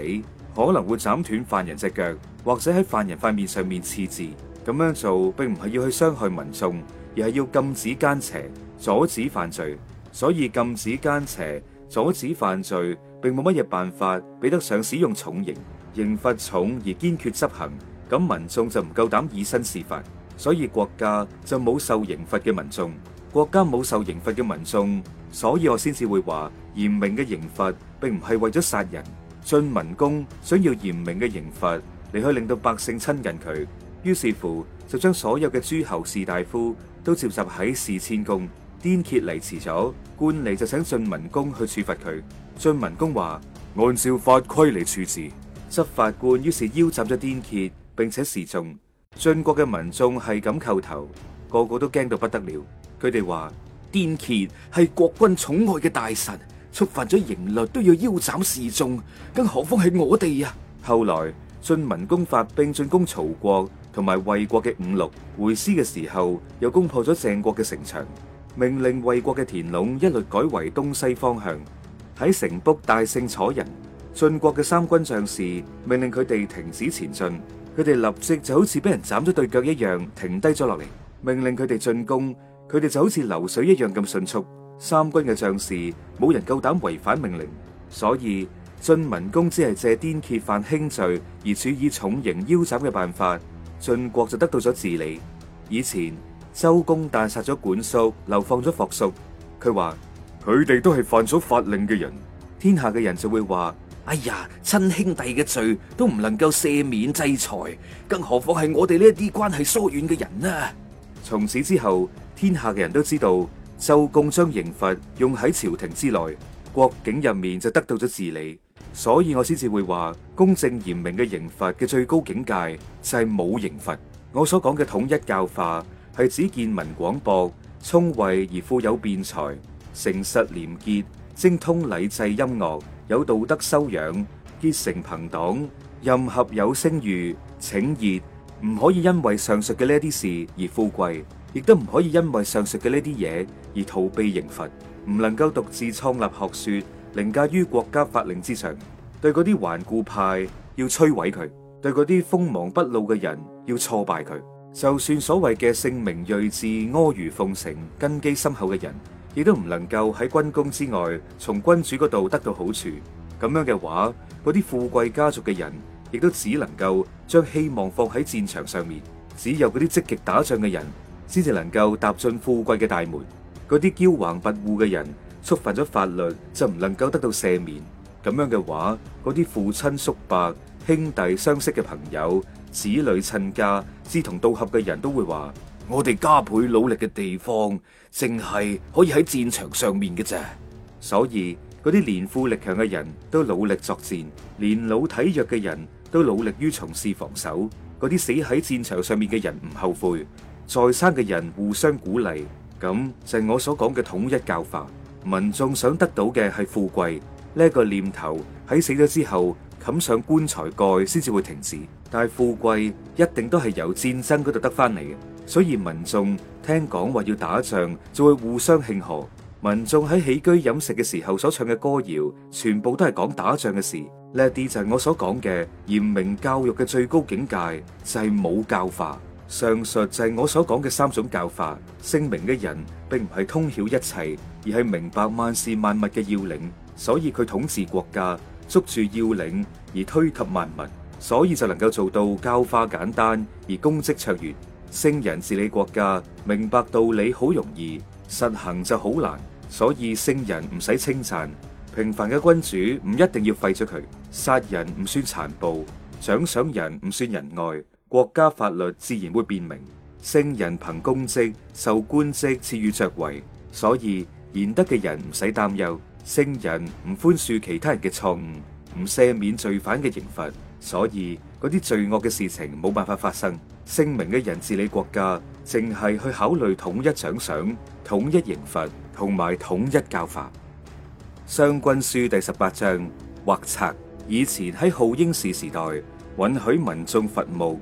可能會斬斷犯人隻腳，或者喺犯人塊面上面刺字。咁樣做並唔係要去傷害民眾。又係要禁止奸邪，阻止犯罪，所以禁止奸邪、阻止犯罪，並冇乜嘢辦法比得上使用重刑，刑罰重而堅決執行，咁民眾就唔夠膽以身試法，所以國家就冇受刑罰嘅民眾，國家冇受刑罰嘅民眾，所以我先至會話嚴明嘅刑罰，並唔係為咗殺人。晉文公想要嚴明嘅刑罰嚟去令到百姓親近佢，於是乎就將所有嘅諸侯士大夫都召集喺事千宮，顛頡嚟遲咗，官吏就請晉文公去處罰佢。晉文公話：按照法規嚟處置，執法官於是腰斬咗顛頡，並且示眾。晉國嘅民眾係咁叩頭，個個都驚到不得了。佢哋話：顛頡係國君寵愛嘅大臣，觸犯咗刑律都要腰斬示眾，更何況係我哋呀、啊？後來晉文公發兵進攻曹國。同埋衛國嘅五六回師嘅時候，又攻破咗鄭國嘅城牆，命令衛國嘅田壟一律改為東西方向。喺城濮大勝楚人，晉國嘅三軍將士命令佢哋停止前進，佢哋立即就好似俾人斬咗對腳一樣停低咗落嚟。命令佢哋進攻，佢哋就好似流水一樣咁迅速。三軍嘅將士冇人夠膽違反命令，所以晉文公只係借顛頡犯輕罪而處以重刑腰斬嘅辦法。晉國就得到咗治理。以前周公旦殺咗管叔，流放咗霍叔，佢話佢哋都係犯咗法令嘅人，天下嘅人就會話：哎呀，親兄弟嘅罪都唔能夠赦免制裁，更何況係我哋呢一啲關係疏遠嘅人呢、啊？從此之後，天下嘅人都知道周公將刑罰用喺朝廷之內，國境入面就得到咗治理。所以我先至會話，公正嚴明嘅刑罰嘅最高境界就係、是、冇刑罰。我所講嘅統一教化係指見聞廣博、聰慧而富有辯才、誠實廉潔、精通禮制音樂、有道德修養、結成朋黨、任何有聲譽，請業唔可以因為上述嘅呢啲事而富貴，亦都唔可以因為上述嘅呢啲嘢而逃避刑罰，唔能夠獨自創立學說。凌駕於國家法令之上，對嗰啲頑固派要摧毀佢，對嗰啲鋒芒不露嘅人要挫敗佢。就算所謂嘅聖明、睿智、阿諛奉承、根基深厚嘅人，亦都唔能夠喺軍功之外，從君主嗰度得到好處。咁樣嘅話，嗰啲富貴家族嘅人，亦都只能夠將希望放喺戰場上面。只有嗰啲積極打仗嘅人，先至能夠踏進富貴嘅大門。嗰啲驕橫跋扈嘅人，觸犯咗法律就唔能夠得到赦免，咁樣嘅話，嗰啲父親叔伯、兄弟相識嘅朋友、子女親家、志同道合嘅人都會話：我哋加倍努力嘅地方，淨係可以喺戰場上面嘅啫。所以，嗰啲年富力強嘅人都努力作戰，年老體弱嘅人都努力於從事防守。嗰啲死喺戰場上面嘅人唔後悔，在生嘅人互相鼓勵，咁就係我所講嘅統一教法。民眾想得到嘅係富貴，呢個念頭喺死咗之後，冚上棺材蓋先至會停止。但係富貴一定都係由戰爭嗰度得翻嚟嘅，所以民眾聽講話要打仗，就會互相慶賀。民眾喺起居飲食嘅時候所唱嘅歌謠，全部都係講打仗嘅事。呢啲 就係我所講嘅嚴明教育嘅最高境界，就係冇教化。上述就係我所講嘅三種教法。聖明嘅人並唔係通曉一切，而係明白萬事萬物嘅要領，所以佢統治國家，捉住要領而推及萬物，所以就能夠做到教化簡單而功績卓越。聖人治理國家，明白道理好容易，實行就好難，所以聖人唔使稱讚。平凡嘅君主唔一定要廢咗佢，殺人唔算殘暴，獎賞人唔算仁愛。國家法律自然會辨明，聖人憑公職受官職賜予爵位，所以賢德嘅人唔使擔憂，聖人唔寬恕其他人嘅錯誤，唔赦免罪犯嘅刑罰，所以嗰啲罪惡嘅事情冇辦法發生。聖明嘅人治理國家，淨係去考慮統一獎賞、統一刑罰同埋統一教法。《商君書》第十八章：畫策。以前喺昊英氏時，時代，允許民眾伐木。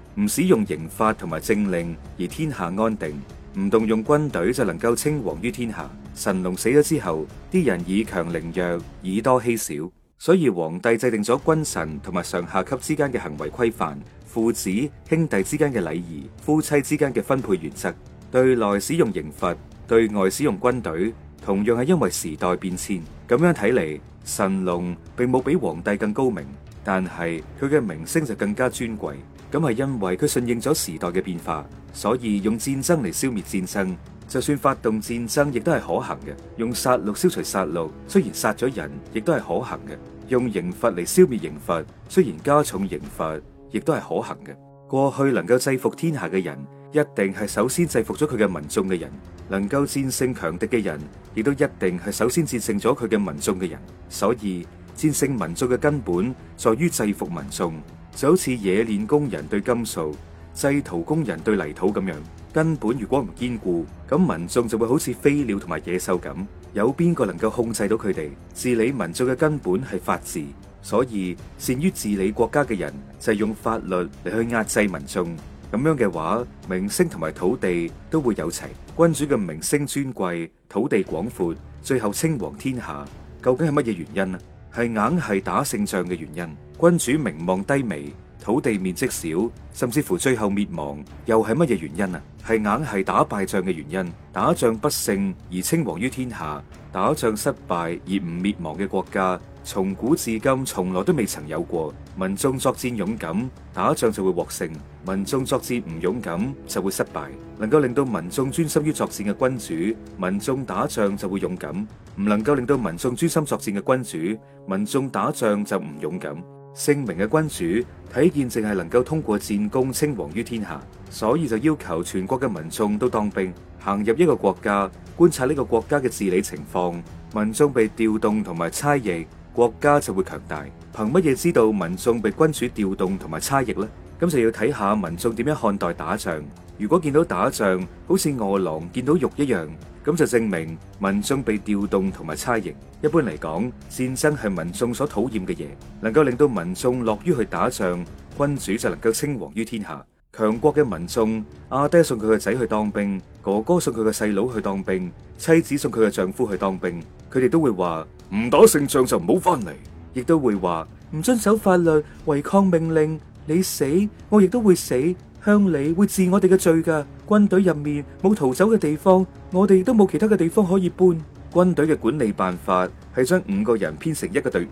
唔使用刑法同埋政令而天下安定，唔動用軍隊就能夠稱王於天下。神龍死咗之後，啲人以強凌弱，以多欺少，所以皇帝制定咗君臣同埋上下級之間嘅行為規範，父子兄弟之間嘅禮儀，夫妻之間嘅分配原則。對內使用刑罰，對外使用軍隊，同樣係因為時代變遷。咁樣睇嚟，神龍並冇比皇帝更高明，但係佢嘅名聲就更加尊貴。咁係因為佢順應咗時代嘅變化，所以用戰爭嚟消滅戰爭，就算發動戰爭亦都係可行嘅；用殺戮消除殺戮，雖然殺咗人，亦都係可行嘅；用刑罰嚟消滅刑罰，雖然加重刑罰，亦都係可行嘅。過去能夠制服天下嘅人，一定係首先制服咗佢嘅民眾嘅人；能夠戰勝強敵嘅人，亦都一定係首先戰勝咗佢嘅民眾嘅人。所以戰勝民眾嘅根本，在於制服民眾。就好似冶煉工人對金屬、製陶工人對泥土咁樣，根本如果唔堅固，咁民眾就會好似飛鳥同埋野獸咁，有邊個能夠控制到佢哋？治理民眾嘅根本係法治，所以善於治理國家嘅人就係用法律嚟去壓制民眾。咁樣嘅話，名聲同埋土地都會有齊。君主嘅名聲尊貴，土地廣闊，最後稱王天下，究竟係乜嘢原因啊？係硬係打勝仗嘅原因。君主名望低微，土地面積少，甚至乎最後滅亡，又係乜嘢原因啊？係硬係打敗仗嘅原因，打仗不勝而稱王於天下，打仗失敗而唔滅亡嘅國家。從古至今，從來都未曾有過民眾作戰勇敢，打仗就會獲勝；民眾作戰唔勇敢，就會失敗。能夠令到民眾專心於作戰嘅君主，民眾打仗就會勇敢；唔能夠令到民眾專心作戰嘅君主，民眾打仗就唔勇敢。聖明嘅君主睇見，淨係能夠通過戰功稱王於天下，所以就要求全國嘅民眾都當兵，行入一個國家觀察呢個國家嘅治理情況。民眾被調動同埋差役。國家就會強大。憑乜嘢知道民眾被君主調動同埋差役呢？咁就要睇下民眾點樣看待打仗。如果見到打仗好似餓、呃、狼見到肉一樣，咁就證明民眾被調動同埋差役。一般嚟講，戰爭係民眾所討厭嘅嘢，能夠令到民眾樂於去打仗，君主就能夠稱王於天下。強國嘅民眾，阿爹送佢個仔去當兵，哥哥送佢個細佬去當兵，妻子送佢個丈夫去當兵，佢哋都會話唔打勝仗就唔好翻嚟，亦都會話唔遵守法律、違抗命令，你死我亦都會死。鄉里會治我哋嘅罪噶。軍隊入面冇逃走嘅地方，我哋都冇其他嘅地方可以搬。軍隊嘅管理辦法係將五個人編成一個隊伍，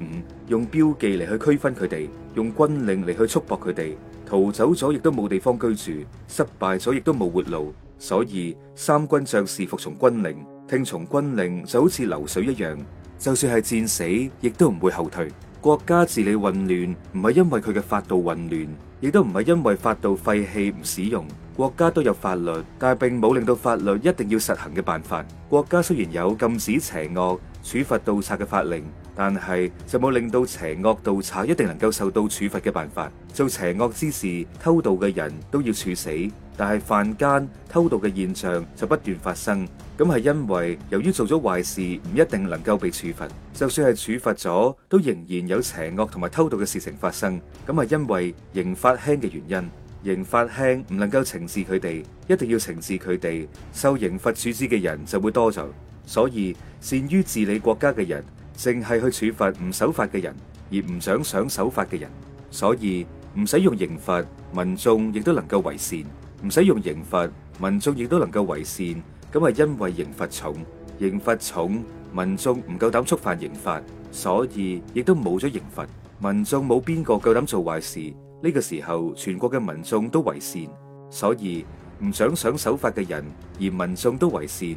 用標記嚟去區分佢哋，用軍令嚟去束縛佢哋。逃走咗亦都冇地方居住，失敗咗亦都冇活路，所以三軍將士服從軍令，聽從軍令就好似流水一樣。就算係戰死，亦都唔會後退。國家治理混亂，唔係因為佢嘅法度混亂，亦都唔係因為法度廢棄唔使用。國家都有法律，但係並冇令到法律一定要實行嘅辦法。國家雖然有禁止邪惡、處罰盜賊嘅法令。但係就冇令到邪惡盜賊一定能夠受到處罰嘅辦法。做邪惡之事、偷盜嘅人都要處死，但係犯奸偷盜嘅現象就不斷發生。咁係因為由於做咗壞事唔一定能夠被處罰，就算係處罰咗，都仍然有邪惡同埋偷盜嘅事情發生。咁係因為刑罰輕嘅原因，刑罰輕唔能夠懲治佢哋，一定要懲治佢哋，受刑罰處置嘅人就會多咗。所以善於治理國家嘅人。淨係去處罰唔守法嘅人，而唔獎賞守法嘅人。所以唔使用刑罰，民眾亦都能夠為善；唔使用刑罰，民眾亦都能夠為善。咁係因為刑罰重，刑罰重，民眾唔夠膽觸犯刑罰，所以亦都冇咗刑罰。民眾冇邊個夠膽做壞事。呢個時候，全國嘅民眾都為善，所以唔獎賞守法嘅人，而民眾都為善，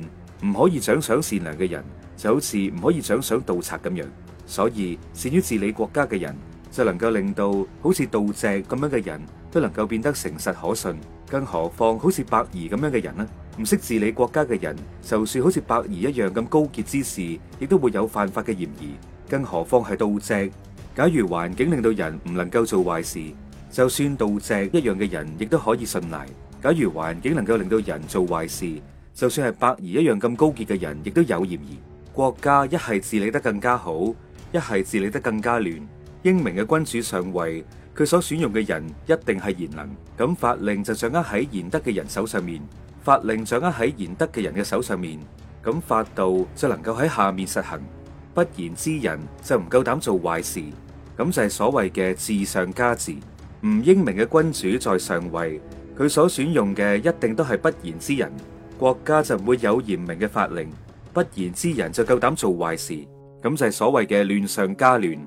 唔可以獎賞善良嘅人。就好似唔可以想想盜賊咁樣，所以善於治理國家嘅人就能夠令到好似盜跖咁樣嘅人都能夠變得誠實可信。更何況好似伯夷咁樣嘅人呢？唔識治理國家嘅人，就算好似伯夷一樣咁高潔之士，亦都會有犯法嘅嫌疑。更何況係盜跖。假如環境令到人唔能夠做壞事，就算盜跖一樣嘅人，亦都可以信賴。假如環境能夠令到人做壞事，就算係伯夷一樣咁高潔嘅人，亦都有嫌疑。國家一係治理得更加好，一係治理得更加亂。英明嘅君主上位，佢所選用嘅人一定係賢能，咁法令就掌握喺賢德嘅人手上面。法令掌握喺賢德嘅人嘅手上面，咁法度就能夠喺下面實行。不賢之人就唔夠膽做壞事，咁就係所謂嘅治上加治。唔英明嘅君主在上位，佢所選用嘅一定都係不賢之人，國家就唔會有賢明嘅法令。不然之人就夠膽做壞事，咁就係所謂嘅亂上加亂。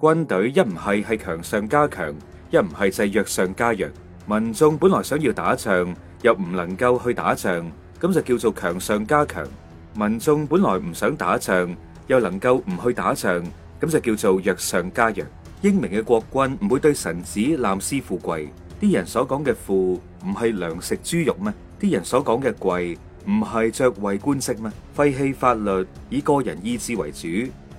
軍隊一唔係係強上加強，一唔係就係弱上加弱。民眾本來想要打仗，又唔能夠去打仗，咁就叫做強上加強。民眾本來唔想打仗，又能夠唔去打仗，咁就叫做弱上加弱。英明嘅國君唔會對臣子濫施富貴，啲人所講嘅富唔係糧食豬肉咩？啲人所講嘅貴。唔係爵位官職咩？廢棄法律，以個人意志為主，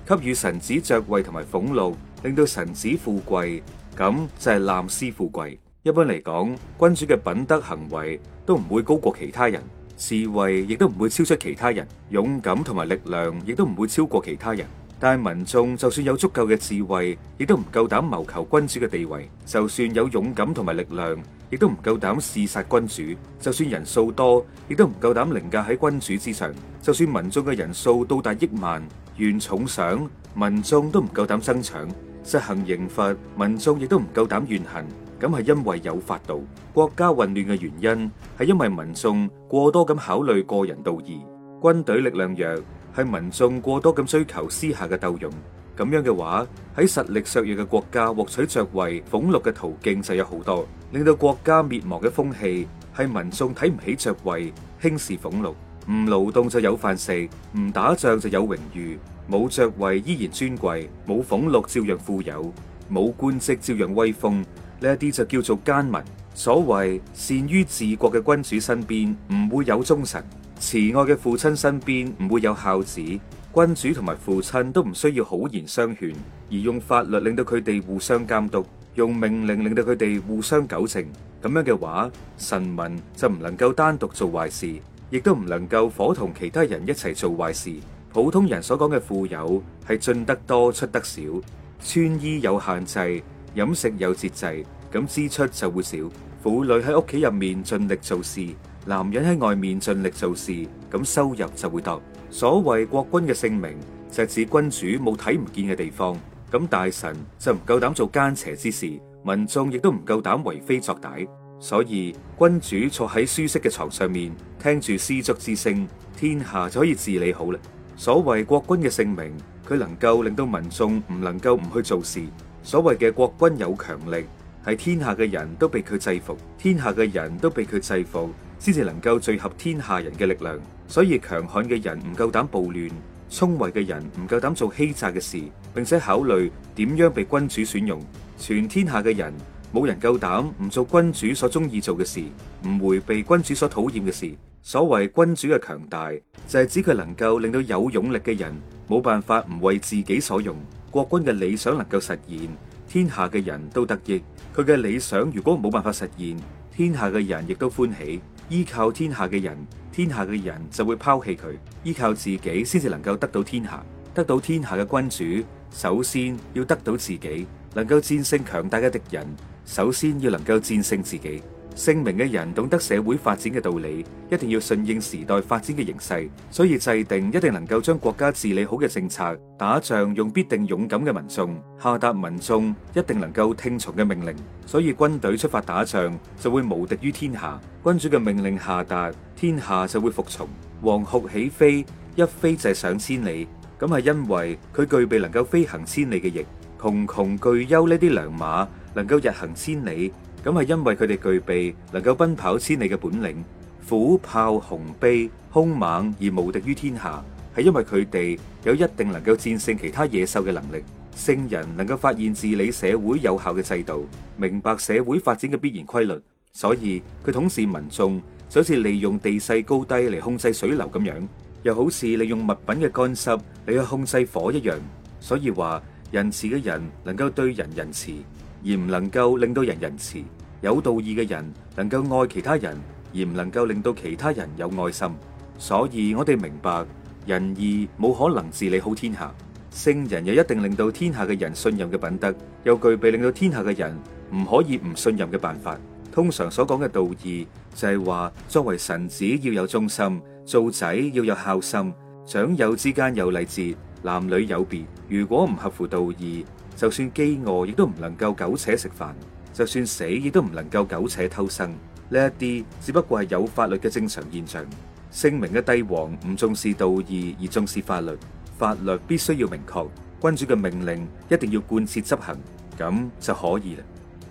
給予臣子爵位同埋俸祿，令到臣子富貴，咁就係濫施富貴。一般嚟講，君主嘅品德行為都唔會高過其他人，智慧亦都唔會超出其他人，勇敢同埋力量亦都唔會超過其他人。但民眾就算有足夠嘅智慧，亦都唔夠膽謀求君主嘅地位，就算有勇敢同埋力量，亦都唔夠膽弒殺君主，就算人數多，亦都唔夠膽凌駕喺君主之上，就算民眾嘅人數到達億萬，懸重賞，民眾都唔夠膽爭搶，實行刑罰，民眾亦都唔夠膽怨恨，咁係因為有法度，國家混亂嘅原因，係因為民眾過多噉考慮個人道義，軍隊力量弱，係民眾過多咁追求私下嘅鬥勇，咁樣嘅話，喺實力削弱嘅國家獲取爵位、俸祿嘅途徑就有好多，令到國家滅亡嘅風氣係民眾睇唔起爵位、輕視俸祿，唔勞動就有飯食，唔打仗就有榮譽，冇爵位依然尊貴，冇俸祿照樣富有，冇官職照樣威風，呢一啲就叫做奸民。所謂善於治國嘅君主身邊唔會有忠臣。慈愛嘅父親身邊唔會有孝子，君主同埋父親都唔需要好言相勸，而用法律令到佢哋互相監督，用命令令到佢哋互相糾正。咁樣嘅話，臣民就唔能夠單獨做壞事，亦都唔能夠夥同其他人一齊做壞事。普通人所講嘅富有係進得多出得少，穿衣有限制，飲食有節制，咁支出就會少。婦女喺屋企入面盡力做事。男人喺外面盡力做事，咁收入就會多。所謂國君嘅姓名，就指君主冇睇唔見嘅地方，咁大臣就唔夠膽做奸邪之事，民眾亦都唔夠膽為非作歹。所以君主坐喺舒適嘅牀上面，聽住絲竹之聲，天下就可以治理好啦。所謂國君嘅姓名，佢能夠令到民眾唔能夠唔去做事。所謂嘅國君有強力，係天下嘅人都被佢制服，天下嘅人都被佢制服。先至能夠聚合天下人嘅力量，所以強悍嘅人唔夠膽暴亂，聰慧嘅人唔夠膽做欺詐嘅事，並且考慮點樣被君主選用。全天下嘅人冇人夠膽唔做君主所中意做嘅事，唔回避君主所討厭嘅事。所謂君主嘅強大，就係指佢能夠令到有勇力嘅人冇辦法唔為自己所用，國君嘅理想能夠實現，天下嘅人都得益。佢嘅理想如果冇辦法實現，天下嘅人亦都歡喜。依靠天下嘅人，天下嘅人就會拋棄佢。依靠自己，先至能夠得到天下。得到天下嘅君主，首先要得到自己，能夠戰勝強大嘅敵人，首先要能夠戰勝自己。聖明嘅人懂得社會發展嘅道理，一定要順應時代發展嘅形勢，所以制定一定能夠將國家治理好嘅政策。打仗用必定勇敢嘅民眾，下達民眾一定能夠聽從嘅命令，所以軍隊出發打仗就會無敵於天下。君主嘅命令下達，天下就會服從。黃鵠起飛，一飛就上千里，咁係因為佢具備能夠飛行千里嘅翼。窮窮巨優呢啲良馬，能夠日行千里。咁係因為佢哋具備能夠奔跑千里嘅本領，虎豹熊羆，凶猛而無敵於天下。係因為佢哋有一定能夠戰勝其他野獸嘅能力。聖人能夠發現治理社會有效嘅制度，明白社會發展嘅必然規律。所以佢統治民眾就好似利用地勢高低嚟控制水流咁樣，又好似利用物品嘅乾濕嚟去控制火一樣。所以話仁慈嘅人能夠對人仁慈，而唔能夠令到人仁慈，有道義嘅人能夠愛其他人，而唔能夠令到其他人有愛心。所以我哋明白仁義冇可能治理好天下，聖人又一定令到天下嘅人信任嘅品德，又具備令到天下嘅人唔可以唔信任嘅辦法。通常所講嘅道義就係話，作為臣子要有忠心，做仔要有孝心，長幼之間有禮節，男女有別。如果唔合乎道義。就算飢餓亦都唔能夠苟且食飯，就算死亦都唔能夠苟且偷生。呢一啲只不過係有法律嘅正常現象。聖明嘅帝王唔重視道義而重視法律，法律必須要明確，君主嘅命令一定要貫徹執行，咁就可以啦。《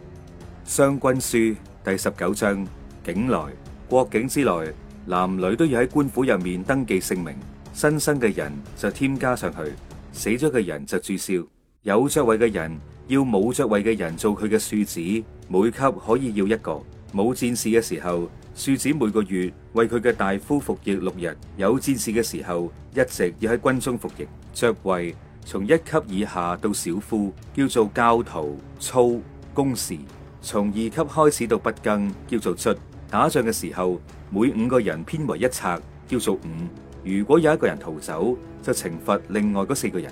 商君書》第十九章：境內、國境之內，男女都要喺官府入面登記姓名，新生嘅人就添加上去，死咗嘅人就注銷。有爵位嘅人要冇爵位嘅人做佢嘅庶子，每級可以要一個。冇戰士嘅時候，庶子每個月為佢嘅大夫服役六日；有戰士嘅時候，一直要喺軍中服役。爵位從一級以下到小夫叫做教徒、操、公事；從二級開始到不更叫做卒。打仗嘅時候，每五個人編為一策，叫做五。如果有一個人逃走，就懲罰另外嗰四個人。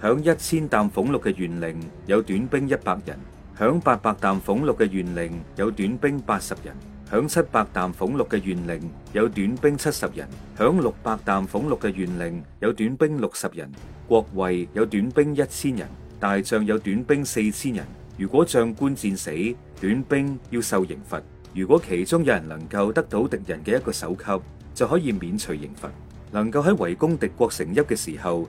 響一千擔俸祿嘅縣令有短兵一百人，響八百擔俸祿嘅縣令有短兵八十人，響七百擔俸祿嘅縣令有短兵七十人，響六百擔俸祿嘅縣令有短兵六十人。國衛有短兵一千人，大將有短兵四千人。如果將官戰死，短兵要受刑罰；如果其中有人能夠得到敵人嘅一個首級，就可以免除刑罰。能夠喺圍攻敵國城邑嘅時候。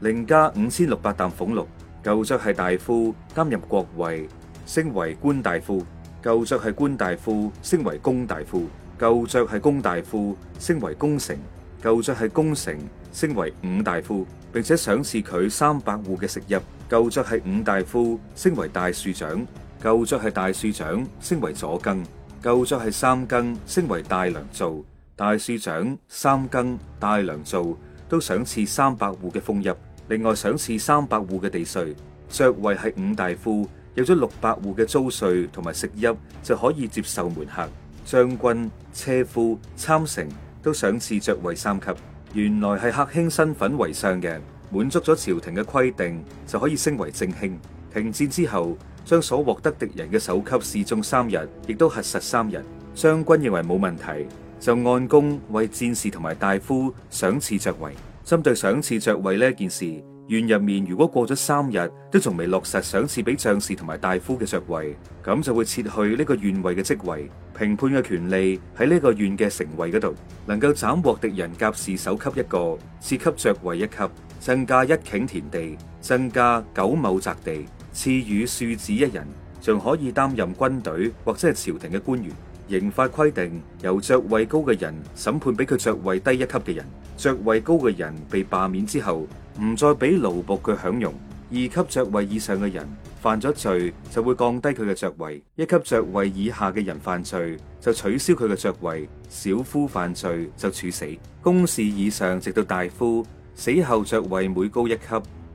另加五千六百擔俸祿，舊爵係大夫，擔任國尉，升為官大夫；舊爵係官大夫，升為公大夫；舊爵係公大夫，升為公乘；舊爵係公乘，升為五大夫，並且賞賜佢三百戶嘅食邑；舊爵係五大夫，升為大庶長；舊爵係大庶長，升為左更；舊爵係三更，升為大良造；大庶長、三更、大良造都賞賜三百戶嘅俸入。另外賞賜三百戶嘅地稅，爵位係五大夫，有咗六百戶嘅租稅同埋食邑就可以接受門客。將軍、車夫、參乘都賞賜爵位三級。原來係客卿身份為上嘅，滿足咗朝廷嘅規定就可以升為正卿。停戰之後，將所獲得敵人嘅首級示眾三日，亦都核實三日。將軍認為冇問題，就按功為戰士同埋大夫賞賜爵位。針對賞賜爵位呢件事，縣入面如果過咗三日都仲未落實賞賜俾將士同埋大夫嘅爵位，咁就會撤去呢個縣尉嘅職位，評判嘅權利喺呢個縣嘅城尉嗰度。能夠斬獲敵人甲士首級一個，賜給爵位一級，增加一頃田地，增加九畝宅地，賜予庶子一人，仲可以擔任軍隊或者係朝廷嘅官員。刑法規定由爵位高嘅人審判比佢爵位低一級嘅人，爵位高嘅人被罷免之後，唔再俾勞僕佢享用。二級爵位以上嘅人犯咗罪，就會降低佢嘅爵位；一級爵位以下嘅人犯罪，就取消佢嘅爵位。小夫犯罪就處死，公事以上直到大夫死後，爵位每高一級，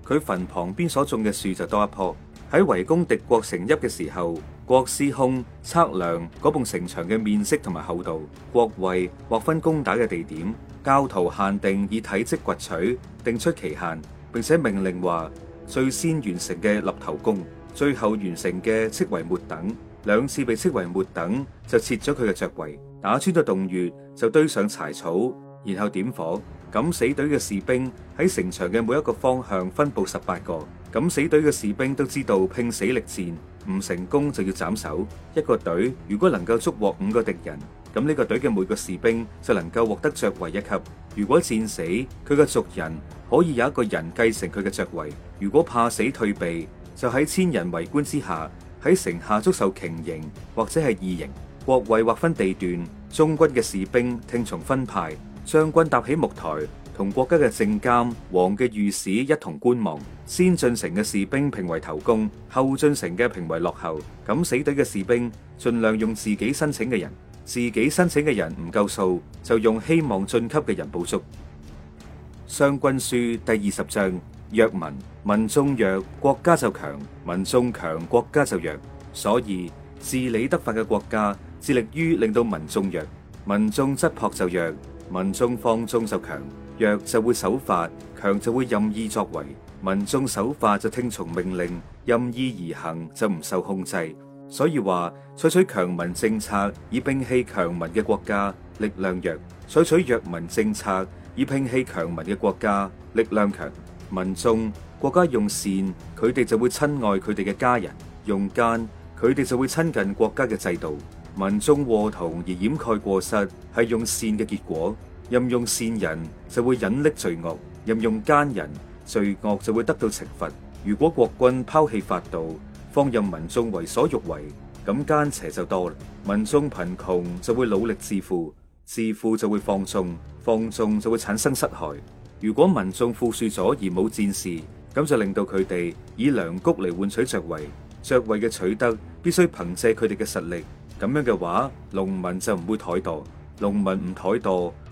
佢墳旁邊所種嘅樹就多一棵。喺圍攻敵國城邑嘅時候。國司空測量嗰埲城牆嘅面積同埋厚度，國衛劃分攻打嘅地點，教徒限定以體積掘取，定出期限，並且命令話最先完成嘅立頭功，最後完成嘅斥為末等。兩次被斥為末等，就撤咗佢嘅爵位。打穿咗洞穴，就堆上柴草，然後點火。敢死隊嘅士兵喺城牆嘅每一個方向分布十八個。咁死隊嘅士兵都知道拼死力戰，唔成功就要斬首。一個隊如果能夠捉獲五個敵人，咁呢個隊嘅每個士兵就能夠獲得爵位一級。如果戰死，佢嘅族人可以有一個人繼承佢嘅爵位。如果怕死退避，就喺千人圍觀之下喺城下遭受黥刑或者係劓刑。國尉劃分地段，中軍嘅士兵聽從分派，將軍搭起木台。同國家嘅政監、王嘅御史一同觀望，先進城嘅士兵評為頭功，後進城嘅評為落後。咁死隊嘅士兵盡量用自己申請嘅人，自己申請嘅人唔夠數就用希望晉級嘅人補足。《商君書》第二十章：弱民，民眾弱，國家就強；民眾強，國家就弱。所以治理得法嘅國家致力於令到民眾弱，民眾質樸就弱，民眾放縱就強。弱就會守法，強就會任意作為。民眾守法就聽從命令，任意而行就唔受控制。所以話，採取強民政策以摒棄強民嘅國家力量弱，採取弱民政策以摒棄強民嘅國家力量強。民眾國家用善，佢哋就會親愛佢哋嘅家人；用奸，佢哋就會親近國家嘅制度。民眾和同而掩蓋過失，係用善嘅結果。任用善人就會隱匿罪惡，任用奸人罪惡就會得到懲罰。如果國君拋棄法度，放任民眾為所欲為，咁奸邪就多啦。民眾貧窮就會努力致富，致富就會放縱，放縱就會產生虱害。如果民眾富庶咗而冇戰士，咁就令到佢哋以糧穀嚟換取爵位，爵位嘅取得必須憑借佢哋嘅實力。咁樣嘅話，農民就唔會怠惰，農民唔怠惰。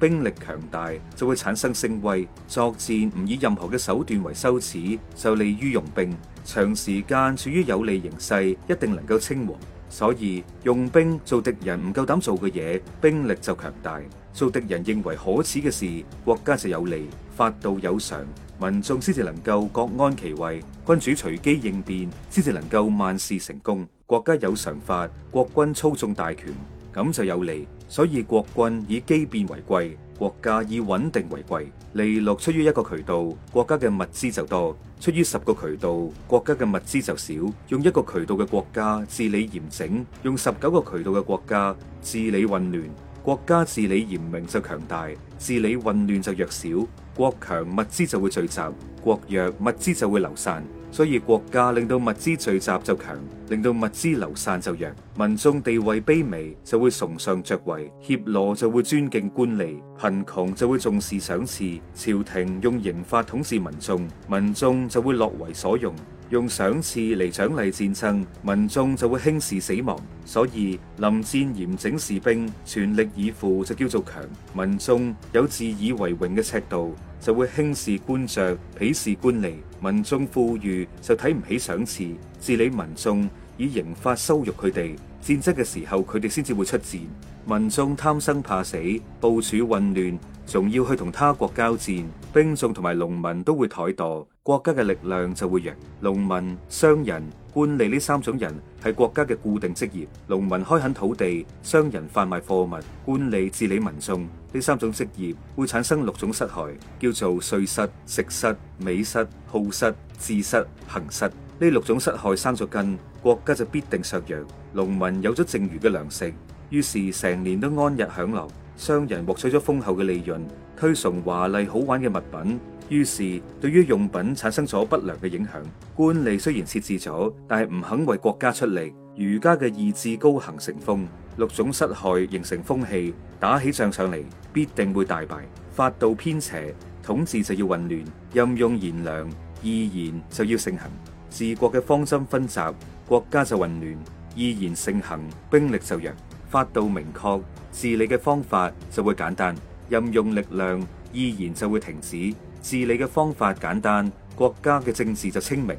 兵力強大就會產生聲威，作戰唔以任何嘅手段為羞恥，就利於用兵。長時間處於有利形勢，一定能夠稱王。所以用兵做敵人唔夠膽做嘅嘢，兵力就強大；做敵人認為可恥嘅事，國家就有利。法度有常，民眾先至能夠各安其位，君主隨機應變先至能夠萬事成功。國家有常法，國君操縱大權，咁就有利。所以國君以機變為貴，國家以穩定為貴。利祿出於一個渠道，國家嘅物資就多；出於十個渠道，國家嘅物資就少。用一個渠道嘅國家治理嚴整，用十九個渠道嘅國家治理混亂。國家治理嚴明就強大，治理混亂就弱小。國強物資就會聚集，國弱物資就會流散。所以國家令到物資聚集就強，令到物資流散就弱。民眾地位卑微就會崇尚爵位，怯懦就會尊敬官吏，貧窮就會重視賞賜。朝廷用刑法統治民眾，民眾就會樂為所用。用賞賜嚟獎勵戰爭，民眾就會輕視死亡，所以臨戰嚴整士兵，全力以赴就叫做強。民眾有自以為榮嘅尺度，就會輕視官爵，鄙視官吏。民眾富裕就睇唔起賞賜，治理民眾以刑法羞辱佢哋。戰爭嘅時候，佢哋先至會出戰。民眾貪生怕死，部署混亂。仲要去同他國交戰，兵眾同埋農民都會怠惰，國家嘅力量就會弱。農民、商人、官吏呢三種人係國家嘅固定職業。農民開墾土地，商人販賣貨物，官吏治理民眾。呢三種職業會產生六種失害，叫做稅失、食失、美失、耗失、自失、行失。呢六種失害生咗根，國家就必定削弱。農民有咗剩餘嘅糧食，於是成年都安逸享樂。商人獲取咗豐厚嘅利潤，推崇華麗好玩嘅物品，於是對於用品產生咗不良嘅影響。官吏雖然設置咗，但係唔肯為國家出力。儒家嘅意志高行成風，六種失害形成風氣，打起仗上嚟必定會大敗。法度偏邪，統治就要混亂；任用賢良，議言就要盛行。治國嘅方針紛雜，國家就混亂；議言盛行，兵力就弱；法度明確。治理嘅方法就會簡單，任用力量依然就會停止。治理嘅方法簡單，國家嘅政治就清明，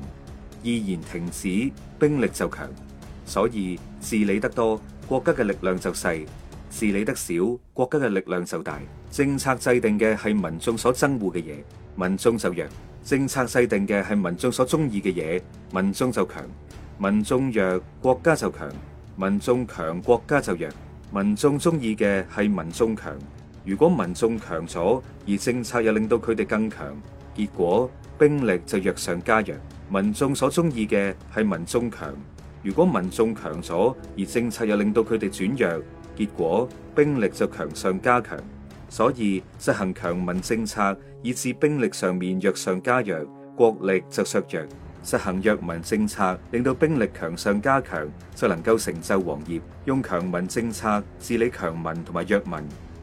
依然停止，兵力就強。所以治理得多，國家嘅力量就細；治理得少，國家嘅力量就大。政策制定嘅係民眾所憎惡嘅嘢，民眾就弱；政策制定嘅係民眾所中意嘅嘢，民眾就強。民眾弱，國家就強；民眾強，國家就弱。民眾中意嘅，係民眾強，如果民眾強咗，而政策又令到佢哋更強，結果兵力就弱上加弱。民眾所中意嘅，係民眾強，如果民眾強咗，而政策又令到佢哋轉弱，結果兵力就強上加強。所以實行強民政策，以致兵力上面弱上加弱，國力就削弱。實行弱民政策，令到兵力強上加強，就能夠成就王業。用強民政策治理強民同埋弱民，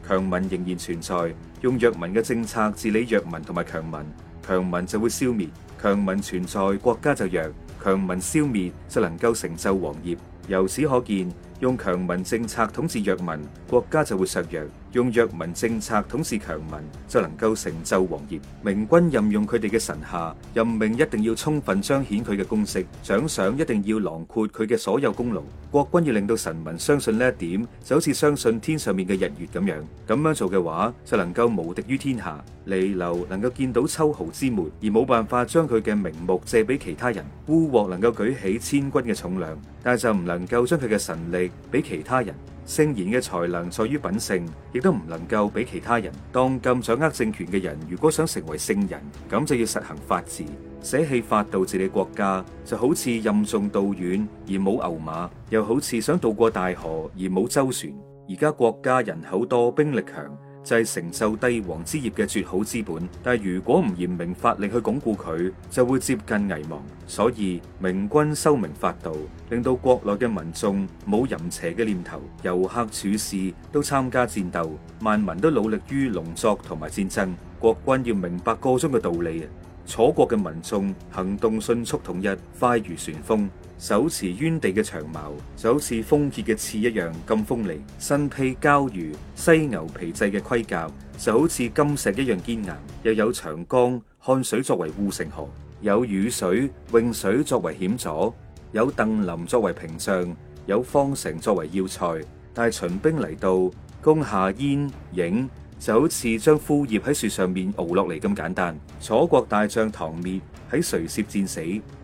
強民仍然存在；用弱民嘅政策治理弱民同埋強民，強民就會消滅。強民存在，國家就弱；強民消滅，就能夠成就王業。由此可見，用強民政策統治弱民，國家就會削弱。用弱民政策統治強民，就能夠成就王業。明君任用佢哋嘅臣下，任命一定要充分彰顯佢嘅功績，獎賞一定要囊括佢嘅所有功勞。國君要令到臣民相信呢一點，就好似相信天上面嘅日月咁樣。咁樣做嘅話，就能夠無敵於天下。離婁能夠見到秋毫之末，而冇辦法將佢嘅名目借俾其他人。烏獲能夠舉起千鈞嘅重量，但係就唔能夠將佢嘅神力俾其他人。聖賢嘅才能在於品性，亦都唔能夠畀其他人。當咁掌握政權嘅人，如果想成為聖人，咁就要實行法治。捨棄法度治理國家，就好似任重道遠而冇牛馬，又好似想渡過大河而冇舟船。而家國家人口多，兵力強。就係成就帝王之業嘅絕好資本，但係如果唔嚴明法令去鞏固佢，就會接近危亡。所以明君修明法道，令到國內嘅民眾冇淫邪嘅念頭，遊客處事都參加戰鬥，萬民都努力於農作同埋戰爭。國君要明白個中嘅道理。楚國嘅民眾行動迅速統一，快如旋風。手持宛地嘅長矛，就好似蜂蠆嘅刺一樣咁鋒利；身披鮫魚犀牛皮製嘅盔甲，就好似金石一樣堅硬。又有長江、漢水作為護城河，有汝水、潁水作為險阻，有鄧林作為屏障，有方城作為要塞。但秦兵嚟到，攻下鄢郢，就好似將枯葉喺樹上面熬落嚟咁簡單。楚國大將唐蔑喺垂射戰死。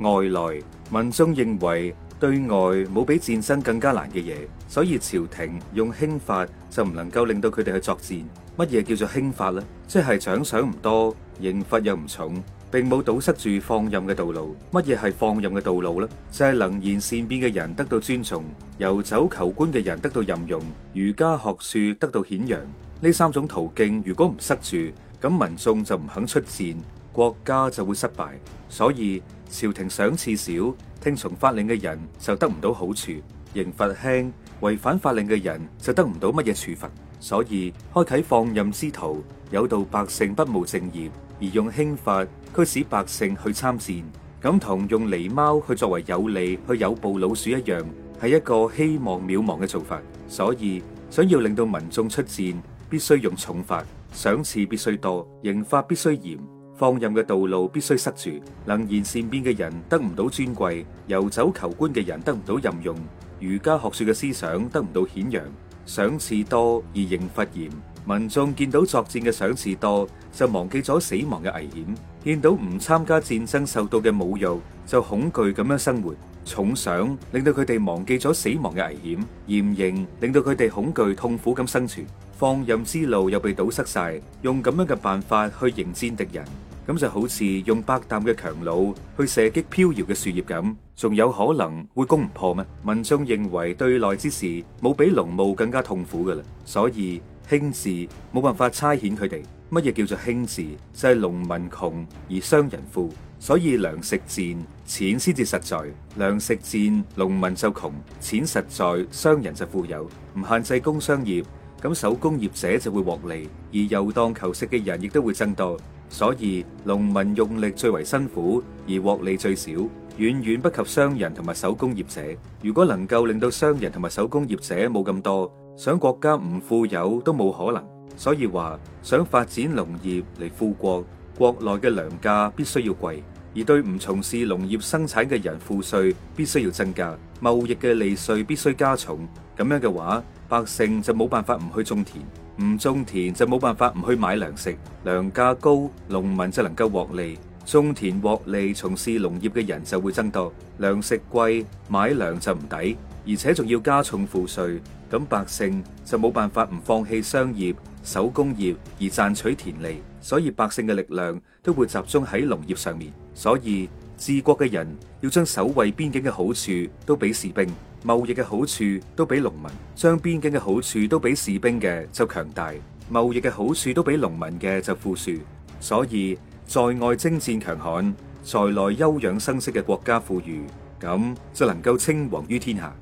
外來民眾認為對外冇比戰爭更加難嘅嘢，所以朝廷用輕法就唔能夠令到佢哋去作戰。乜嘢叫做輕法呢？即係獎賞唔多，刑罰又唔重，並冇堵塞住放任嘅道路。乜嘢係放任嘅道路呢？就係能言善辯嘅人得到尊重，遊走求官嘅人得到任用，儒家學術得到顯揚呢三種途徑。如果唔塞住，咁民眾就唔肯出戰，國家就會失敗。所以。朝廷賞賜少，聽從法令嘅人就得唔到好處，刑罰輕，違反法令嘅人就得唔到乜嘢處罰。所以，開啟放任之徒，誘導百姓不務正業，而用輕法驅使百姓去參戰，咁同用狸貓去作為有利去誘捕老鼠一樣，係一個希望渺茫嘅做法。所以，想要令到民眾出戰，必須用重罰，賞賜必須多，刑罰必須嚴。放任嘅道路必須塞住，能言善辯嘅人得唔到尊貴，游走求官嘅人得唔到任用，儒家學說嘅思想得唔到顯揚，賞賜多而刑罰嚴，民眾見到作戰嘅賞賜多就忘記咗死亡嘅危險，見到唔參加戰爭受到嘅侮辱就恐懼咁樣生活，重賞令到佢哋忘記咗死亡嘅危險，嚴刑令到佢哋恐懼痛苦咁生存，放任之路又被堵塞晒，用咁樣嘅辦法去迎戰敵人。咁就好似用百擔嘅強弩去射擊飄搖嘅樹葉咁，仲有可能會攻唔破咩？民眾認為對內之事冇比農務更加痛苦嘅啦，所以輕治冇辦法差遣佢哋。乜嘢叫做輕治？就係、是、農民窮而商人富，所以糧食賤，錢先至實在。糧食賤，農民就窮；錢實在，商人就富有。唔限制工商業，咁手工業者就會獲利，而遊蕩求食嘅人亦都會增多。所以農民用力最為辛苦，而獲利最少，遠遠不及商人同埋手工業者。如果能夠令到商人同埋手工業者冇咁多，想國家唔富有都冇可能。所以話想發展農業嚟富國，國內嘅糧價必須要貴，而對唔從事農業生產嘅人賦稅必須要增加，貿易嘅利稅必須加重。咁樣嘅話，百姓就冇辦法唔去種田。唔種田就冇辦法唔去買糧食，糧價高，農民就能夠獲利；種田獲利，從事農業嘅人就會增多。糧食貴，買糧就唔抵，而且仲要加重賦稅，咁百姓就冇辦法唔放棄商業、手工業而賺取田利，所以百姓嘅力量都會集中喺農業上面。所以治國嘅人要將守衛邊境嘅好處都俾士兵。貿易嘅好處都俾農民，將邊境嘅好處都俾士兵嘅就強大；貿易嘅好處都俾農民嘅就富庶。所以在外征戰強悍，在內休養生息嘅國家富裕，咁就能夠稱王於天下。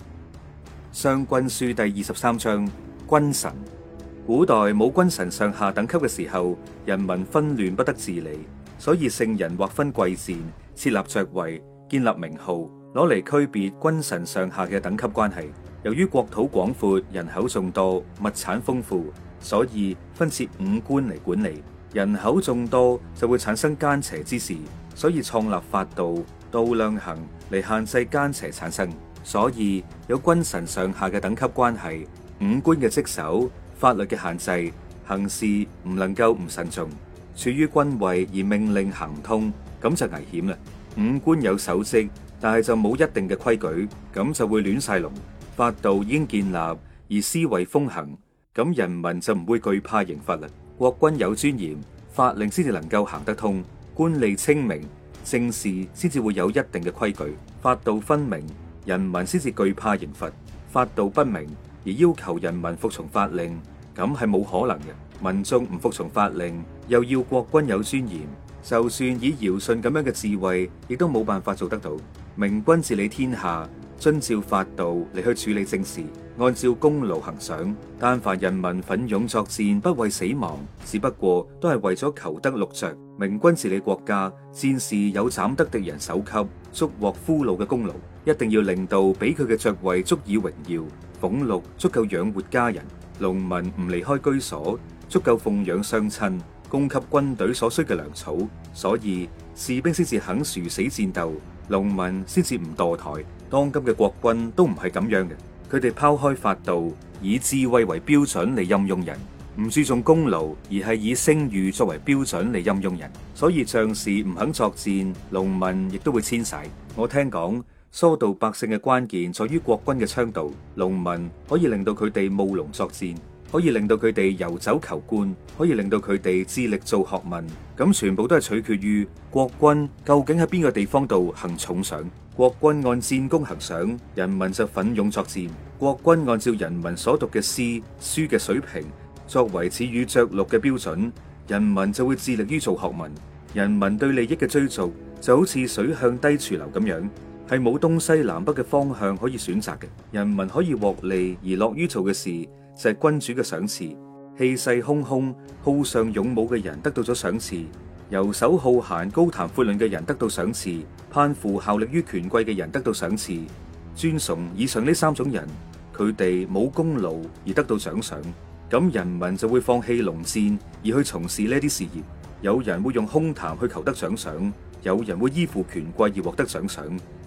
《商君書》第二十三章：君臣：古代冇君臣上下等級嘅時候，人民紛亂不得自理，所以聖人劃分貴賤，設立爵位，建立名號。攞嚟區別君臣上下嘅等級關係。由於國土廣闊，人口眾多，物產豐富，所以分設五官嚟管理。人口眾多就會產生奸邪之事，所以創立法度、度量行嚟限制奸邪產生。所以有君臣上下嘅等級關係，五官嘅職守、法律嘅限制，行事唔能夠唔慎重。處於君位而命令行不通，咁就危險啦。五官有守職。但係就冇一定嘅規矩，咁就會亂晒龍。法度已經建立而思維風行，咁人民就唔會懼怕刑罰啦。國君有尊嚴，法令先至能夠行得通，官吏清明，政事先至會有一定嘅規矩。法度分明，人民先至懼怕刑罰。法度不明而要求人民服從法令，咁係冇可能嘅。民眾唔服從法令，又要國君有尊嚴，就算以堯舜咁樣嘅智慧，亦都冇辦法做得到。明君治理天下，遵照法度嚟去處理政事，按照功勞行賞。但凡人民奮勇作戰，不畏死亡，只不過都係為咗求得祿爵。明君治理國家，戰士有斬得敵人首級、捉獲俘虜嘅功勞，一定要令到俾佢嘅爵位足以榮耀，俸祿足夠養活家人，農民唔離開居所，足夠奉養雙親，供給軍隊所需嘅糧草，所以士兵先至肯殊死戰鬥。農民先至唔墮台，當今嘅國君都唔係咁樣嘅，佢哋拋開法度，以智慧為標準嚟任用人，唔注重功勞，而係以聲譽作為標準嚟任用人，所以將士唔肯作戰，農民亦都會遷徙。我聽講疏導百姓嘅關鍵在於國君嘅倡導，農民可以令到佢哋務農作戰。可以令到佢哋遊走求官，可以令到佢哋致力做學問。咁全部都係取決於國君究竟喺邊個地方度行重賞。國君按戰功行賞，人民就奮勇作戰；國君按照人民所讀嘅詩書嘅水平作為賜予爵祿嘅標準，人民就會致力於做學問。人民對利益嘅追逐就好似水向低處流咁樣，係冇東西南北嘅方向可以選擇嘅。人民可以獲利而樂於做嘅事。就係君主嘅賞賜，氣勢洶洶、好尚勇武嘅人得到咗賞賜，遊手好閒、高談闊論嘅人得到賞賜，攀附效力於權貴嘅人得到賞賜，尊崇以上呢三種人，佢哋冇功勞而得到獎賞，咁人民就會放棄農戰而去從事呢啲事業，有人會用空談去求得獎賞，有人會依附權貴而獲得獎賞。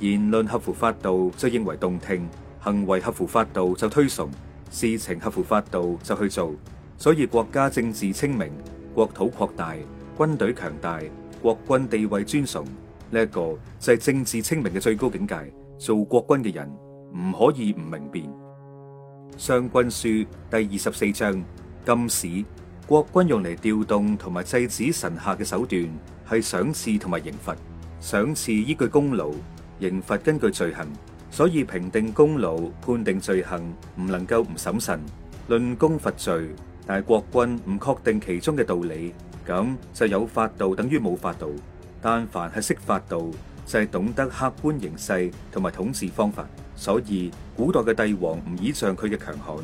言論合乎法度就認為動聽，行為合乎法度就推崇，事情合乎法度就去做。所以國家政治清明，國土擴大，軍隊強大，國君地位尊崇。呢一個就係政治清明嘅最高境界。做國君嘅人唔可以唔明辨。《商君書》第二十四章。禁使國君用嚟調動同埋制止臣下嘅手段係賞賜同埋刑罰。賞賜依據功勞。刑罰根據罪行，所以評定功勞、判定罪行唔能夠唔審慎論功罰罪。但係國君唔確定其中嘅道理，咁就有法度等於冇法度。但凡係識法度，就係懂得客觀形勢同埋統治方法。所以古代嘅帝王唔倚仗佢嘅強悍，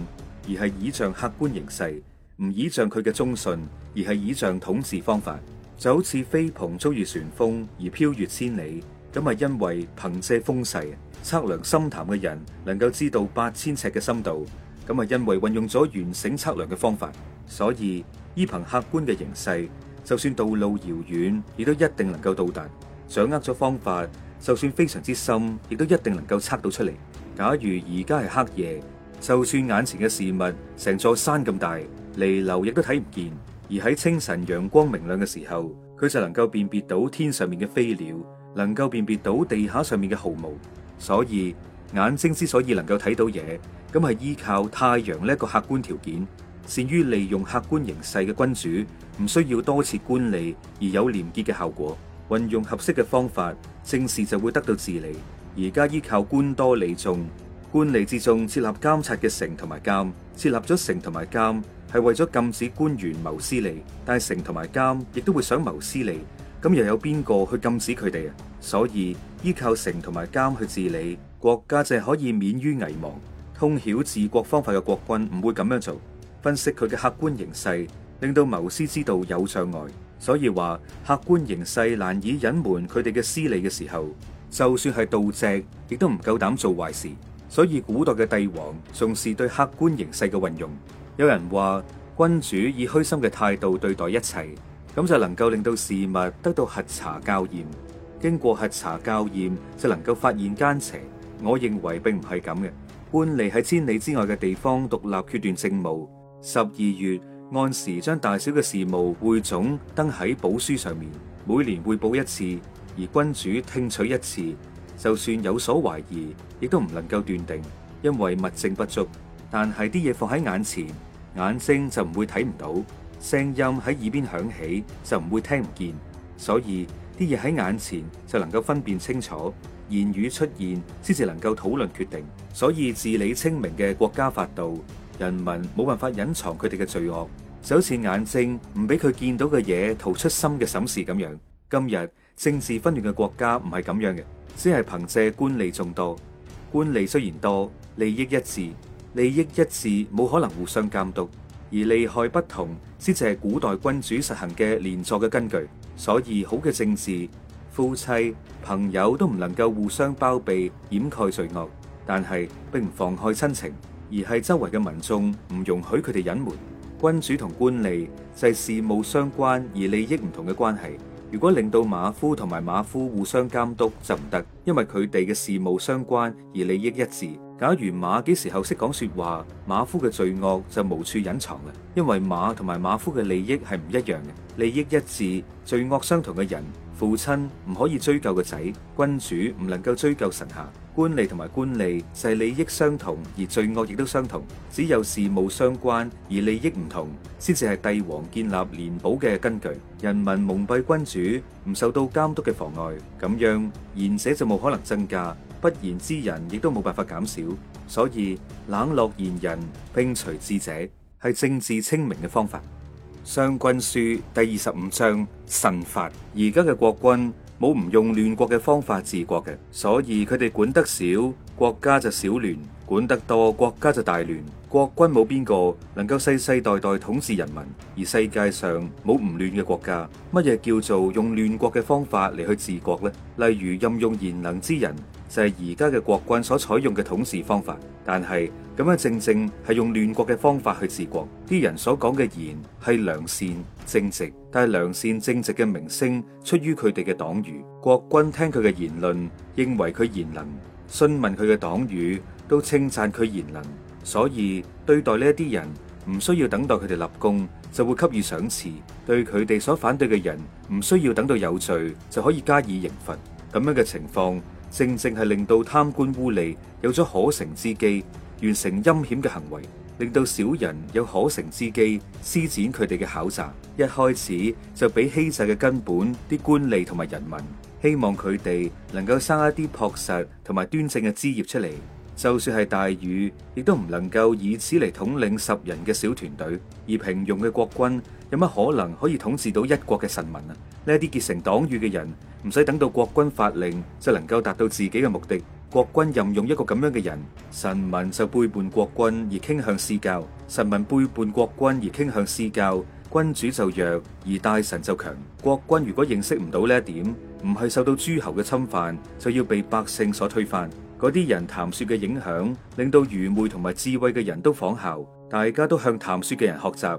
而係倚仗客觀形勢；唔倚仗佢嘅忠信，而係倚仗統治方法。就好似飛蓬遭遇旋風而飄越千里。咁啊，因為憑借風勢測量深潭嘅人，能夠知道八千尺嘅深度。咁係，因為運用咗懸繩測量嘅方法，所以依憑客觀嘅形勢，就算道路遙遠，亦都一定能夠到達。掌握咗方法，就算非常之深，亦都一定能夠測到出嚟。假如而家係黑夜，就算眼前嘅事物成座山咁大，離婁亦都睇唔見。而喺清晨陽光明亮嘅時候，佢就能夠辨別到天上面嘅飛鳥。能夠辨別到地下上，上面嘅毫毛，所以眼睛之所以能夠睇到嘢，咁係依靠太陽呢一個客觀條件。善於利用客觀形勢嘅君主，唔需要多次官吏而有廉潔嘅效果。運用合適嘅方法，政事就會得到治理。而家依靠官多利眾，官吏之眾設立監察嘅丞同埋監，設立咗丞同埋監係為咗禁止官員謀私利，但係丞同埋監亦都會想謀私利。咁又有邊個去禁止佢哋啊？所以依靠城同埋監去治理國家，就可以免於危亡。通曉治國方法嘅國君唔會咁樣做，分析佢嘅客觀形勢，令到謀私之道有障礙。所以話客觀形勢難以隱瞞佢哋嘅私利嘅時候，就算係盜賊，亦都唔夠膽做壞事。所以古代嘅帝王重視對客觀形勢嘅運用。有人話君主以虛心嘅態度對待一切。咁就能夠令到事物得到核查校驗，經過核查校驗就能夠發現奸邪。我認為並唔係咁嘅，官吏喺千里之外嘅地方獨立決斷政務，十二月按時將大小嘅事務匯總登喺簿書上面，每年匯報一次，而君主聽取一次，就算有所懷疑，亦都唔能夠斷定，因為物證不足。但係啲嘢放喺眼前，眼睛就唔會睇唔到。聲音喺耳邊響起就唔會聽唔見，所以啲嘢喺眼前就能夠分辨清楚。言語出現先至能夠討論決定，所以治理清明嘅國家法度，人民冇辦法隱藏佢哋嘅罪惡，就好似眼睛唔俾佢見到嘅嘢逃出心嘅審視咁樣。今日政治分裂嘅國家唔係咁樣嘅，只係憑借官吏眾多。官吏雖然多，利益一致，利益一致冇可能互相監督。而利害不同，先借古代君主實行嘅連坐嘅根據。所以好嘅政治，夫妻、朋友都唔能夠互相包庇掩蓋罪惡，但係並唔妨礙親情，而係周圍嘅民眾唔容許佢哋隱瞞。君主同官吏就係事務相關而利益唔同嘅關係。如果令到馬夫同埋馬夫互相監督就唔得，因為佢哋嘅事務相關而利益一致。假如馬幾時候識講說話，馬夫嘅罪惡就無處隱藏啦。因為馬同埋馬夫嘅利益係唔一樣嘅，利益一致、罪惡相同嘅人，父親唔可以追究個仔，君主唔能夠追究臣下，官吏同埋官吏就係利益相同而罪惡亦都相同。只有事務相關而利益唔同，先至係帝王建立連保嘅根據。人民蒙蔽君主，唔受到監督嘅妨礙，咁樣賢者就冇可能增加。不言之人，亦都冇辦法減少，所以冷落賢人，並除智者，係政治清明嘅方法。《商君書》第二十五章：慎法。而家嘅國君冇唔用亂國嘅方法治國嘅，所以佢哋管得少，國家就少亂；管得多，國家就大亂。國君冇邊個能夠世世代代統治人民，而世界上冇唔亂嘅國家。乜嘢叫做用亂國嘅方法嚟去治國咧？例如任用賢能之人，就係而家嘅國君所採用嘅統治方法，但係咁樣正正係用亂國嘅方法去治國。啲人所講嘅言係良善正直，但係良善正直嘅名聲出於佢哋嘅黨羽。國君聽佢嘅言論，認為佢言能，詢問佢嘅黨羽都稱讚佢言能，所以對待呢一啲人唔需要等待佢哋立功，就會給予賞賜。對佢哋所反對嘅人，唔需要等到有罪就可以加以刑罰。咁樣嘅情況。正正係令到貪官污吏有咗可乘之機，完成陰險嘅行為，令到小人有可乘之機施展佢哋嘅狡詐。一開始就俾欺詐嘅根本，啲官吏同埋人民希望佢哋能夠生一啲朴實同埋端正嘅枝葉出嚟。就算係大雨，亦都唔能夠以此嚟統領十人嘅小團隊，而平庸嘅國君。有乜可能可以統治到一國嘅臣民啊？呢啲結成黨羽嘅人，唔使等到國君法令就能夠達到自己嘅目的。國君任用一個咁樣嘅人，臣民就背叛國君而傾向私教；臣民背叛國君而傾向私教，君主就弱而大臣就強。國君如果認識唔到呢一點，唔係受到諸侯嘅侵犯，就要被百姓所推翻。嗰啲人談說嘅影響，令到愚昧同埋智慧嘅人都仿效，大家都向談說嘅人學習。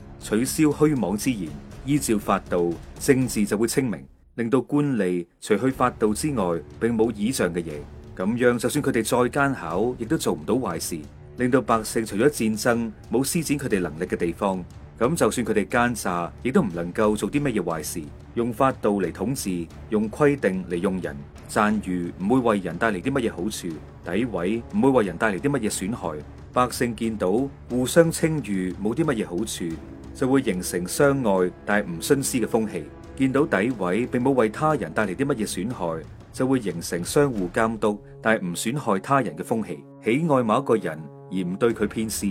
取消虛妄之言，依照法度，政治就會清明，令到官吏除去法度之外，並冇倚仗嘅嘢。咁樣，就算佢哋再奸巧，亦都做唔到壞事，令到百姓除咗戰爭冇施展佢哋能力嘅地方，咁就算佢哋奸詐，亦都唔能夠做啲乜嘢壞事。用法度嚟統治，用規定嚟用人，讚譽唔會為人帶嚟啲乜嘢好處，詆毀唔會為人帶嚟啲乜嘢損害。百姓見到互相稱譽，冇啲乜嘢好處。就會形成相愛但係唔徇私嘅風氣；見到詆毀並冇為他人帶嚟啲乜嘢損害，就會形成相互監督但係唔損害他人嘅風氣。喜愛某一個人而唔對佢偏私，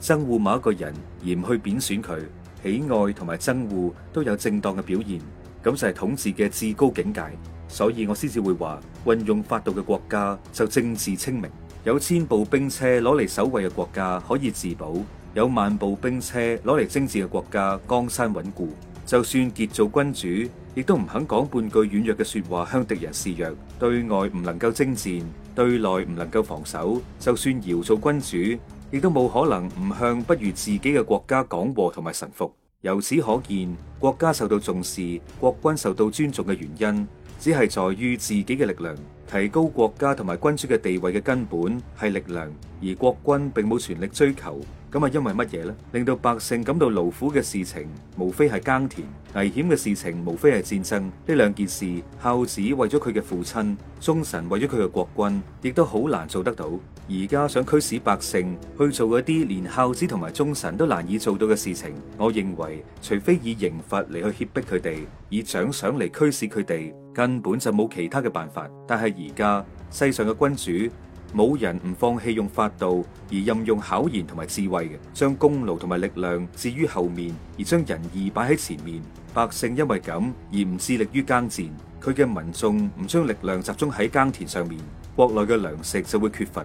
憎護某一個人而唔去貶損佢，喜愛同埋憎護都有正當嘅表現，咁就係統治嘅至高境界。所以我先至會話，運用法度嘅國家就政治清明，有千部兵車攞嚟守衛嘅國家可以自保。有萬步兵車攞嚟征戰嘅國家，江山穩固；就算桀做君主，亦都唔肯講半句軟弱嘅說話，向敵人示弱。對外唔能夠征戰，對內唔能夠防守。就算堯做君主，亦都冇可能唔向不如自己嘅國家講和同埋臣服。由此可見，國家受到重視，國君受到尊重嘅原因，只係在於自己嘅力量。提高國家同埋君主嘅地位嘅根本係力量，而國君並冇全力追求，咁係因為乜嘢呢？令到百姓感到勞苦嘅事情，無非係耕田；危險嘅事情，無非係戰爭。呢兩件事，孝子為咗佢嘅父親，忠臣為咗佢嘅國君，亦都好難做得到。而家想驅使百姓去做嗰啲連孝子同埋忠臣都難以做到嘅事情，我認為除非以刑罰嚟去脅迫佢哋，以獎賞嚟驅使佢哋，根本就冇其他嘅辦法。但係而家世上嘅君主，冇人唔放棄用法度而任用巧言同埋智慧嘅，將功勞同埋力量置於後面，而將仁義擺喺前面。百姓因為咁而唔致力於耕戰，佢嘅民眾唔將力量集中喺耕田上面，國內嘅糧食就會缺乏。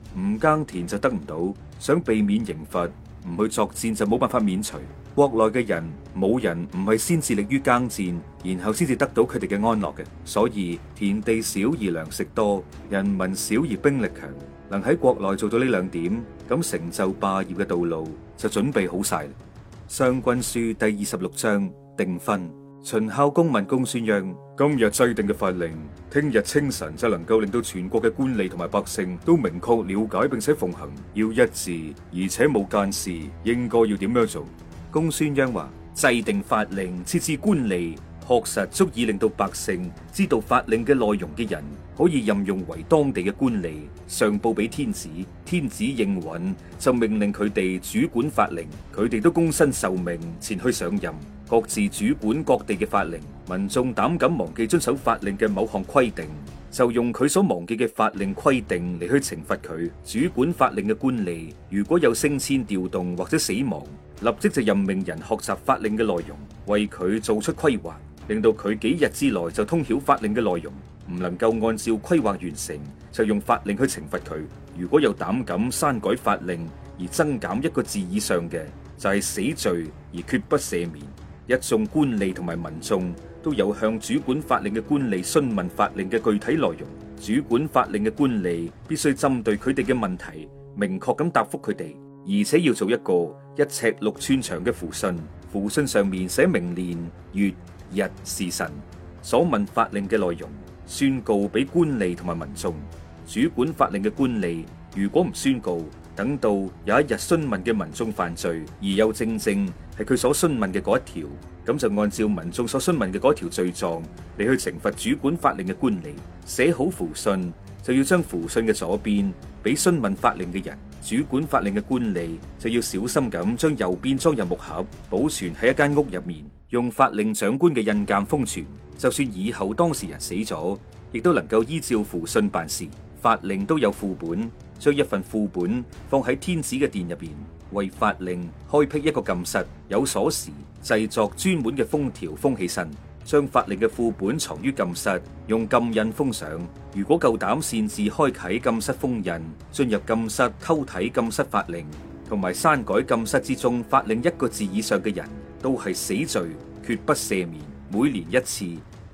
唔耕田就得唔到，想避免刑罰，唔去作戰就冇辦法免除。國內嘅人冇人唔係先自力於耕戰，然後先至得到佢哋嘅安樂嘅。所以田地少而糧食多，人民少而兵力強，能喺國內做到呢兩點，咁成就霸業嘅道路就準備好晒。《商君書》第二十六章定分。秦孝公問公孫鞅：今日制定嘅法令，聽日清晨就能夠令到全國嘅官吏同埋百姓都明確了解，並且奉行，要一致，而且冇間事，應該要點樣做？公孫鞅話：制定法令，設置官吏，確實足以令到百姓知道法令嘅內容嘅人，可以任用為當地嘅官吏，上報俾天子，天子應允就命令佢哋主管法令，佢哋都躬身受命，前去上任。各自主管各地嘅法令，民眾膽敢忘記遵守法令嘅某項規定，就用佢所忘記嘅法令規定嚟去懲罰佢。主管法令嘅官吏如果有升遷、調動或者死亡，立即就任命人學習法令嘅內容，為佢做出規劃，令到佢幾日之內就通曉法令嘅內容。唔能夠按照規劃完成，就用法令去懲罰佢。如果有膽敢刪改法令而增減一個字以上嘅，就係死罪而決不赦免。一眾官吏同埋民眾都有向主管法令嘅官吏詢問法令嘅具體內容，主管法令嘅官吏必須針對佢哋嘅問題明確咁答復佢哋，而且要做一個一尺六寸長嘅符信，符信上面寫明年月日時辰所問法令嘅內容，宣告俾官吏同埋民眾。主管法令嘅官吏如果唔宣告，等到有一日詢問嘅民眾犯罪而有正正。係佢所詢問嘅嗰一條，咁就按照民眾所詢問嘅嗰條罪狀嚟去懲罰主管法令嘅官吏。寫好符信，就要將符信嘅左邊俾詢問法令嘅人，主管法令嘅官吏就要小心咁將右邊裝入木盒保存喺一間屋入面，用法令長官嘅印鑒封存。就算以後當事人死咗，亦都能夠依照符信辦事。法令都有副本，將一份副本放喺天子嘅殿入面。為法令開闢一個禁室，有鎖匙，製作專門嘅封條封起身，將法令嘅副本藏於禁室，用禁印封上。如果夠膽擅自開啟禁室封印，進入禁室偷睇禁室法令同埋刪改禁室之中法令一個字以上嘅人，都係死罪，決不赦免。每年一次，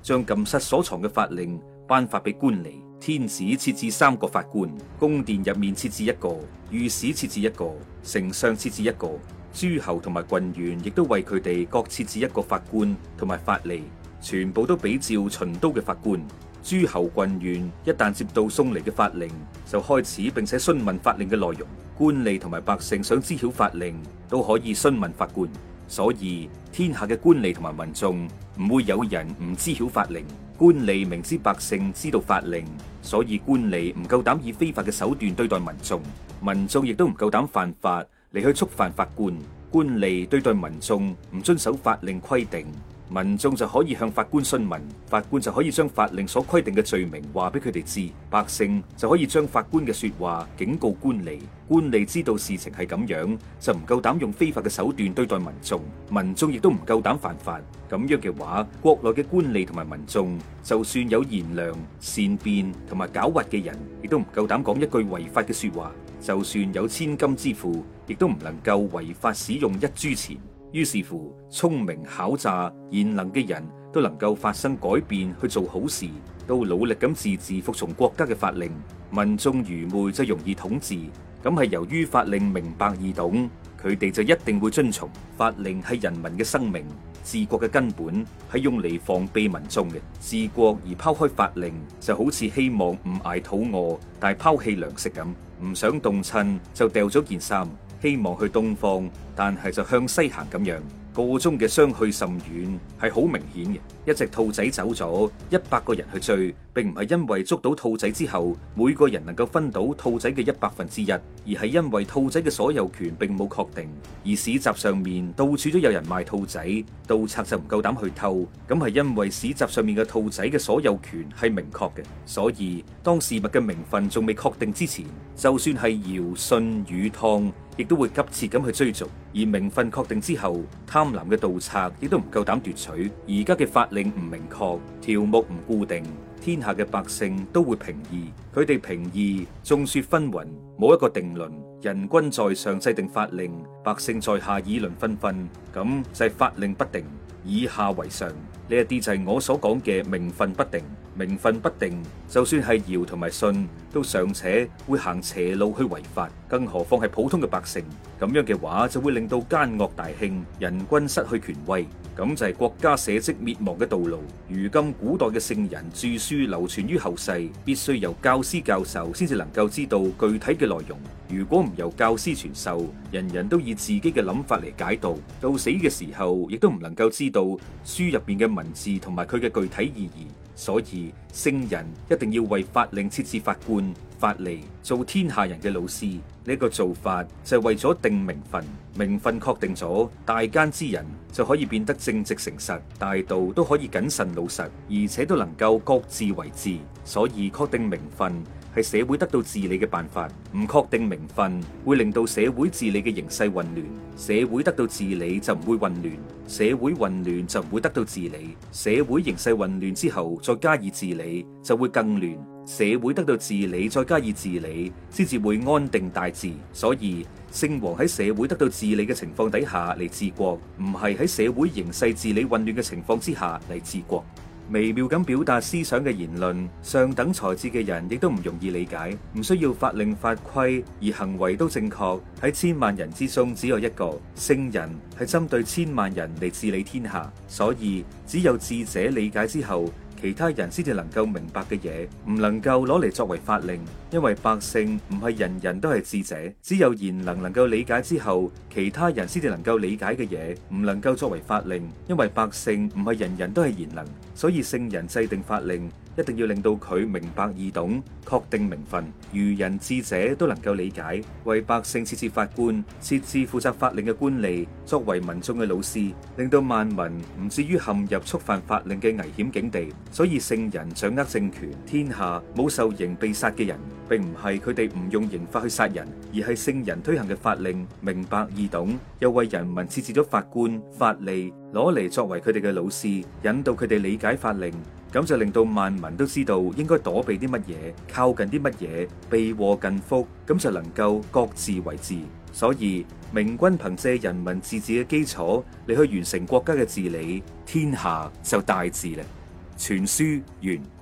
將禁室所藏嘅法令頒發俾官吏。天子設置三個法官，宮殿入面設置一個，御史設置一個，丞相設置一個，諸侯同埋郡縣亦都為佢哋各設置一個法官同埋法吏，全部都比照秦都嘅法官。諸侯郡縣一旦接到送嚟嘅法令，就開始並且詢問法令嘅內容。官吏同埋百姓想知曉法令都可以詢問法官，所以天下嘅官吏同埋民眾唔會有人唔知曉法令。官吏明知百姓知道法令，所以官吏唔夠膽以非法嘅手段對待民眾；民眾亦都唔夠膽犯法嚟去觸犯法官。官吏對待民眾唔遵守法令規定。民眾就可以向法官詢問，法官就可以將法令所規定嘅罪名話俾佢哋知，百姓就可以將法官嘅說話警告官吏，官吏知道事情係咁樣，就唔夠膽用非法嘅手段對待民眾，民眾亦都唔夠膽犯法。咁樣嘅話，國內嘅官吏同埋民眾，就算有賢良、善辯、同埋狡猾嘅人，亦都唔夠膽講一句違法嘅說話，就算有千金之富，亦都唔能夠違法使用一銖錢。於是乎，聰明巧詐賢能嘅人都能夠發生改變，去做好事，都努力咁自治服從國家嘅法令。民眾愚昧就容易統治，咁係由於法令明白易懂，佢哋就一定會遵從。法令係人民嘅生命，治國嘅根本係用嚟防備民眾嘅。治國而拋開法令，就好似希望唔挨肚餓，但係拋棄糧食咁，唔想凍親就掉咗件衫。希望去東方，但係就向西行咁樣，個中嘅相去甚遠係好明顯嘅。一隻兔仔走咗，一百個人去追，並唔係因為捉到兔仔之後，每個人能夠分到兔仔嘅一百分之一，而係因為兔仔嘅所有權並冇確定。而市集上面到處都有人賣兔仔，盜賊就唔夠膽去偷，咁係因為市集上面嘅兔仔嘅所有權係明確嘅。所以當事物嘅名分仲未確定之前，就算係堯舜禹湯。亦都會急切咁去追逐，而名分確定之後，貪婪嘅盜賊亦都唔夠膽奪取。而家嘅法令唔明確，條目唔固定，天下嘅百姓都會評議。佢哋評議，眾說紛紜，冇一個定論。人君在上制定法令，百姓在下議論紛紛，咁就係法令不定，以下為上。呢一啲就係我所講嘅名分不定。名分不定，就算係堯同埋舜都尚且會行邪路去違法，更何況係普通嘅百姓？咁樣嘅話就會令到奸惡大興，人均失去權威，咁就係國家社稷滅亡嘅道路。如今古代嘅聖人著書流傳於後世，必須由教師教授，先至能夠知道具體嘅內容。如果唔由教師傳授，人人都以自己嘅諗法嚟解讀，到死嘅時候亦都唔能夠知道書入邊嘅文字同埋佢嘅具體意義。所以聖人一定要為法令設置法官、法吏做天下人嘅老師。呢、這個做法就係為咗定名分，名分確定咗，大奸之人就可以變得正直誠實，大盜都可以謹慎老實，而且都能夠各自為之，所以確定名分，係社會得到治理嘅辦法，唔確定名分，會令到社會治理嘅形勢混亂，社會得到治理就唔會混亂，社會混亂就唔會得到治理，社會形勢混亂之後再加以治理就會更亂，社會得到治理再加以治理先至會安定大治。所以聖王喺社會得到治理嘅情況底下嚟治國，唔係喺社會形勢治理混亂嘅情況之下嚟治國。微妙咁表達思想嘅言論，上等才智嘅人亦都唔容易理解，唔需要法令法規，而行為都正確，喺千萬人之中，只有一個聖人係針對千萬人嚟治理天下，所以只有智者理解之後。其他人先至能夠明白嘅嘢，唔能夠攞嚟作為法令，因為百姓唔係人人都係智者。只有賢能能夠理解之後，其他人先至能夠理解嘅嘢，唔能夠作為法令，因為百姓唔係人人都係賢能，所以聖人制定法令。一定要令到佢明白易懂，確定名分，愚人智者都能夠理解，為百姓設置法官，設置負責法令嘅官吏，作為民眾嘅老師，令到萬民唔至於陷入觸犯法令嘅危險境地。所以聖人掌握政權，天下冇受刑被殺嘅人，並唔係佢哋唔用刑罰去殺人，而係聖人推行嘅法令明白易懂，又為人民設置咗法官、法吏。攞嚟作為佢哋嘅老師，引導佢哋理解法令，咁就令到萬民都知道應該躲避啲乜嘢，靠近啲乜嘢，避禍近福，咁就能夠各自為治。所以明君憑借人民自治嘅基礎你去完成國家嘅治理，天下就大治啦。全書完。